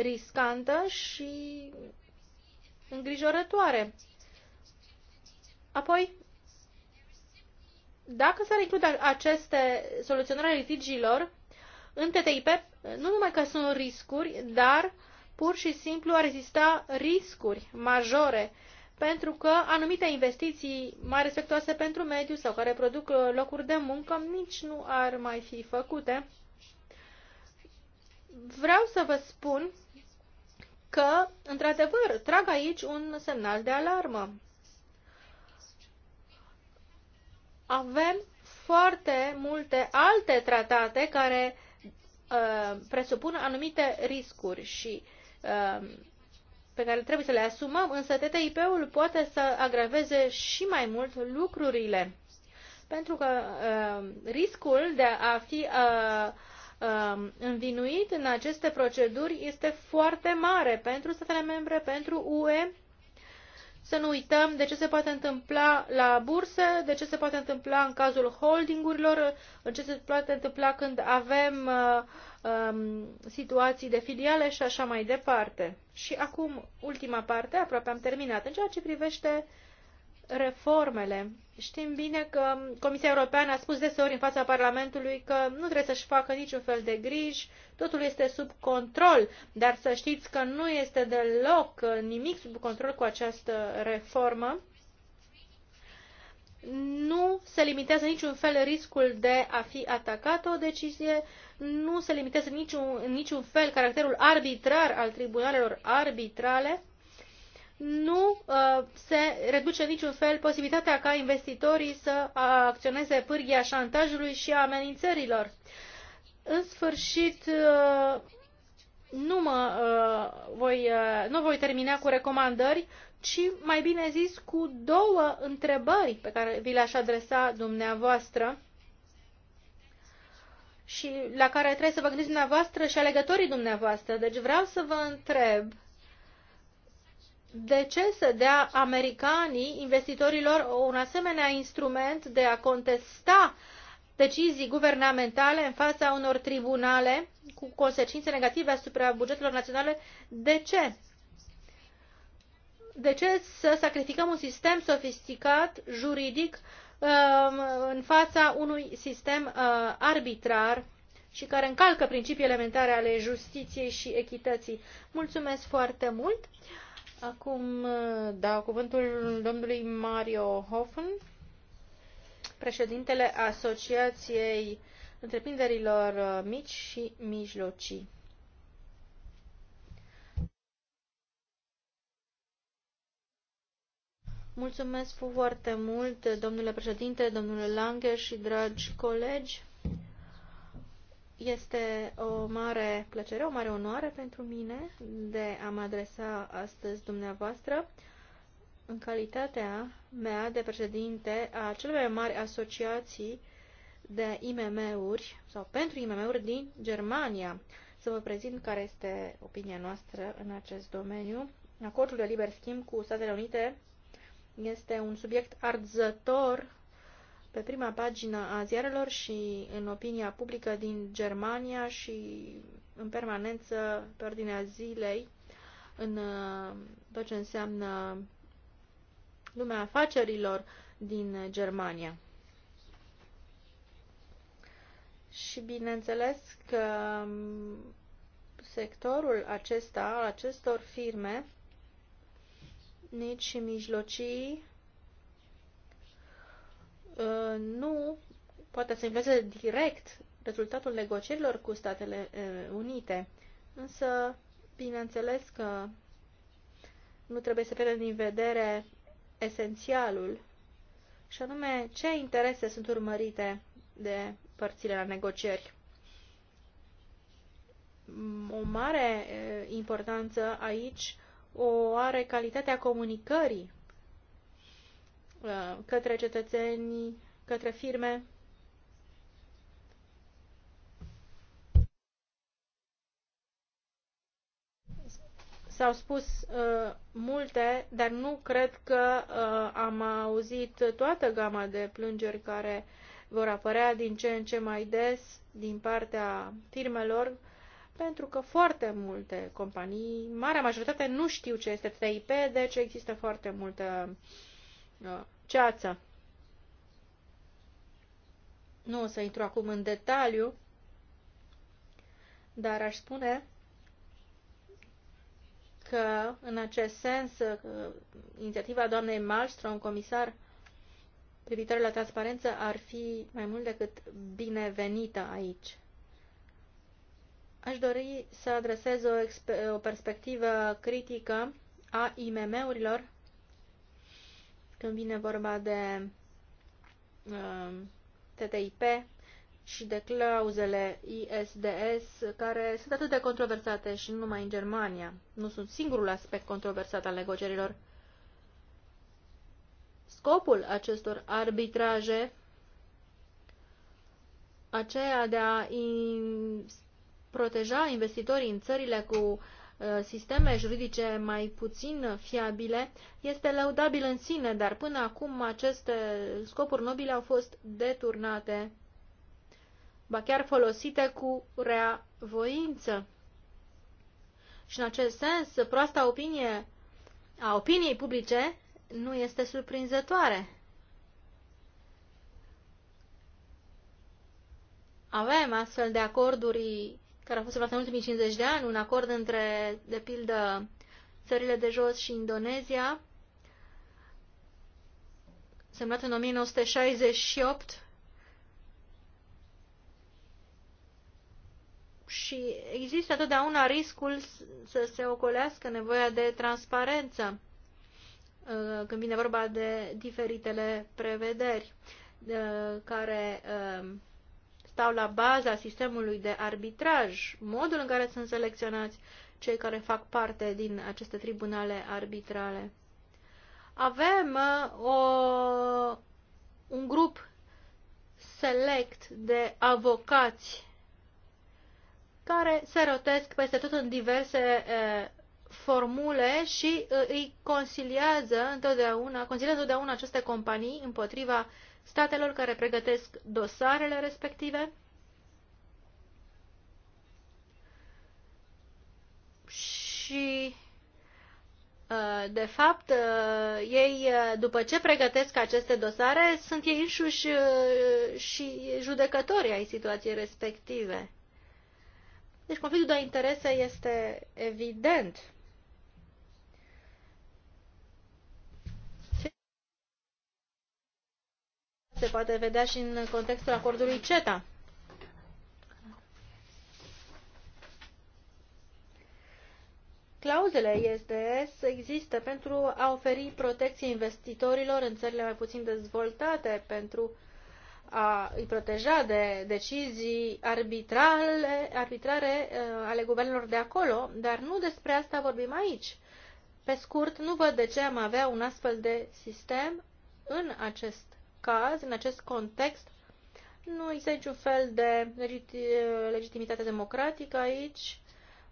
riscantă și îngrijorătoare. Apoi, dacă s-ar include aceste soluționări litigiilor în TTIP, nu numai că sunt riscuri, dar pur și simplu ar exista riscuri majore pentru că anumite investiții mai respectoase pentru mediu sau care produc uh, locuri de muncă nici nu ar mai fi făcute. Vreau să vă spun că, într-adevăr, trag aici un semnal de alarmă. avem foarte multe alte tratate care uh, presupun anumite riscuri și uh, pe care trebuie să le asumăm, însă TTIP-ul poate să agraveze și mai mult lucrurile. Pentru că uh, riscul de a fi uh, uh, învinuit în aceste proceduri este foarte mare pentru statele membre, pentru UE să nu uităm de ce se poate întâmpla la bursă, de ce se poate întâmpla în cazul holdingurilor, în ce se poate întâmpla când avem uh, um, situații de filiale și așa mai departe. Și acum, ultima parte, aproape am terminat, în ceea ce privește uh, reformele. Știm bine că Comisia Europeană a spus deseori în fața Parlamentului că nu trebuie să-și facă niciun fel de griji, totul este sub control, dar să știți că nu este deloc nimic sub control cu această reformă. Nu se limitează niciun fel riscul de a fi atacată o decizie, nu se limitează niciun, niciun fel caracterul arbitrar al tribunalelor arbitrale, nu uh, se reduce niciun fel posibilitatea ca investitorii să acționeze pârghia șantajului și a amenințărilor. În sfârșit, uh, nu, mă, uh, voi, uh, nu voi termina cu recomandări, ci mai bine zis cu două întrebări pe care vi le-aș adresa dumneavoastră și la care trebuie să vă gândiți dumneavoastră și alegătorii dumneavoastră. Deci vreau să vă întreb uh, de ce să dea americanii investitorilor un asemenea instrument de a contesta decizii guvernamentale în fața unor tribunale cu consecințe negative asupra bugetelor naționale? De ce? De ce să sacrificăm un sistem sofisticat, juridic, um, în fața unui sistem uh, arbitrar și care încalcă principii elementare ale justiției și echității? Mulțumesc foarte mult! Acum uh, dau cuvântul domnului Mario Hoffen, președintele Asociației Întreprinderilor uh, Mici și Mijlocii. Mulțumesc foarte mult, domnule președinte, domnule Lange și dragi colegi. Este o mare plăcere, o mare onoare pentru mine de a mă adresa astăzi dumneavoastră în calitatea mea de președinte a cele mai mari asociații de IMM-uri sau pentru IMM-uri din Germania. Să vă prezint care este opinia noastră în acest domeniu. Acordul de liber schimb cu Statele Unite este un subiect arzător pe prima pagină a ziarelor și în opinia publică din Germania și în permanență pe ordinea zilei în uh, tot ce înseamnă lumea afacerilor din Germania. Și bineînțeles că um, sectorul acesta, acestor firme, nici mijlocii, Uh, nu poate să influențeze direct rezultatul negocierilor cu Statele uh, Unite, însă, bineînțeles că nu trebuie să pierdem din vedere esențialul, și anume ce interese sunt urmărite de părțile la negocieri. O mare uh, importanță aici o are calitatea comunicării Uh, către cetățeni, către firme. S-au spus uh, multe, dar nu cred că uh, am auzit toată gama de plângeri care vor apărea din ce în ce mai des din partea firmelor, pentru că foarte multe companii, marea majoritate, nu știu ce este TIP, deci există foarte multă uh, da. ceața. Nu o să intru acum în detaliu, dar aș spune că, în acest sens, inițiativa doamnei Malmström, comisar privitoare la transparență, ar fi mai mult decât binevenită aici. Aș dori să adresez o, o perspectivă critică a IMM-urilor când vine vorba de uh, um, TTIP și de clauzele ISDS, care sunt atât de controversate și nu numai în Germania. Nu sunt singurul aspect controversat al negocierilor. Scopul acestor arbitraje, aceea de a in... proteja investitorii în țările cu uh, Uh, sisteme juridice mai puțin fiabile este lăudabil în sine, dar până acum aceste scopuri nobile au fost deturnate, ba chiar folosite cu rea voință. Și în acest sens, proasta opinie a opiniei publice nu este surprinzătoare. Avem astfel de acorduri care a fost în ultimii 50 de ani, un acord între, de pildă, țările de jos și Indonezia, semnat în 1968 și există totdeauna riscul să se ocolească nevoia de transparență uh, când vine vorba de diferitele prevederi uh, care uh, stau la baza sistemului de arbitraj, modul în care sunt selecționați cei care fac parte din aceste tribunale arbitrale. Avem uh, o, un grup select de avocați care se rotesc peste tot în diverse e, formule și uh, îi consiliază întotdeauna, consiliază întotdeauna aceste companii împotriva statelor care pregătesc dosarele respective și uh, de fapt, uh, ei, uh, după ce pregătesc aceste dosare, sunt ei înșuși și judecători ai situației respective. Deci conflictul de interese este evident. se poate vedea și în contextul acordului CETA. Clauzele ISDS există pentru a oferi protecție investitorilor în țările mai puțin dezvoltate, pentru a îi proteja de decizii arbitrale, arbitrare uh, ale guvernelor de acolo, dar nu despre asta vorbim aici. Pe scurt, nu văd de ce am avea un astfel de sistem în acest caz, în acest context, nu există niciun fel de legitimitate democratică aici,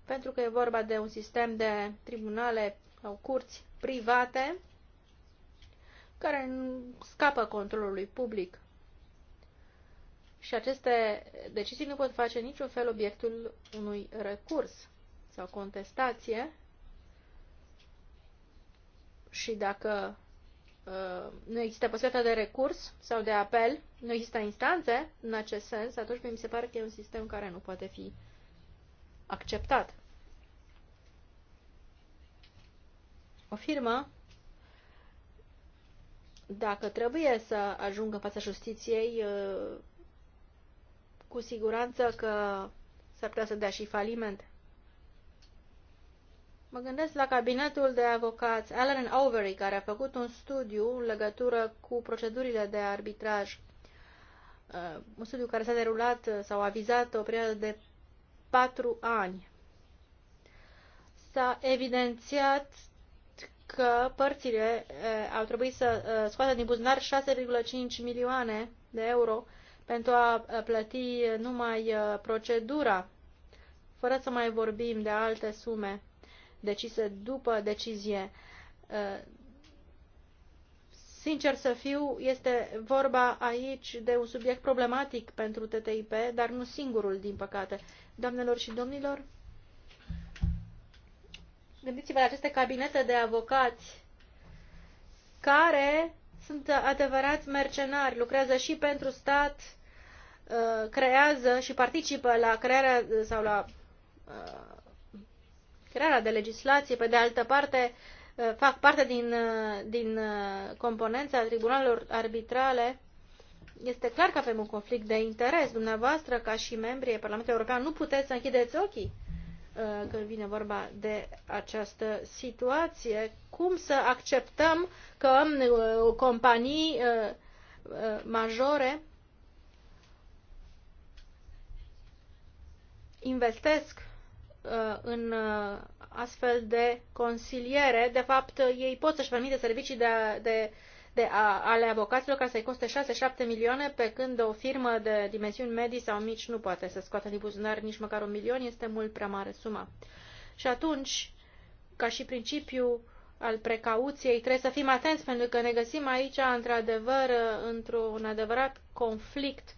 pentru că e vorba de un sistem de tribunale sau curți private care scapă controlului public. Și aceste decizii nu pot face niciun fel obiectul unui recurs sau contestație. Și dacă Uh, nu există posibilitatea de recurs sau de apel, nu există instanțe în acest sens, atunci mi se pare că e un sistem care nu poate fi acceptat. O firmă, dacă trebuie să ajungă în fața justiției, uh, cu siguranță că s-ar putea să dea și faliment. Mă gândesc la cabinetul de avocați Allen Overy, care a făcut un studiu în legătură cu procedurile de arbitraj. Uh, un studiu care s-a derulat uh, sau a vizat o perioadă de patru ani. S-a evidențiat că părțile uh, au trebuit să scoată din buzunar 6,5 milioane de euro pentru a plăti numai procedura, fără să mai vorbim de alte sume decise după decizie. Uh, sincer să fiu, este vorba aici de un subiect problematic pentru TTIP, dar nu singurul, din păcate. Doamnelor și domnilor, gândiți-vă la aceste cabinete de avocați care sunt adevărați mercenari, lucrează și pentru stat, uh, creează și participă la crearea uh, sau la crearea de legislație, pe de altă parte uh, fac parte din, uh, din uh, componența tribunalelor arbitrale, este clar că avem un conflict de interes. Dumneavoastră, ca și membrii Parlamentului European, nu puteți să închideți ochii când vine vorba de această situație. Cum să acceptăm că companii majore investesc Uh, în uh, astfel de consiliere. De fapt, ei pot să-și permite servicii de, de, de a, ale avocaților care să-i coste 6-7 milioane, pe când o firmă de dimensiuni medii sau mici nu poate să scoată din buzunar nici măcar un milion, este mult prea mare suma. Și atunci, ca și principiu al precauției, trebuie să fim atenți, pentru că ne găsim aici, într-adevăr, într-un adevărat conflict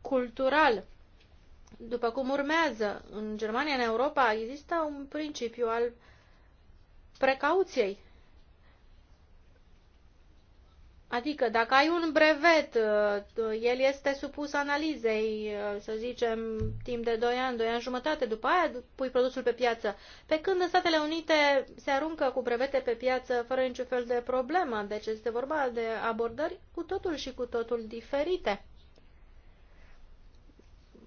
cultural după cum urmează, în Germania, în Europa, există un principiu al precauției. Adică, dacă ai un brevet, uh, el este supus analizei, uh, să zicem, timp de 2 ani, 2 ani jumătate, după aia pui produsul pe piață. Pe când în Statele Unite se aruncă cu brevete pe piață fără niciun fel de problemă, deci este vorba de abordări cu totul și cu totul diferite.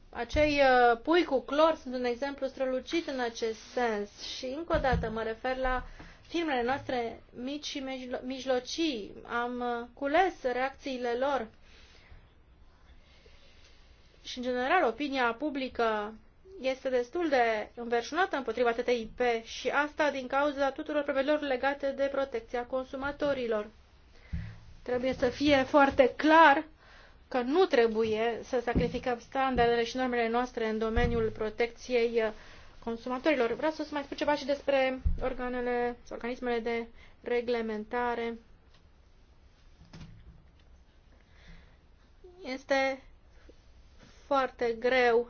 Acei uh, pui cu clor sunt un exemplu strălucit în acest sens și încă o dată mă refer la firmele noastre mici și mijlocii. Am uh, cules reacțiile lor și, în general, opinia publică este destul de înverșunată împotriva TTIP și asta din cauza tuturor prevederilor legate de protecția consumatorilor. Trebuie să fie foarte clar că nu trebuie să sacrificăm standardele și normele noastre în domeniul protecției uh, consumatorilor. Vreau să mai spun ceva și despre organele, organismele de reglementare. Este foarte greu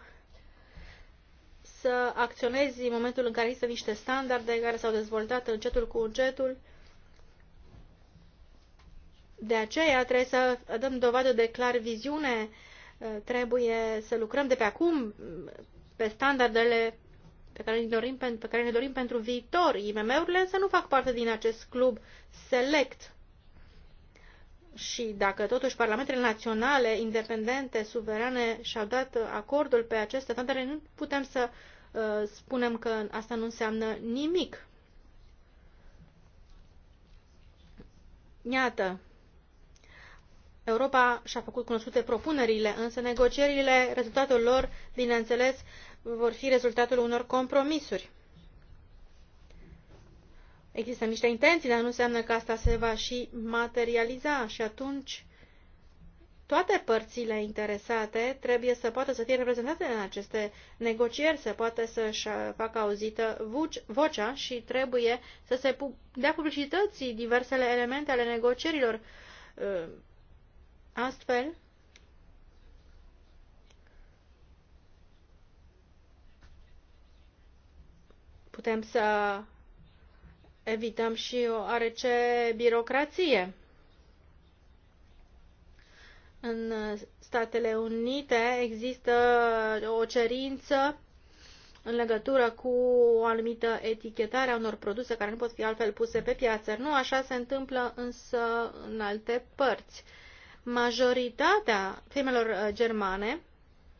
să acționezi în momentul în care există niște standarde care s-au dezvoltat încetul cu încetul de aceea trebuie să dăm dovadă de clar viziune, uh, trebuie să lucrăm de pe acum pe standardele pe care, ne dorim, pe care ne dorim pentru viitor. IMM-urile să nu fac parte din acest club select. Și dacă totuși parlamentele naționale, independente, suverane și-au dat acordul pe aceste standarde, nu putem să uh, spunem că asta nu înseamnă nimic. Iată, Europa și-a făcut cunoscute propunerile, însă negocierile, rezultatul lor, bineînțeles, vor fi rezultatul unor compromisuri. Există niște intenții, dar nu înseamnă că asta se va și materializa și atunci toate părțile interesate trebuie să poată să fie reprezentate în aceste negocieri, să poată să-și facă auzită vocea și trebuie să se dea publicității diversele elemente ale negocierilor ă, Astfel, putem să evităm și o arece birocrație. În Statele Unite există o cerință în legătură cu o anumită etichetare a unor produse care nu pot fi altfel puse pe piață. Nu așa se întâmplă însă în alte părți majoritatea firmelor uh, germane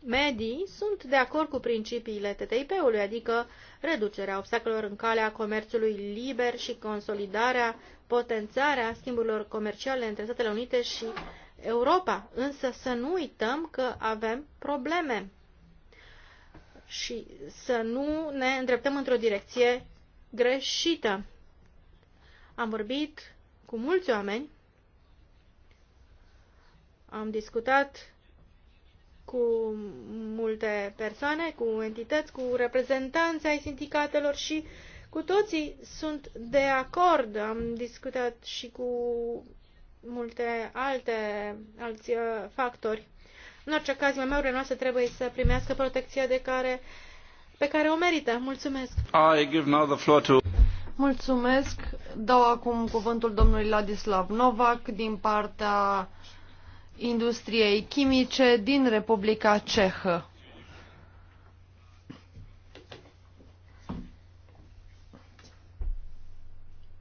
medii sunt de acord cu principiile TTIP-ului, adică reducerea obstacolelor în calea comerțului liber și consolidarea, potențarea schimburilor comerciale între Statele Unite și Europa. Însă să nu uităm că avem probleme și să nu ne îndreptăm într-o direcție greșită. Am vorbit cu mulți oameni am discutat cu multe persoane, cu entități, cu reprezentanți ai sindicatelor și cu toții sunt de acord. Am discutat și cu multe alte alți uh, factori. În orice caz, memoriile noastre trebuie să primească protecția de care, pe care o merită. Mulțumesc! I give now the floor to... Mulțumesc! Dau acum cuvântul domnului Ladislav Novak din partea industriei chimice din Republica Cehă.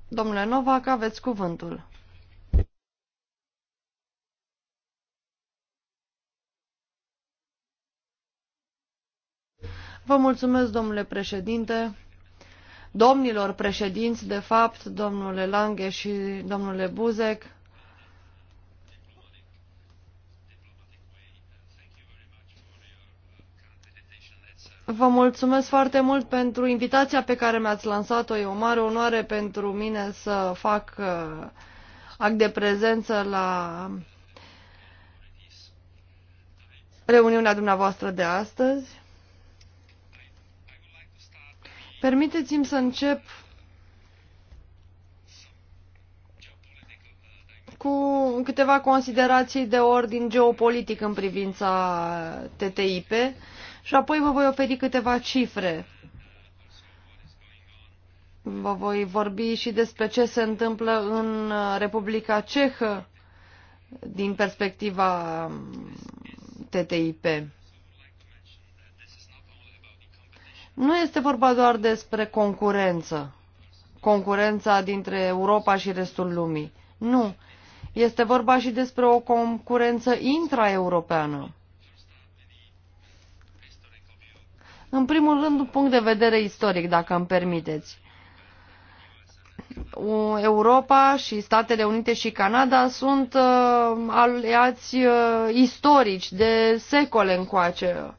Domnule Novak, aveți cuvântul. Vă mulțumesc, domnule președinte. Domnilor președinți, de fapt, domnule Lange și domnule Buzek, Vă mulțumesc foarte mult pentru invitația pe care mi-ați lansat-o. E o mare onoare pentru mine să fac uh, act de prezență la reuniunea dumneavoastră de astăzi. Permiteți-mi să încep cu câteva considerații de ordin geopolitic în privința TTIP și apoi vă voi oferi câteva cifre. Vă voi vorbi și despre ce se întâmplă în Republica Cehă din perspectiva TTIP. Nu este vorba doar despre concurență, concurența dintre Europa și restul lumii. Nu. Este vorba și despre o concurență intraeuropeană. În primul rând, un punct de vedere istoric, dacă îmi permiteți. Europa și Statele Unite și Canada sunt uh, aliați uh, istorici de secole încoace.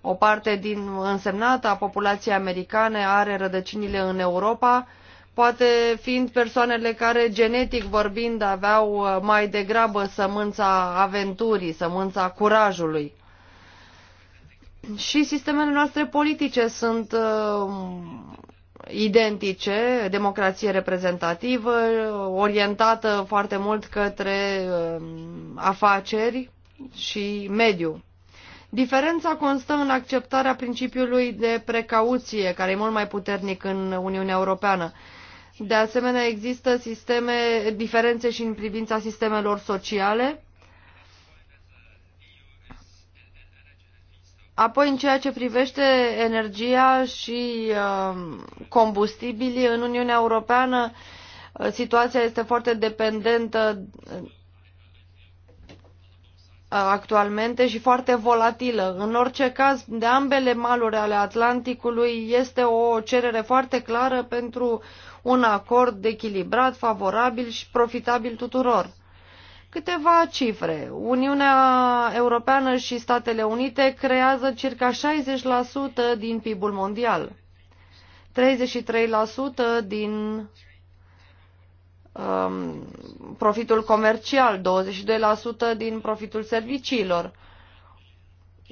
O parte din însemnată a populației americane are rădăcinile în Europa, poate fiind persoanele care, genetic vorbind, aveau uh, mai degrabă sămânța aventurii, sămânța curajului. Și sistemele noastre politice sunt uh, identice, democrație reprezentativă, orientată foarte mult către uh, afaceri și mediu. Diferența constă în acceptarea principiului de precauție, care e mult mai puternic în Uniunea Europeană. De asemenea, există sisteme, diferențe și în privința sistemelor sociale, Apoi, în ceea ce privește energia și uh, combustibilii în Uniunea Europeană, uh, situația este foarte dependentă uh, actualmente și foarte volatilă. În orice caz, de ambele maluri ale Atlanticului este o cerere foarte clară pentru un acord echilibrat, favorabil și profitabil tuturor. Câteva cifre. Uniunea Europeană și Statele Unite creează circa 60% din PIB-ul mondial, 33% din um, profitul comercial, 22% din profitul serviciilor,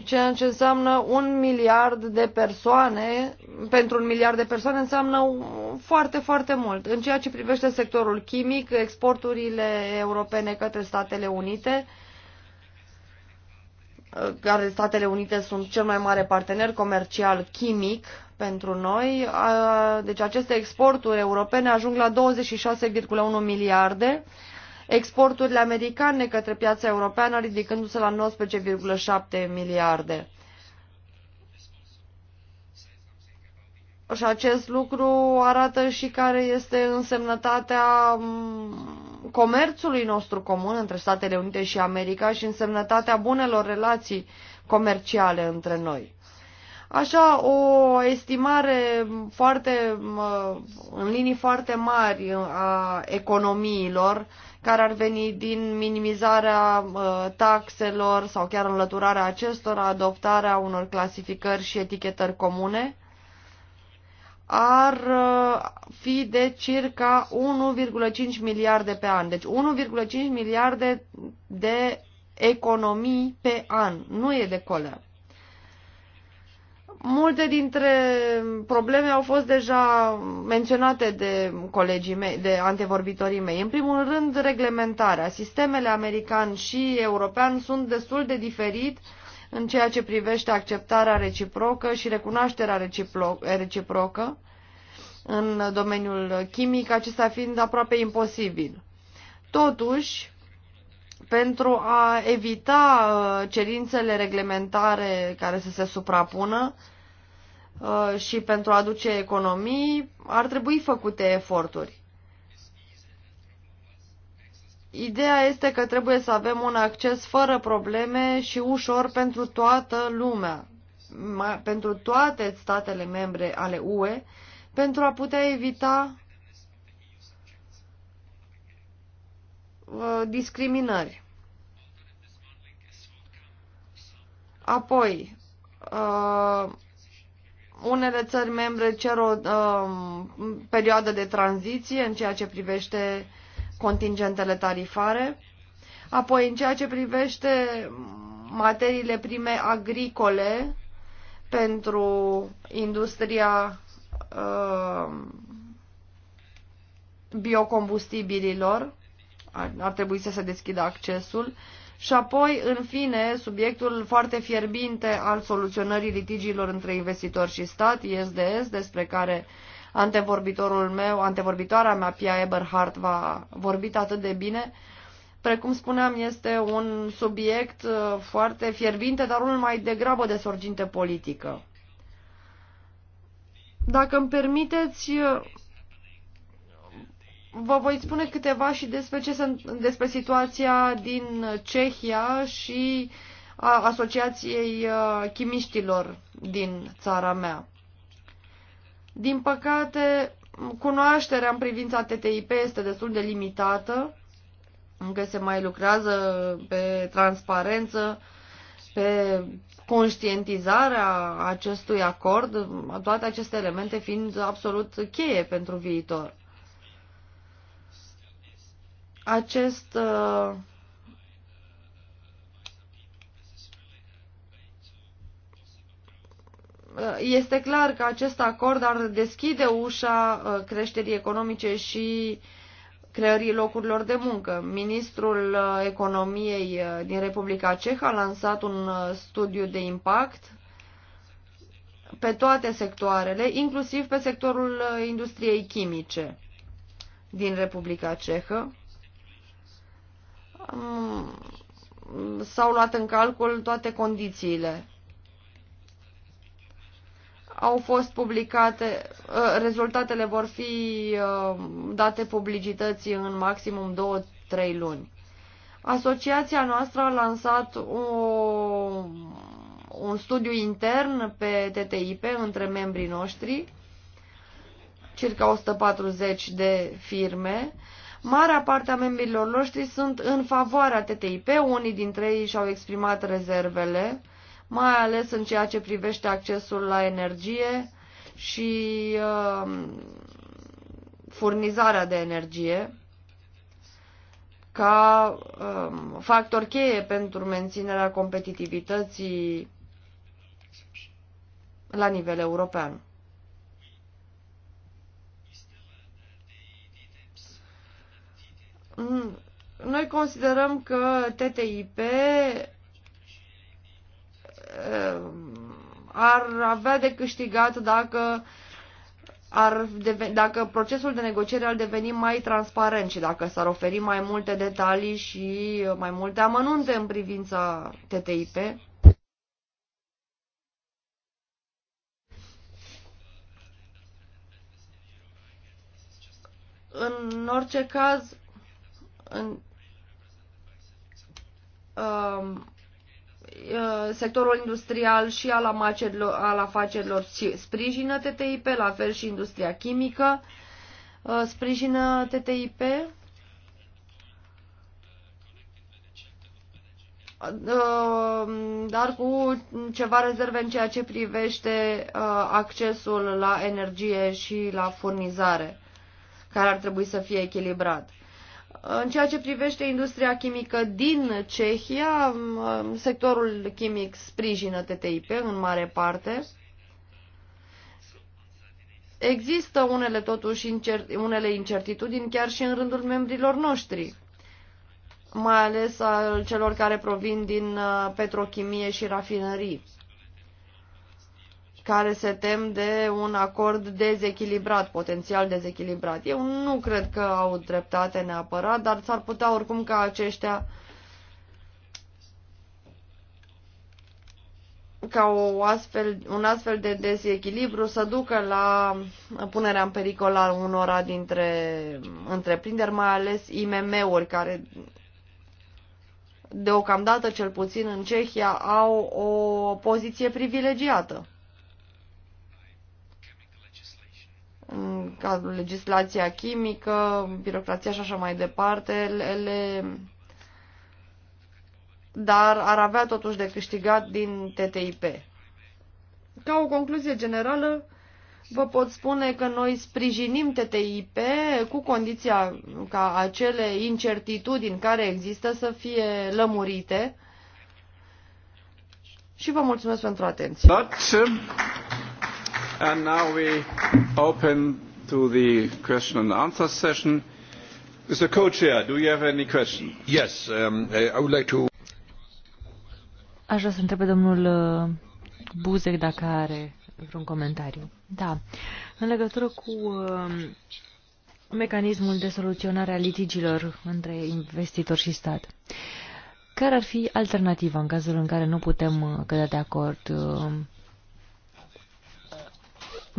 ceea ce înseamnă un miliard de persoane, pentru un miliard de persoane înseamnă foarte, foarte mult. În ceea ce privește sectorul chimic, exporturile europene către Statele Unite, care Statele Unite sunt cel mai mare partener comercial chimic pentru noi, deci aceste exporturi europene ajung la 26,1 miliarde, exporturile americane către piața europeană, ridicându-se la 19,7 miliarde. Și acest lucru arată și care este însemnătatea mm, comerțului nostru comun între Statele Unite și America și însemnătatea bunelor relații comerciale între noi. Așa, o estimare foarte, în linii foarte mari a economiilor care ar veni din minimizarea taxelor sau chiar înlăturarea acestora, adoptarea unor clasificări și etichetări comune, ar ă, fi de circa 1,5 miliarde pe an. Deci 1,5 miliarde de economii pe an. Nu e de colea. Multe dintre probleme au fost deja menționate de colegii mei, de antevorbitorii mei. În primul rând, reglementarea. Sistemele american și european sunt destul de diferit în ceea ce privește acceptarea reciprocă și recunoașterea reciprocă în domeniul chimic, acesta fiind aproape imposibil. Totuși, pentru a evita uh, cerințele reglementare care să se suprapună uh, și pentru a aduce economii, ar trebui făcute eforturi. Ideea este că trebuie să avem un acces fără probleme și ușor pentru toată lumea, pentru toate statele membre ale UE, pentru a putea evita Uh, discriminări. Apoi, uh, unele țări membre cer o uh, perioadă de tranziție în ceea ce privește contingentele tarifare. Apoi, în ceea ce privește materiile prime agricole pentru industria uh, biocombustibililor, ar, ar trebui să se deschidă accesul. Și apoi, în fine, subiectul foarte fierbinte al soluționării litigiilor între investitori și stat, ISDS, despre care antevorbitorul meu, antevorbitoarea mea, Pia Eberhardt, va vorbit atât de bine. Precum spuneam, este un subiect uh, foarte fierbinte, dar unul mai degrabă de sorginte politică. Dacă îmi permiteți, Vă voi spune câteva și despre, ce sunt despre situația din Cehia și a Asociației uh, Chimiștilor din țara mea. Din păcate, cunoașterea în privința TTIP este destul de limitată, încă se mai lucrează pe transparență, pe conștientizarea acestui acord, toate aceste elemente fiind absolut cheie pentru viitor acest uh, uh, este clar că acest acord ar deschide ușa uh, creșterii economice și creării locurilor de muncă. Ministrul Economiei din Republica Cehă a lansat un studiu de impact pe toate sectoarele, inclusiv pe sectorul industriei chimice din Republica Cehă, Mm, s-au luat în calcul toate condițiile. Au fost publicate, ă, rezultatele vor fi ă, date publicității în maximum 2-3 luni. Asociația noastră a lansat o, un studiu intern pe TTIP între membrii noștri, circa 140 de firme, Marea parte a membrilor noștri sunt în favoarea TTIP, unii dintre ei și-au exprimat rezervele, mai ales în ceea ce privește accesul la energie și uh, furnizarea de energie ca uh, factor cheie pentru menținerea competitivității la nivel european. Mm, noi considerăm că TTIP ehm, ar avea de câștigat dacă, ar deveni, dacă procesul de negociere ar deveni mai transparent și dacă s-ar oferi mai multe detalii și mai multe amănunte în privința TTIP. În orice caz, în um, uh, sectorul industrial și al, amacerilor, al afacerilor sprijină TTIP, la fel și industria chimică uh, sprijină TTIP. Uh, dar cu ceva rezerve în ceea ce privește accesul la energie și la furnizare, care ar trebui să fie echilibrat. În ceea ce privește industria chimică din Cehia, sectorul chimic sprijină TTIP în mare parte. Există unele totuși unele incertitudini chiar și în rândul membrilor noștri, mai ales al celor care provin din uh, petrochimie și rafinării care se tem de un acord dezechilibrat, potențial dezechilibrat. Eu nu cred că au dreptate neapărat, dar s-ar putea oricum ca aceștia ca o astfel, un astfel de dezechilibru să ducă la punerea în pericol a unora dintre întreprinderi, mai ales IMM-uri care deocamdată cel puțin în Cehia au o poziție privilegiată. în cadrul legislația chimică, birocrația și așa mai departe, ele, dar ar avea totuși de câștigat din TTIP. Ca o concluzie generală, vă pot spune că noi sprijinim TTIP cu condiția ca acele incertitudini care există să fie lămurite și vă mulțumesc pentru atenție. Um, And now we open to the question and answer session. Mr. Co-Chair, do you have any question? Yes, um, I would like to... Aș vrea să întreb domnul uh, Buzek dacă are vreun comentariu. Da. În legătură cu um, mecanismul de soluționare a litigilor între investitor și stat, care ar fi alternativa în cazul în care nu putem uh, cădea de acord? Uh,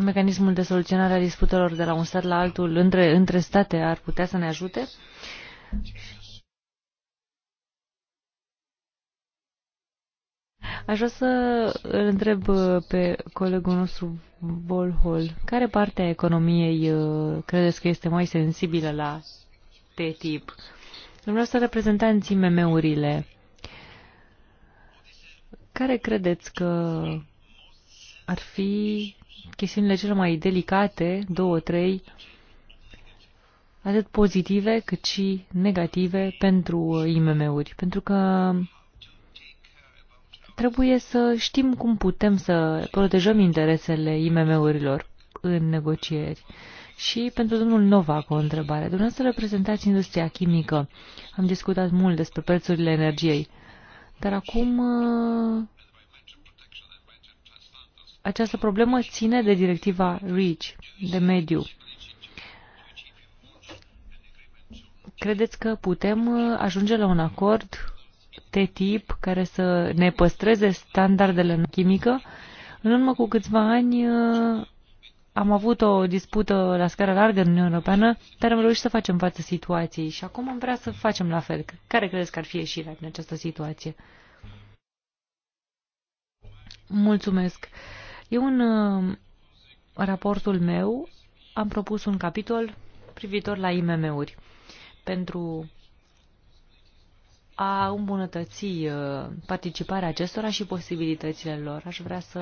mecanismul de soluționare a disputelor de la un stat la altul între, între state ar putea să ne ajute? Aș vrea să îl întreb uh, pe colegul nostru Bolhol, care parte a economiei uh, credeți că este mai sensibilă la TTIP? Vreau să reprezentanții MM-urile. Care credeți că ar fi chestiunile cele mai delicate, două, trei, atât pozitive cât și negative pentru uh, IMM-uri, pentru că trebuie să știm cum putem să protejăm interesele IMM-urilor în negocieri. Și pentru domnul Novac o întrebare. Dumneavoastră reprezentați industria chimică. Am discutat mult despre prețurile energiei. Dar acum uh, această problemă ține de directiva REACH, de mediu. Credeți că putem uh, ajunge la un acord de tip care să ne păstreze standardele în chimică? În urmă cu câțiva ani uh, am avut o dispută la scară largă în Uniunea Europeană, dar am reușit să facem față situației și acum am vrea să facem la fel. Care credeți că ar fi ieșirea din această situație? Mulțumesc. Eu în uh, raportul meu am propus un capitol privitor la IMM-uri pentru a îmbunătăți uh, participarea acestora și posibilitățile lor. Aș vrea să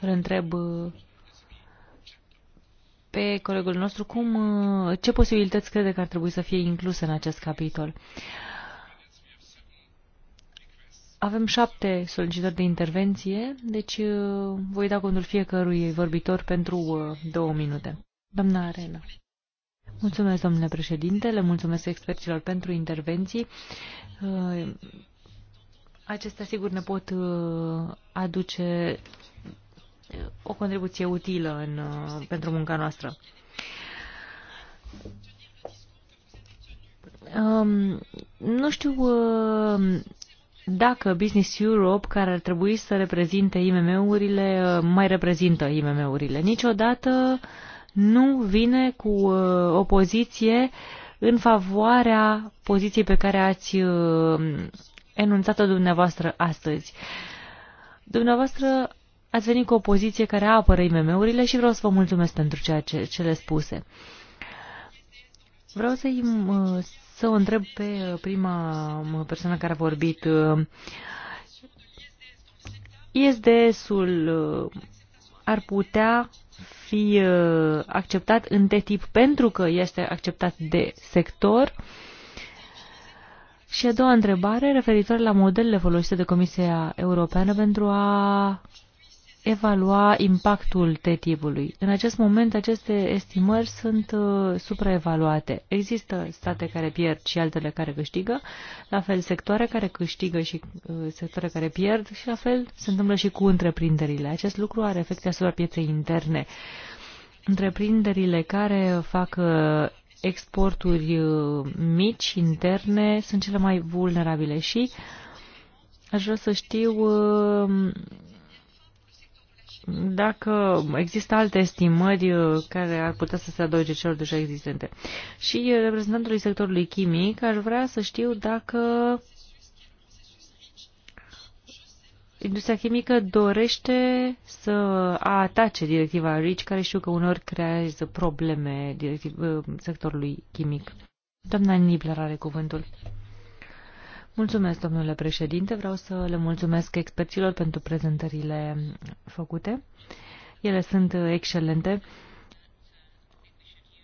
îl întreb uh, pe colegul nostru cum, ce posibilități crede că ar trebui să fie incluse în acest capitol. Uh, avem șapte solicitări de intervenție, deci uh, voi da contul fiecărui vorbitor pentru uh, două minute. Doamna Arena. Mulțumesc, domnule președinte, le mulțumesc experților pentru intervenții. Uh, acestea, sigur, ne pot aduce o contribuție utilă în, pentru munca noastră. Um, nu știu uh, dacă Business Europe, care ar trebui să reprezinte IMM-urile, uh, mai reprezintă IMM-urile. Niciodată nu vine cu uh, o poziție în favoarea poziției pe care ați uh, enunțat-o dumneavoastră astăzi. Dumneavoastră ați venit cu o poziție care apără IMM-urile și vreau să vă mulțumesc pentru ceea ce, le spuse. Vreau să-i să o întreb pe uh, prima uh, persoană care a vorbit. Uh, ISDS-ul ar putea fi acceptat în TTIP pentru că este acceptat de sector? Și a doua întrebare, referitor la modelele folosite de Comisia Europeană pentru a evalua impactul TTIP-ului. În acest moment, aceste estimări sunt uh, supraevaluate. Există state care pierd și altele care câștigă, la fel sectoare care câștigă și uh, sectoare care pierd și la fel se întâmplă și cu întreprinderile. Acest lucru are efecte asupra pieței interne. Întreprinderile care fac uh, exporturi uh, mici, interne, sunt cele mai vulnerabile și aș vrea să știu uh, dacă există alte estimări uh, care ar putea să se adauge celor deja existente. Și uh, reprezentantului sectorului chimic aș vrea să știu dacă industria chimică dorește să atace directiva RICI, care știu că uneori creează probleme uh, sectorului chimic. Doamna Nibler are cuvântul. Mulțumesc, domnule președinte. Vreau să le mulțumesc experților pentru prezentările făcute. Ele sunt excelente.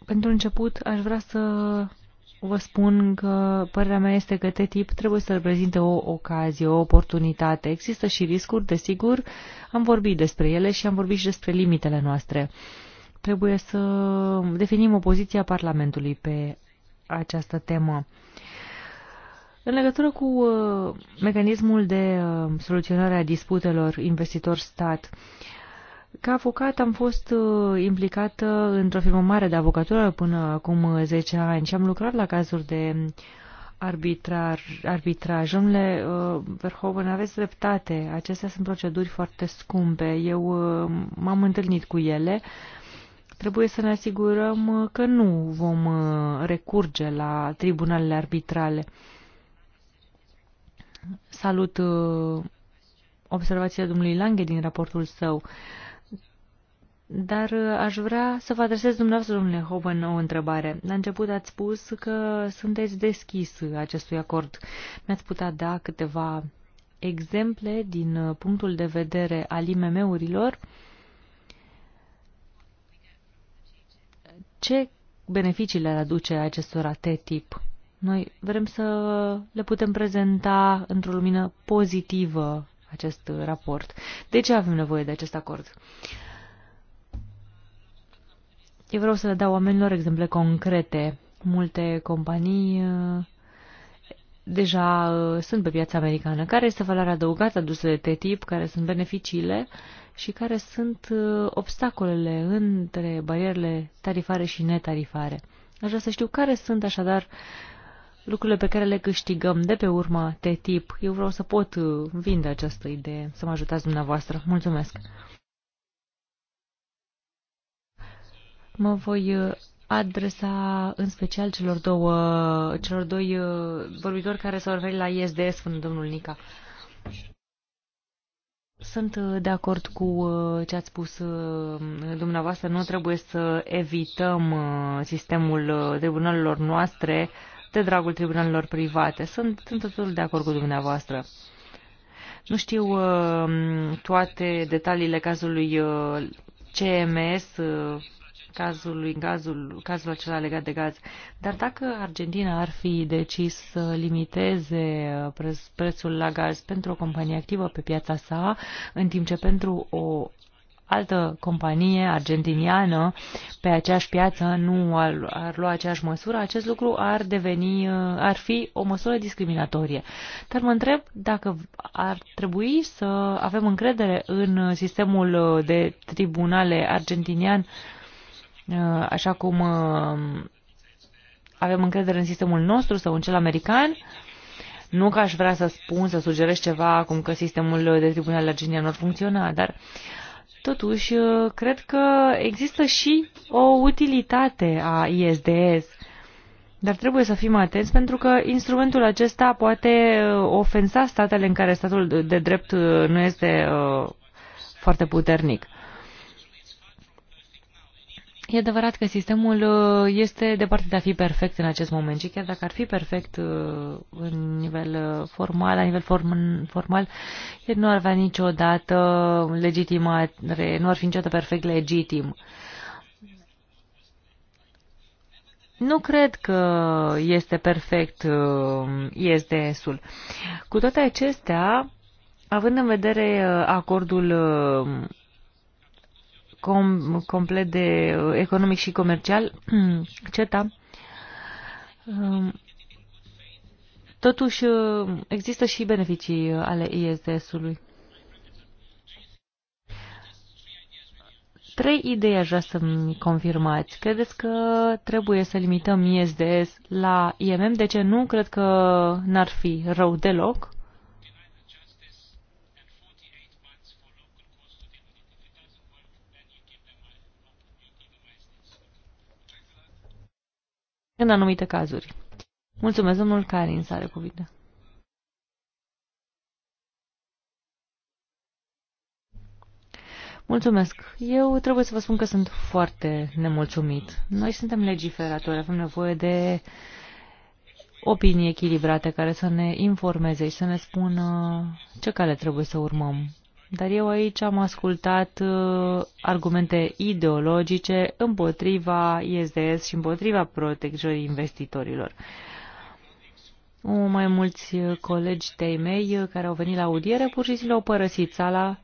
Pentru început, aș vrea să vă spun că părerea mea este că TTIP trebuie să reprezinte o ocazie, o oportunitate. Există și riscuri, desigur. Am vorbit despre ele și am vorbit și despre limitele noastre. Trebuie să definim opoziția Parlamentului pe această temă. În legătură cu uh, mecanismul de uh, soluționare a disputelor investitor-stat, ca avocat am fost uh, implicată într-o firmă mare de avocatură până acum 10 uh, ani și am lucrat la cazuri de arbitrar, arbitraj. Domnule uh, Verhoeven, aveți dreptate. Acestea sunt proceduri foarte scumpe. Eu uh, m-am întâlnit cu ele. Trebuie să ne asigurăm că nu vom uh, recurge la tribunalele arbitrale. Uh, Salut uh, observația domnului Lange din raportul său, dar uh, aș vrea să vă adresez dumneavoastră, domnule Hoban, o întrebare. La început ați spus că sunteți deschis acestui acord. Mi-ați putea da câteva exemple din uh, punctul de vedere al IMM-urilor ce beneficii le aduce acestora T-tip? Noi vrem să le putem prezenta într-o lumină pozitivă acest raport. De ce avem nevoie de acest acord? Eu vreau să le dau oamenilor exemple concrete. Multe companii uh, deja uh, sunt pe piața americană. Care este valoarea adăugată adusă de TTIP? Care sunt beneficiile? Și care sunt uh, obstacolele între barierele tarifare și netarifare? Aș vrea să știu care sunt așadar uh, lucrurile pe care le câștigăm de pe urma tip. Eu vreau să pot uh, vinde această idee, să mă ajutați dumneavoastră. Mulțumesc! Mă voi uh, adresa în special celor, două, celor doi uh, vorbitori care s-au referit la ISDS, spune domnul Nica. Sunt de acord cu ce ați spus dumneavoastră. Nu trebuie să evităm sistemul tribunalelor noastre de dragul tribunalelor private. Sunt, sunt totul de acord cu dumneavoastră. Nu știu uh, toate detaliile cazului uh, CMS, uh, cazului, cazul, cazul acela legat de gaz. Dar dacă Argentina ar fi decis să limiteze uh, preț, prețul la gaz pentru o companie activă pe piața sa, în timp ce pentru o altă companie argentiniană pe aceeași piață nu ar, ar lua aceeași măsură, acest lucru ar deveni, uh, ar fi o măsură discriminatorie. Dar mă întreb dacă ar trebui să avem încredere în sistemul de tribunale argentinian, uh, așa cum uh, avem încredere în sistemul nostru sau în cel american, nu că aș vrea să spun, să sugerez ceva acum că sistemul de tribunal argentinian ar funcționa, dar Totuși, uh, cred că există și o utilitate a ISDS. Dar trebuie să fim atenți pentru că instrumentul acesta poate uh, ofensa statele în care statul de drept uh, nu este foarte puternic. E adevărat că sistemul uh, este departe de a fi perfect în acest moment și chiar dacă ar fi perfect uh, în nivel uh, formal, la nivel form formal, el nu ar avea niciodată legitimare, nu ar fi niciodată perfect legitim. Nu cred că este perfect ISDS-ul. Cu toate acestea, având în vedere acordul com, complet de uh, economic și comercial, CETA, um, totuși uh, există și beneficii ale ISDS-ului. Trei idei aș vrea să-mi confirmați. Credeți că trebuie să limităm ISDS la IMM? De ce nu? Cred că n-ar fi rău deloc. în anumite cazuri. Mulțumesc, domnul Carin, să are cuvinte. Mulțumesc. Eu trebuie să vă spun că sunt foarte nemulțumit. Noi suntem legiferatori, avem nevoie de opinii echilibrate care să ne informeze și să ne spună ce cale trebuie să urmăm. Dar eu aici am ascultat uh, argumente ideologice împotriva ISDS și împotriva protecției investitorilor. Mai mulți uh, colegi de mei uh, care au venit la audiere pur și simplu au părăsit sala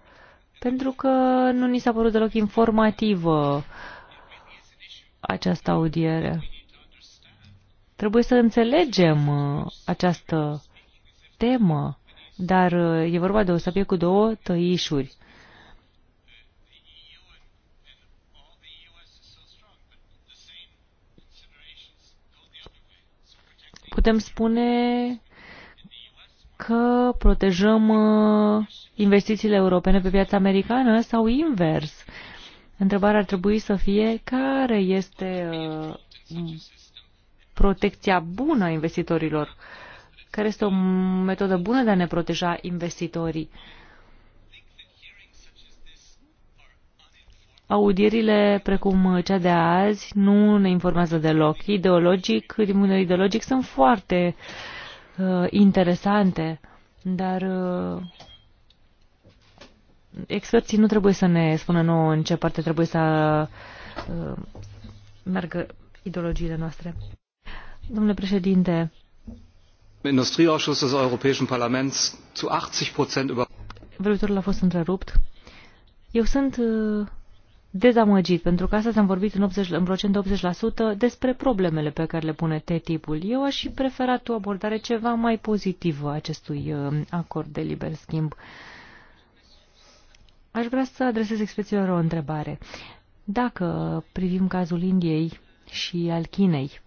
pentru că nu ni s-a părut deloc informativă această audiere. Trebuie să înțelegem această temă dar uh, e vorba de o sabie cu două tăișuri. Putem spune că protejăm uh, investițiile europene pe piața americană sau invers. Întrebarea ar trebui să fie care este uh, protecția bună a investitorilor. Uh, care este o metodă bună de a ne proteja investitorii. Audierile precum cea de azi nu ne informează deloc. Ideologic, din punct de ideologic, sunt foarte uh, interesante, dar uh, experții nu trebuie să ne spună nouă în ce parte trebuie să uh, meargă ideologiile noastre. Domnule președinte, im Industrieausschuss des Europäischen Parlaments zu achtzig Prozent über. întrerupt. Eu sunt uh, dezamăgit, pentru că astăzi am vorbit în, 80, în procent de 80% despre problemele pe care le pune TTIP-ul. Eu aș fi preferat o abordare ceva mai pozitivă acestui uh, acord de liber schimb. Aș vrea să adresez expresiilor o întrebare. Dacă privim cazul Indiei și al Chinei,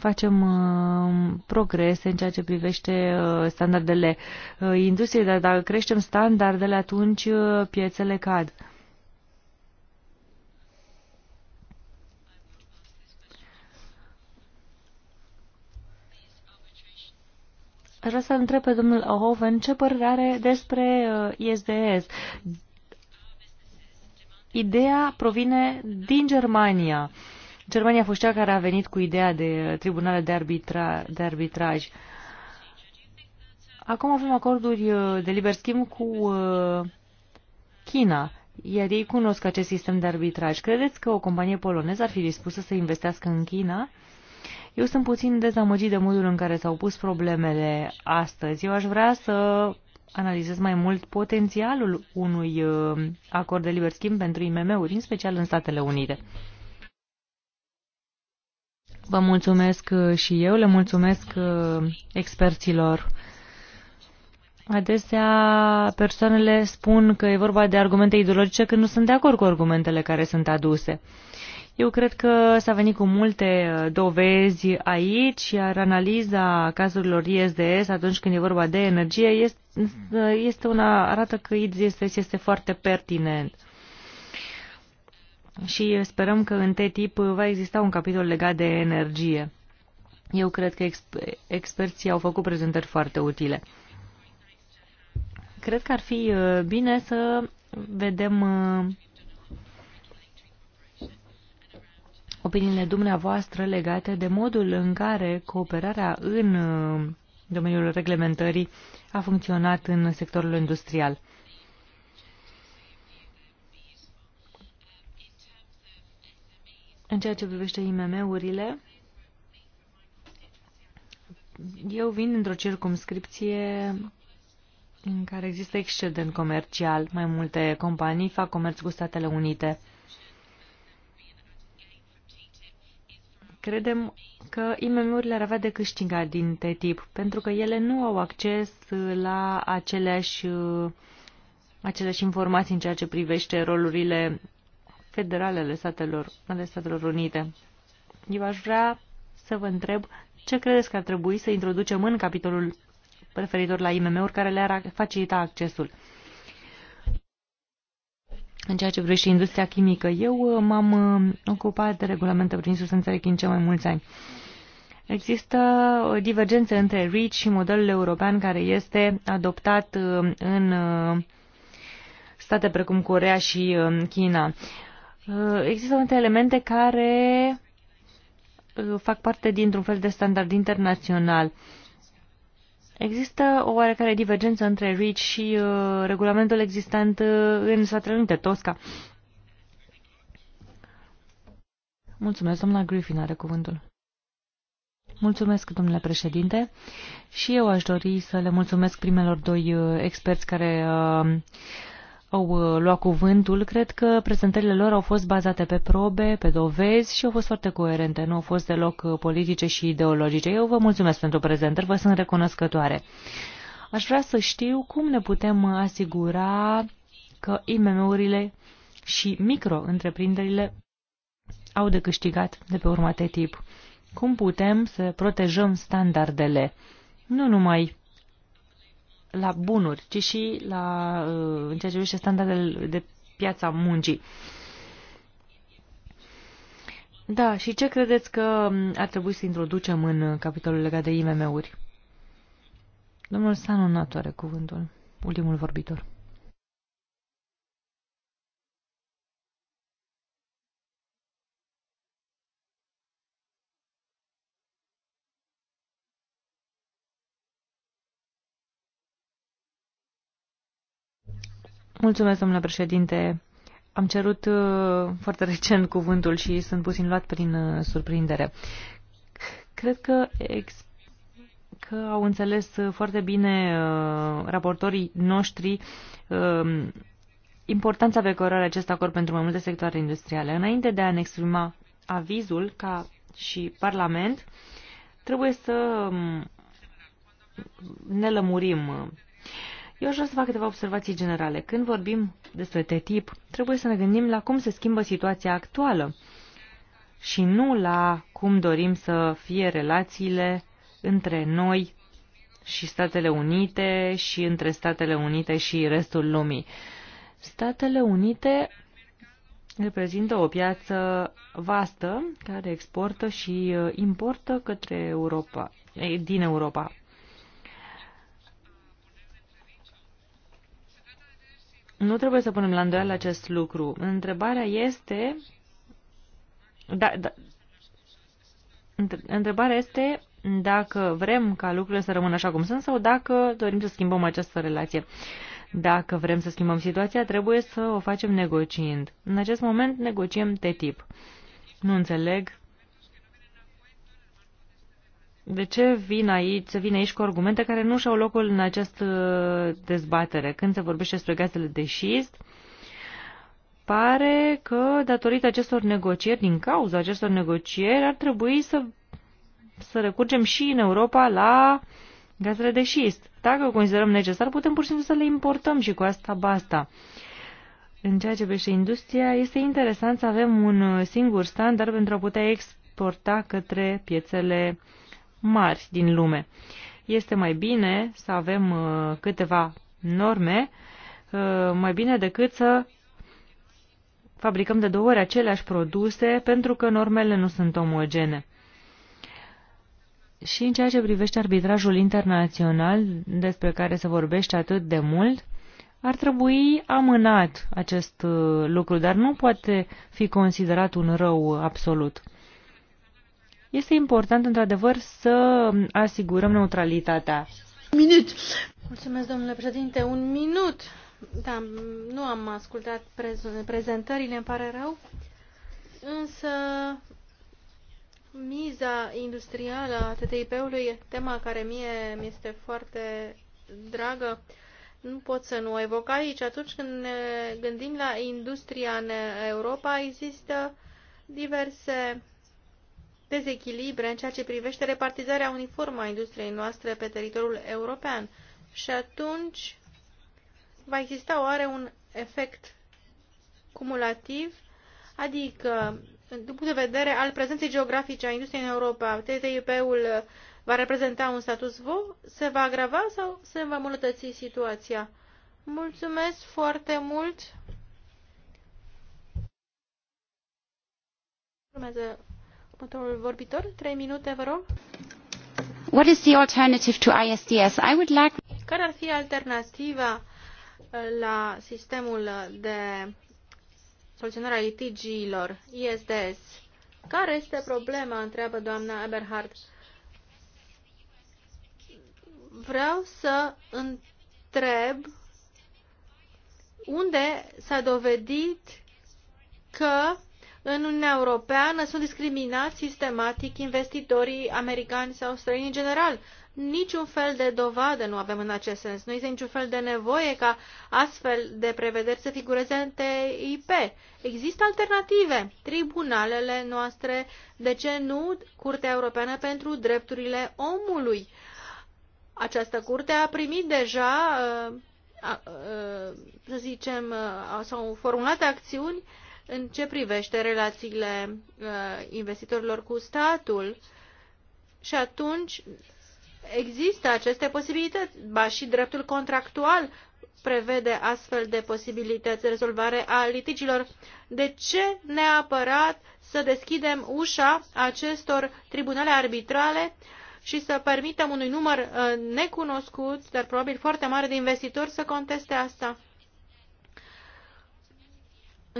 facem uh, progrese în ceea ce privește uh, standardele uh, industriei, dar dacă creștem standardele, atunci piețele cad. Aș vrea să întreb pe domnul Ohoven ce părere are despre ISDS. Ideea provine din Germania. Uh, Germania a fost cea care a venit cu ideea de uh, tribunale de, arbitra, de arbitraj. Acum avem acorduri uh, de liber schimb cu uh, China, iar ei cunosc acest sistem de arbitraj. Credeți că o companie poloneză ar fi dispusă să investească în China? Eu sunt puțin dezamăgit de modul în care s-au pus problemele astăzi. Eu aș vrea să analizez mai mult potențialul unui acord de liber schimb pentru IMM-uri, în special în Statele Unite. Vă mulțumesc uh, și eu, le mulțumesc uh, experților. Adesea persoanele spun că e vorba de argumente ideologice când nu sunt de acord cu argumentele care sunt aduse. Eu cred că s-a venit cu multe uh, dovezi aici, iar analiza cazurilor ISDS atunci când e vorba de energie este, este una, arată că ISDS este foarte pertinent și sperăm că în TTIP va exista un capitol legat de energie. Eu cred că exper experții au făcut prezentări foarte utile. Cred că ar fi uh, bine să vedem uh, opiniile dumneavoastră legate de modul în care cooperarea în uh, domeniul reglementării a funcționat în sectorul industrial. În ceea ce privește IMM-urile, eu vin într-o circumscripție în care există excedent comercial. Mai multe companii fac comerț cu Statele Unite. Credem că IMM-urile ar avea de câștigat din TTIP, pentru că ele nu au acces la aceleași, aceleași informații în ceea ce privește rolurile federale ale Statelor, ale Statelor Unite. Eu aș vrea să vă întreb ce credeți că ar trebui să introducem în capitolul referitor la IMM-uri care le-ar facilita accesul. În ceea ce privește industria chimică, eu uh, m-am uh, ocupat de regulamente prin substanțele chimice mai mulți ani. Există o uh, divergență între REACH și modelul european care este adoptat în state precum Corea și China. Uh, există multe elemente care uh, fac parte dintr-un fel de standard internațional. Există o oarecare divergență între REACH și uh, regulamentul existent în Statele Unite, TOSCA. Mulțumesc, doamna Griffin are cuvântul. Mulțumesc, domnule președinte. Și eu aș dori să le mulțumesc primelor doi experți care uh, au uh, luat cuvântul, cred că prezentările lor au fost bazate pe probe, pe dovezi și au fost foarte coerente, nu au fost deloc uh, politice și ideologice. Eu vă mulțumesc pentru prezentări, vă sunt recunoscătoare. Aș vrea să știu cum ne putem uh, asigura că IMM-urile și micro-întreprinderile au de câștigat de pe urma TTIP. Cum putem să protejăm standardele, nu numai la bunuri, ci și la, uh, în ceea ce privește standardele de piața muncii. Da, și ce credeți că ar trebui să introducem în capitolul legat de IMM-uri? Domnul Sanu Natoare, cuvântul, ultimul vorbitor. Mulțumesc, domnule președinte. Am cerut uh, foarte recent cuvântul și sunt puțin luat prin uh, surprindere. Cred că ex- că au înțeles uh, foarte bine raportorii noștri um, importanța pe care are acest acord pentru mai multe sectoare industriale. Înainte de a ne exprima avizul ca și Parlament, trebuie să um, ne lămurim eu aș vrea să fac câteva observații generale. Când vorbim despre TTIP, trebuie să ne gândim la cum se schimbă situația actuală și nu la cum dorim să fie relațiile între noi și Statele Unite și între Statele Unite și restul lumii. Statele Unite reprezintă o piață vastă care exportă și uh, importă către Europa, eh, din Europa. Nu trebuie să punem la îndoială acest lucru. Întrebarea este... Da, da, întrebarea este dacă vrem ca lucrurile să rămână așa cum sunt sau dacă dorim să schimbăm această relație. Dacă vrem să schimbăm situația, trebuie să o facem negociind. În acest moment negociem TTIP. Nu înțeleg de ce vin aici, să vin aici cu argumente care nu și-au locul în această dezbatere? Când se vorbește despre gazele de șist, pare că datorită acestor negocieri, din cauza acestor negocieri, ar trebui să, să recurgem și în Europa la gazele de șist. Dacă o considerăm necesar, putem pur și simplu să le importăm și cu asta basta. În ceea ce privește industria, este interesant să avem un singur standard pentru a putea exporta către piețele mari din lume. Este mai bine să avem uh, câteva norme, uh, mai bine decât să fabricăm de două ori aceleași produse pentru că normele nu sunt omogene. Și în ceea ce privește arbitrajul internațional, despre care se vorbește atât de mult, ar trebui amânat acest uh, lucru, dar nu poate fi considerat un rău absolut. Este important, într-adevăr, să asigurăm neutralitatea. Minut. Mulțumesc, domnule președinte. Un minut. Da, nu am ascultat prezentările, îmi pare rău. Însă, miza industrială a TTIP-ului, tema care mie mi este foarte dragă, nu pot să nu o evoc aici. Atunci când ne gândim la industria în Europa, există diverse dezechilibre în ceea ce privește repartizarea uniformă a industriei noastre pe teritoriul european. Și atunci va exista oare un efect cumulativ, adică, din punct de vedere al prezenței geografice a industriei în Europa, TTIP-ul va reprezenta un status quo, se va agrava sau se va îmbunătăți situația? Mulțumesc foarte mult! Urmează Următorul vorbitor, trei minute, vă rog. What is the alternative to ISDS? I would like... Care ar fi alternativa uh, la sistemul de soluționare a litigiilor ISDS? Care este problema, întreabă doamna Eberhard. Vreau să întreb unde s-a dovedit că în Uniunea Europeană sunt discriminați sistematic investitorii americani sau străini în general. Niciun fel de dovadă nu avem în acest sens. Nu este niciun fel de nevoie ca astfel de prevederi să figureze în TIP. Există alternative. Tribunalele noastre, de ce nu Curtea Europeană pentru Drepturile Omului? Această curte a primit deja, uh, uh, să zicem, uh, sau formulate acțiuni în ce privește relațiile uh, investitorilor cu statul și atunci există aceste posibilități, ba și dreptul contractual prevede astfel de posibilități de rezolvare a litigilor. De ce neapărat să deschidem ușa acestor tribunale arbitrale și să permitem unui număr uh, necunoscut, dar probabil foarte mare de investitori să conteste asta?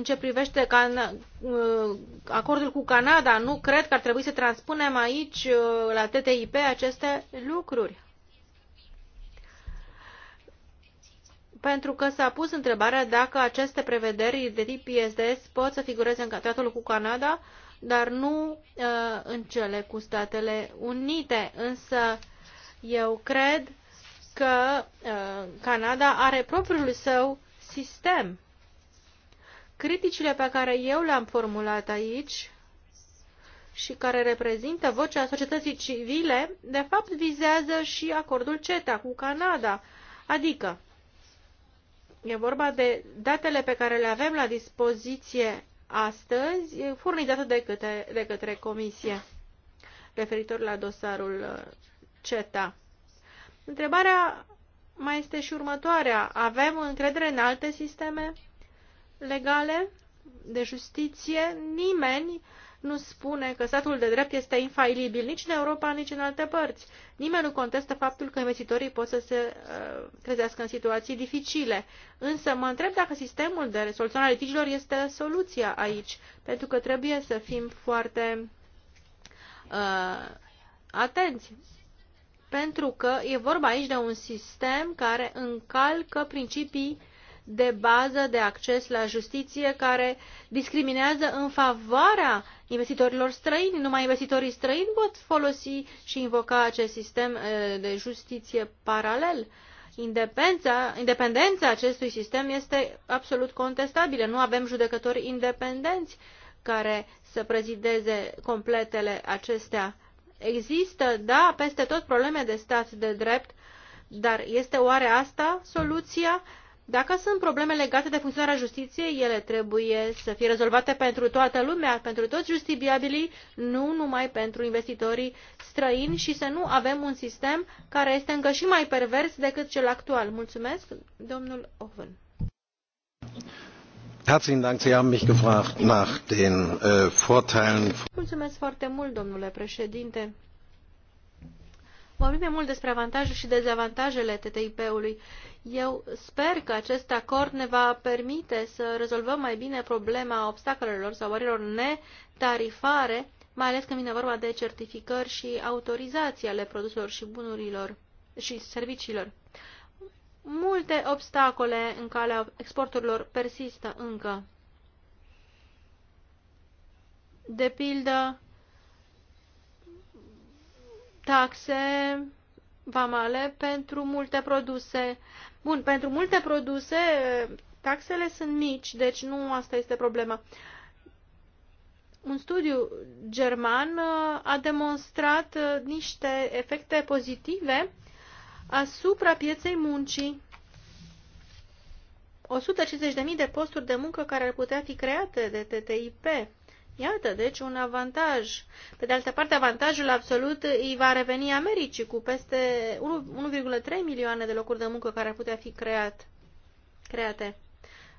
În ce privește can- uh, acordul cu Canada, nu cred că ar trebui să transpunem aici uh, la TTIP aceste lucruri. Pentru că s-a pus întrebarea dacă aceste prevederi de tip ISDS pot să figureze în tratatul cu Canada, dar nu uh, în cele cu Statele Unite. Însă eu cred că uh, Canada are propriul său sistem Criticile pe care eu le-am formulat aici și care reprezintă vocea societății civile, de fapt vizează și acordul CETA cu Canada, adică e vorba de datele pe care le avem la dispoziție astăzi, furnizate de către, de către Comisie, referitor la dosarul uh, CETA. Întrebarea mai este și următoarea. Avem încredere în alte sisteme? legale, de justiție, nimeni nu spune că statul de drept este infailibil nici în Europa, nici în alte părți. Nimeni nu contestă faptul că investitorii pot să se uh, trezească în situații dificile. Însă mă întreb dacă sistemul de a litigilor este soluția aici, pentru că trebuie să fim foarte uh, atenți. Pentru că e vorba aici de un sistem care încalcă principii de bază de acces la justiție care discriminează în favoarea investitorilor străini. Numai investitorii străini pot folosi și invoca acest sistem de justiție paralel. Independența, independența acestui sistem este absolut contestabilă. Nu avem judecători independenți care să prezideze completele acestea. Există, da, peste tot probleme de stat de drept, dar este oare asta soluția? Dacă sunt probleme legate de funcționarea justiției, ele trebuie să fie rezolvate pentru toată lumea, pentru toți justibiabilii, nu numai pentru investitorii străini și să nu avem un sistem care este încă și mai pervers decât cel actual. Mulțumesc, domnul Oven. Herzlichen Dank, Sie haben mich gefragt nach den äh, Vorteilen. Mulțumesc foarte mult, domnule președinte vorbim mai mult despre avantaje și dezavantajele TTIP-ului. Eu sper că acest acord ne va permite să rezolvăm mai bine problema obstacolelor sau barierilor netarifare, mai ales când vine vorba de certificări și autorizații ale produselor și bunurilor și serviciilor. Multe obstacole în calea exporturilor persistă încă. De pildă, taxe vamale pentru multe produse. Bun, pentru multe produse taxele sunt mici, deci nu asta este problema. Un studiu german uh, a demonstrat uh, niște efecte pozitive asupra pieței muncii. 150.000 de posturi de muncă care ar putea fi create de TTIP. Iată, deci, un avantaj. Pe de altă parte, avantajul absolut îi va reveni Americii cu peste 1,3 milioane de locuri de muncă care ar putea fi creat, create.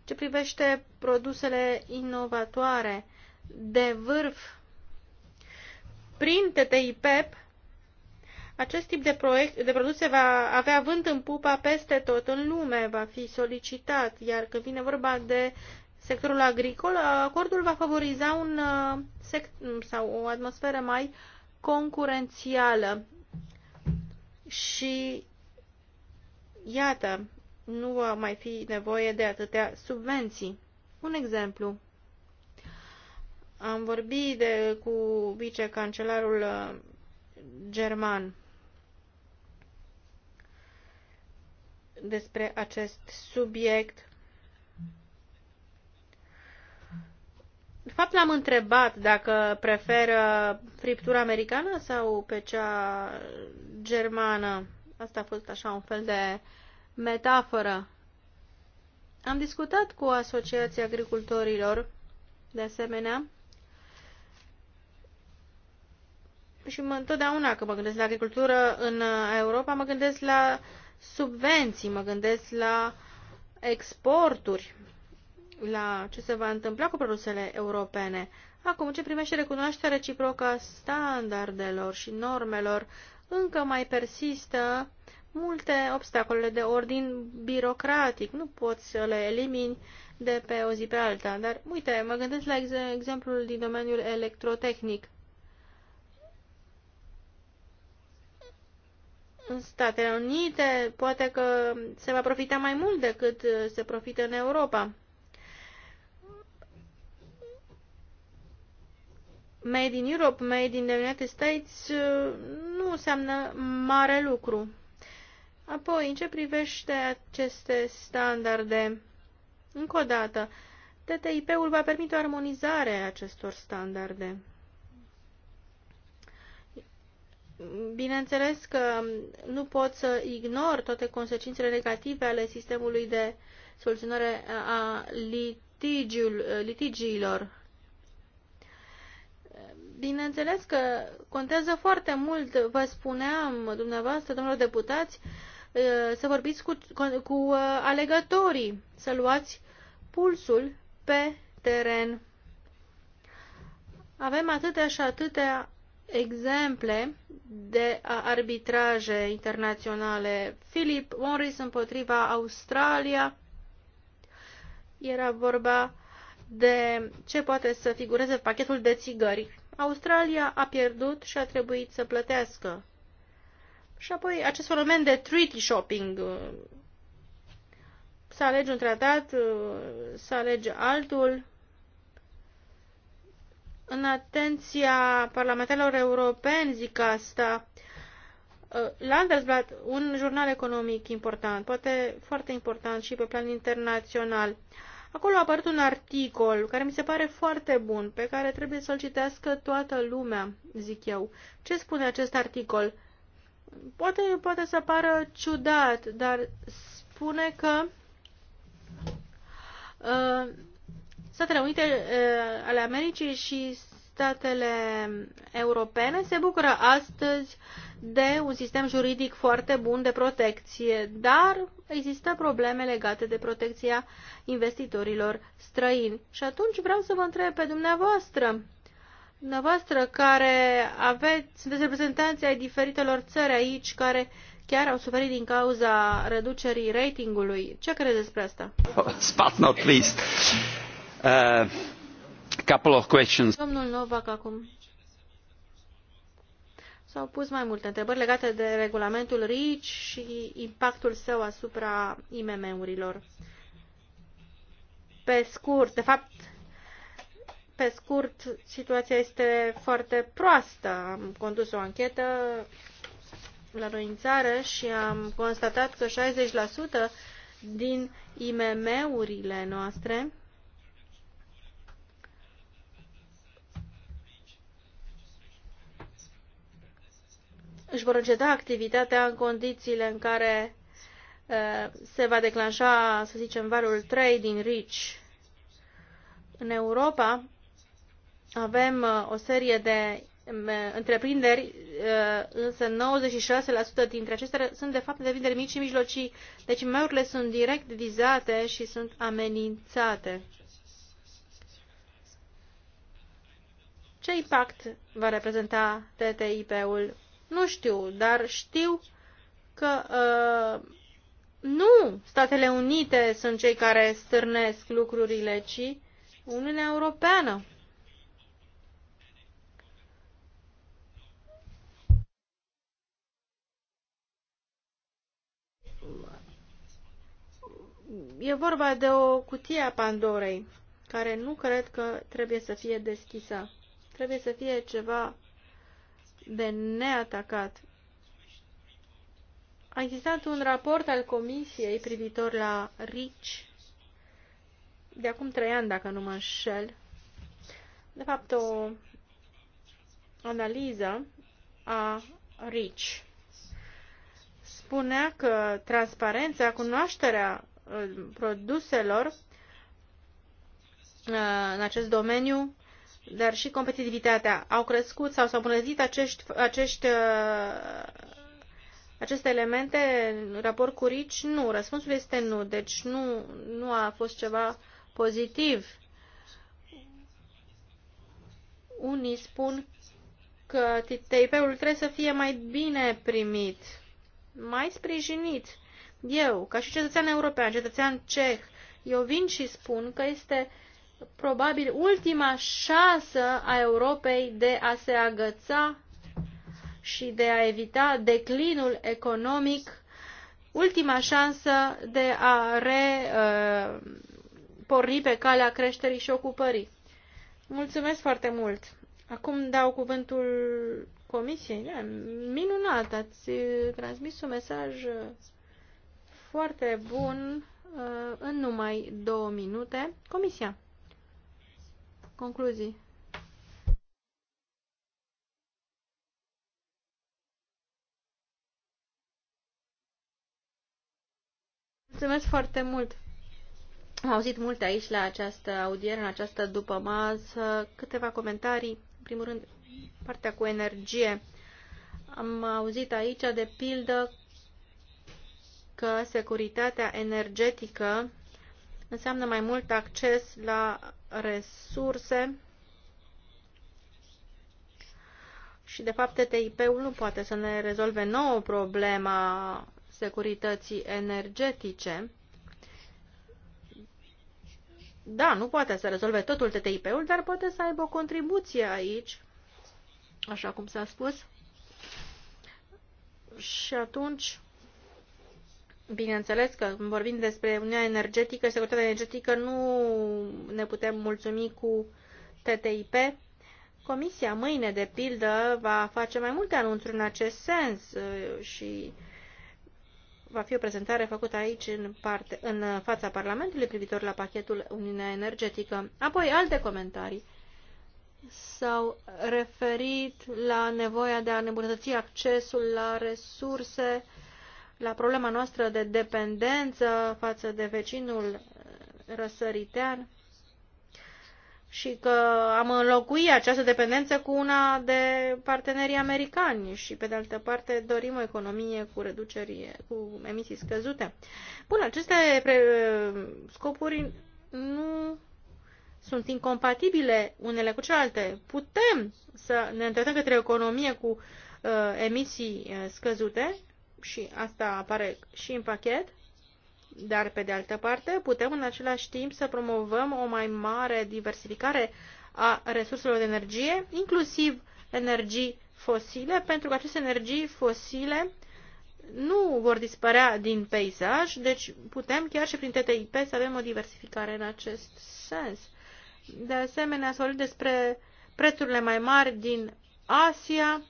Ce privește produsele inovatoare de vârf, prin TTIPEP, acest tip de, proiect, de produse va avea vânt în pupa peste tot în lume, va fi solicitat, iar când vine vorba de sectorul agricol, acordul va favoriza un uh, sect- mm, sau o atmosferă mai concurențială. Și iată, nu va mai fi nevoie de atâtea subvenții. Un exemplu. Am vorbit de, cu vicecancelarul uh, german despre acest subiect De fapt, l-am întrebat dacă preferă friptura americană sau pe cea germană. Asta a fost așa un fel de metaforă. Am discutat cu Asociația Agricultorilor, de asemenea, și mă, întotdeauna că mă gândesc la agricultură în Europa, mă gândesc la subvenții, mă gândesc la exporturi la ce se va întâmpla cu produsele europene. Acum, ce primește recunoașterea reciprocă a standardelor și normelor, încă mai persistă multe obstacole de ordin birocratic. Nu poți să le elimini de pe o zi pe alta. Dar, uite, mă gândesc la exemplul din domeniul electrotehnic. în Statele Unite poate că se va profita mai mult decât se profită în Europa. Made in Europe, Made in the United States uh, nu înseamnă mare lucru. Apoi, în ce privește aceste standarde, încă o dată, TTIP-ul va permite o armonizare a acestor standarde. Bineînțeles că nu pot să ignor toate consecințele negative ale sistemului de soluționare a litigiul, litigiilor Bineînțeles că contează foarte mult, vă spuneam, dumneavoastră, domnilor deputați, uh, să vorbiți cu, cu uh, alegătorii, să luați pulsul pe teren. Avem atâtea și atâtea exemple de arbitraje internaționale. Philip Morris împotriva Australia. Era vorba de ce poate să figureze pachetul de țigări Australia a pierdut și a trebuit să plătească. Și apoi acest fenomen de treaty shopping, uh, să alegi un tratat, uh, să alegi altul, în atenția parlamentarilor europeni, zic asta, uh, Landersblatt, un jurnal economic important, poate foarte important și pe plan internațional, Acolo a apărut un articol care mi se pare foarte bun, pe care trebuie să-l citească toată lumea, zic eu. Ce spune acest articol? Poate, poate să pară ciudat, dar spune că uh, Statele Unite uh, ale Americii și statele europene se bucură astăzi de un sistem juridic foarte bun de protecție, dar există probleme legate de protecția investitorilor străini. Și atunci vreau să vă întreb pe dumneavoastră, dumneavoastră care aveți, sunteți reprezentanții ai diferitelor țări aici, care chiar au suferit din cauza reducerii ratingului. Ce credeți despre asta? Spot not least. Uh, couple of questions. Domnul Novak acum S-au pus mai multe întrebări legate de regulamentul RICI și impactul său asupra IMM-urilor. Pe scurt, de fapt, pe scurt, situația este foarte proastă. Am condus o anchetă la noi în țară și am constatat că 60% din IMM-urile noastre își vor înceta activitatea în condițiile în care uh, se va declanșa, să zicem, valul 3 din RICH. În Europa avem uh, o serie de uh, întreprinderi, însă 96% dintre acestea sunt de fapt întreprinderi mici și mijlocii, deci meurile sunt direct vizate și sunt amenințate. Ce impact va reprezenta TTIP-ul nu știu, dar știu că uh, nu Statele Unite sunt cei care stârnesc lucrurile, ci Uniunea Europeană. E vorba de o cutie a Pandorei, care nu cred că trebuie să fie deschisă. Trebuie să fie ceva de neatacat. A existat un raport al Comisiei privitor la RICI de acum trei ani, dacă nu mă înșel. De fapt, o analiză a RICI spunea că transparența, cunoașterea uh, produselor uh, în acest domeniu dar și competitivitatea au crescut sau s-au îmbunătățit acești, acești, uh, aceste elemente în raport cu RICI? Nu, răspunsul este nu, deci nu, nu a fost ceva pozitiv. Unii spun că TTIP-ul trebuie să fie mai bine primit, mai sprijinit. Eu, ca și cetățean european, cetățean ceh, eu vin și spun că este uh, probabil ultima șansă a Europei de a se agăța și de a evita declinul economic, ultima șansă de a repori uh, pe calea creșterii și ocupării. Mulțumesc foarte mult! Acum dau cuvântul comisiei. Da, minunat, ați uh, transmis un mesaj uh, foarte bun în numai două minute. Comisia. Concluzii. Mulțumesc foarte mult! Am auzit multe aici la această audiere, în această după masă, câteva comentarii. În primul rând, partea cu energie. Am auzit aici, de pildă, că securitatea energetică înseamnă mai mult acces la resurse și, de fapt, TTIP-ul nu poate să ne rezolve nouă problema securității energetice. Da, nu poate să rezolve totul TTIP-ul, dar poate să aibă o contribuție aici, așa cum s-a spus. Și atunci, Bineînțeles că vorbind despre Uniunea Energetică și Securitatea Energetică nu ne putem mulțumi cu TTIP. Comisia mâine, de pildă, va face mai multe anunțuri în acest sens uh, și va fi o prezentare făcută aici în, parte, în fața Parlamentului privitor la pachetul Uniunea Energetică. Apoi alte comentarii s-au referit la nevoia de a îmbunătăți accesul la resurse la problema noastră de dependență față de vecinul răsăritean și că am înlocuit această dependență cu una de partenerii americani și, pe de altă parte, dorim o economie cu reduceri, cu emisii scăzute. Bun, aceste scopuri nu sunt incompatibile unele cu celelalte. Putem să ne întreptăm către o economie cu uh, emisii uh, scăzute și asta apare și în pachet, dar pe de altă parte putem în același timp să promovăm o mai mare diversificare a resurselor de energie, inclusiv energii fosile, pentru că aceste energii fosile nu vor dispărea din peisaj, deci putem chiar și prin TTIP să avem o diversificare în acest sens. De asemenea, s-a despre prețurile mai mari din Asia,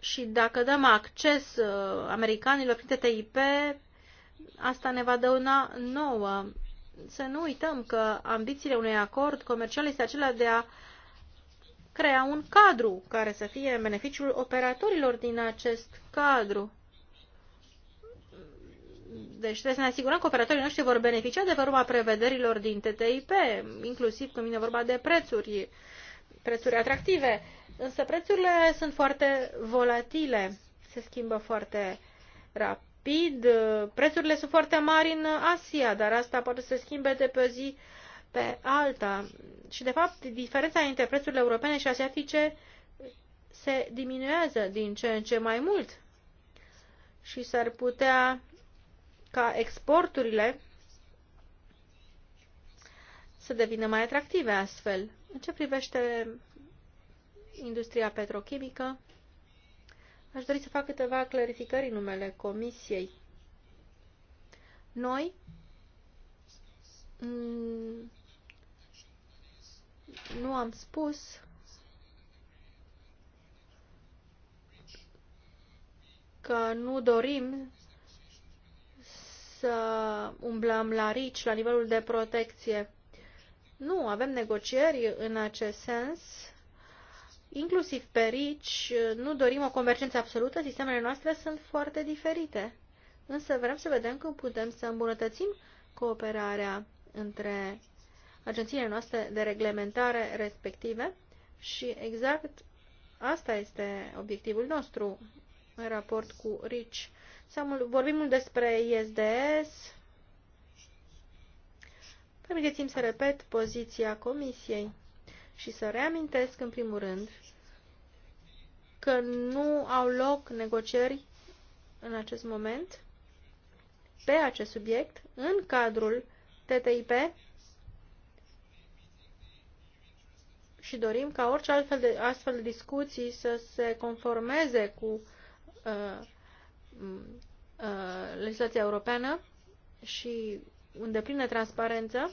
și dacă dăm acces uh, americanilor prin TTIP, asta ne va dăuna nouă. Să nu uităm că ambițiile unui acord comercial este acela de a crea un cadru care să fie în beneficiul operatorilor din acest cadru. Deci trebuie să ne asigurăm că operatorii noștri vor beneficia de vorba prevederilor din TTIP, inclusiv când vine vorba de prețuri prețuri atractive, însă prețurile sunt foarte volatile, se schimbă foarte rapid, prețurile sunt foarte mari în Asia, dar asta poate să se schimbe de pe zi pe alta. Și, de fapt, diferența între prețurile europene și asiatice se diminuează din ce în ce mai mult și s-ar putea ca exporturile să devină mai atractive astfel. În ce privește industria petrochimică, aș dori să fac câteva clarificări în numele Comisiei. Noi mm, nu am spus că nu dorim să umblăm la rici la nivelul de protecție nu, avem negocieri în acest sens, inclusiv pe RICI, nu dorim o convergență absolută, sistemele noastre sunt foarte diferite. Însă vrem să vedem cum putem să îmbunătățim cooperarea între agențiile noastre de reglementare respective și exact asta este obiectivul nostru în raport cu RICI. Vorbim mult despre ISDS, Permiteți-mi să repet poziția Comisiei și să reamintesc, în primul rând, că nu au loc negocieri în acest moment pe acest subiect în cadrul TTIP și dorim ca orice altfel de, astfel de discuții să se conformeze cu uh, uh, legislația europeană și în deplină transparență.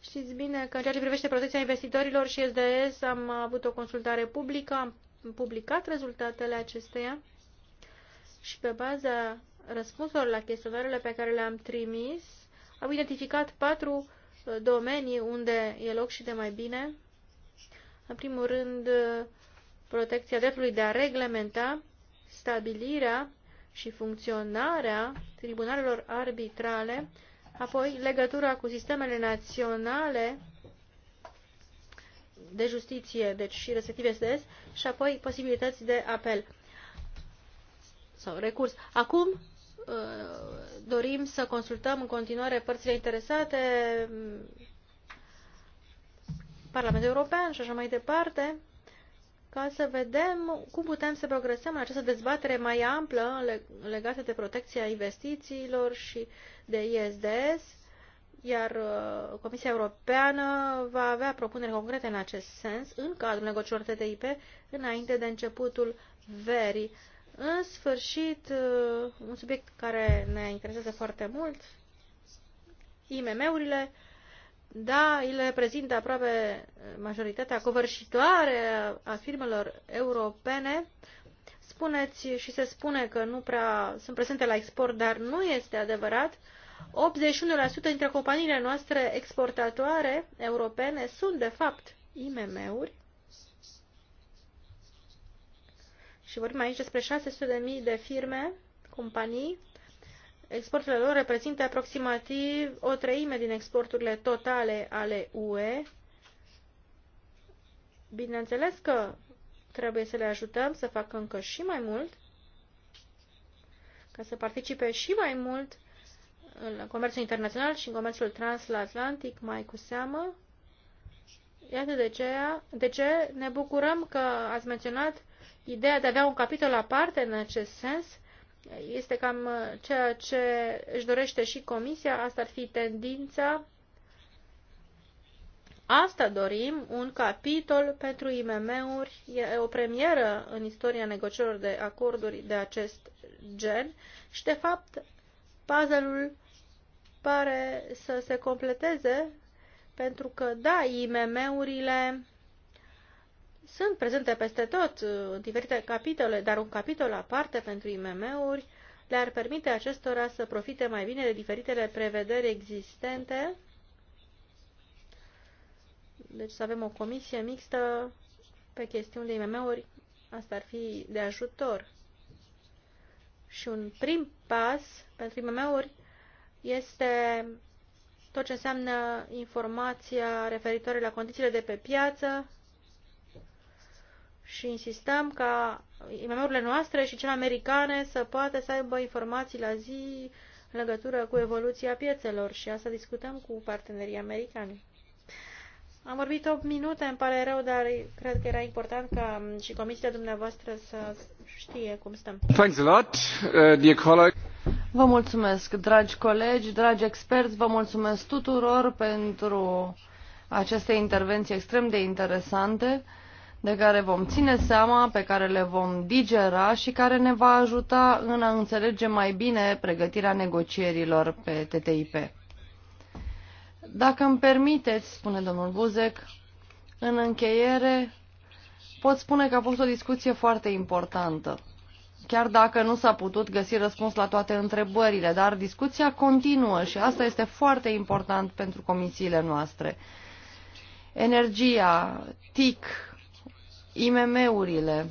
Știți bine că în ceea ce privește protecția investitorilor și SDS am avut o consultare publică, am publicat rezultatele acesteia și pe baza răspunsurilor la chestionarele pe care le-am trimis, am identificat patru uh, domenii unde e loc și de mai bine. În primul rând, uh, protecția dreptului de a reglementa, stabilirea și funcționarea tribunalelor arbitrale Apoi, legătura cu sistemele naționale de justiție, deci și respective SDS, și apoi posibilități de apel sau recurs. Acum uh, dorim să consultăm în continuare părțile interesate, mm, Parlamentul European și așa mai departe, ca să vedem cum putem să progresăm în această dezbatere mai amplă legată de protecția investițiilor și de ISDS, iar uh, Comisia Europeană va avea propuneri concrete în acest sens în cadrul negocierilor TTIP înainte de începutul verii. În sfârșit, uh, un subiect care ne interesează foarte mult, IMM-urile, da, îi reprezintă aproape majoritatea covârșitoare a firmelor europene. Spuneți și se spune că nu prea sunt prezente la export, dar nu este adevărat. 81% dintre companiile noastre exportatoare europene sunt, de fapt, IMM-uri. Și vorbim aici despre 600.000 de firme, companii Exporturile lor reprezintă aproximativ o treime din exporturile totale ale UE. Bineînțeles că trebuie să le ajutăm să facă încă și mai mult, ca să participe și mai mult în comerțul internațional și în comerțul transatlantic, mai cu seamă. Iată de ce, de ce ne bucurăm că ați menționat ideea de a avea un capitol aparte în acest sens este cam uh, ceea ce își dorește și Comisia, asta ar fi tendința. Asta dorim, un capitol pentru IMM-uri, e o premieră în istoria negocierilor de acorduri de acest gen și, de fapt, puzzle-ul pare să se completeze pentru că, da, IMM-urile sunt prezente peste tot uh, în diferite capitole, dar un capitol aparte pentru IMM-uri le-ar permite acestora să profite mai bine de diferitele prevederi existente. Deci să avem o comisie mixtă pe chestiuni de IMM-uri, asta ar fi de ajutor. Și un prim pas pentru IMM-uri este tot ce înseamnă informația referitoare la condițiile de pe piață, și insistăm ca imm noastre și cele americane să poată să aibă informații la zi în legătură cu evoluția piețelor și asta discutăm cu partenerii americani. Am vorbit 8 minute, îmi pare rău, dar cred că era important ca și comisia dumneavoastră să știe cum stăm. Thanks a lot, uh, dear colleague. Vă mulțumesc, dragi colegi, dragi experți, vă mulțumesc tuturor pentru aceste intervenții extrem de interesante de care vom ține seama, pe care le vom digera și care ne va ajuta în a înțelege mai bine pregătirea negocierilor pe TTIP. Dacă îmi permiteți, spune domnul Buzek, în încheiere pot spune că a fost o discuție foarte importantă. Chiar dacă nu s-a putut găsi răspuns la toate întrebările, dar discuția continuă și asta este foarte important pentru comisiile noastre. Energia, TIC, IMM-urile,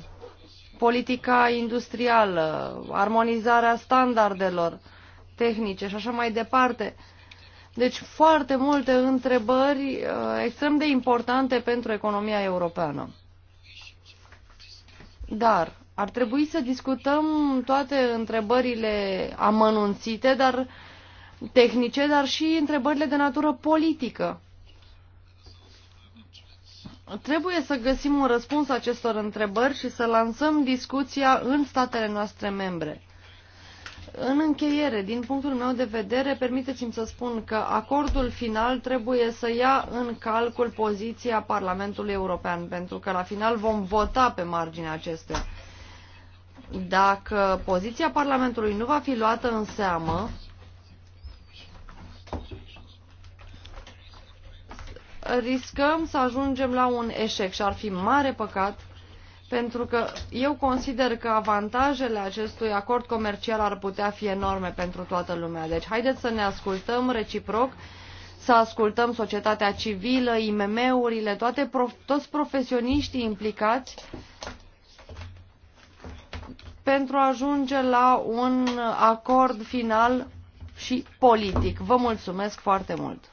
politica industrială, armonizarea standardelor tehnice și așa mai departe. Deci foarte multe întrebări uh, extrem de importante pentru economia europeană. Dar ar trebui să discutăm toate întrebările amănunțite, dar tehnice, dar și întrebările de natură politică. Trebuie să găsim un răspuns acestor întrebări și să lansăm discuția în statele noastre membre. În încheiere, din punctul meu de vedere, permiteți-mi să spun că acordul final trebuie să ia în calcul poziția Parlamentului European, pentru că la final vom vota pe marginea acestea. Dacă poziția Parlamentului nu va fi luată în seamă, riscăm să ajungem la un eșec și ar fi mare păcat pentru că eu consider că avantajele acestui acord comercial ar putea fi enorme pentru toată lumea. Deci haideți să ne ascultăm reciproc, să ascultăm societatea civilă, IMM-urile, toate, toți profesioniștii implicați pentru a ajunge la un acord final și politic. Vă mulțumesc foarte mult!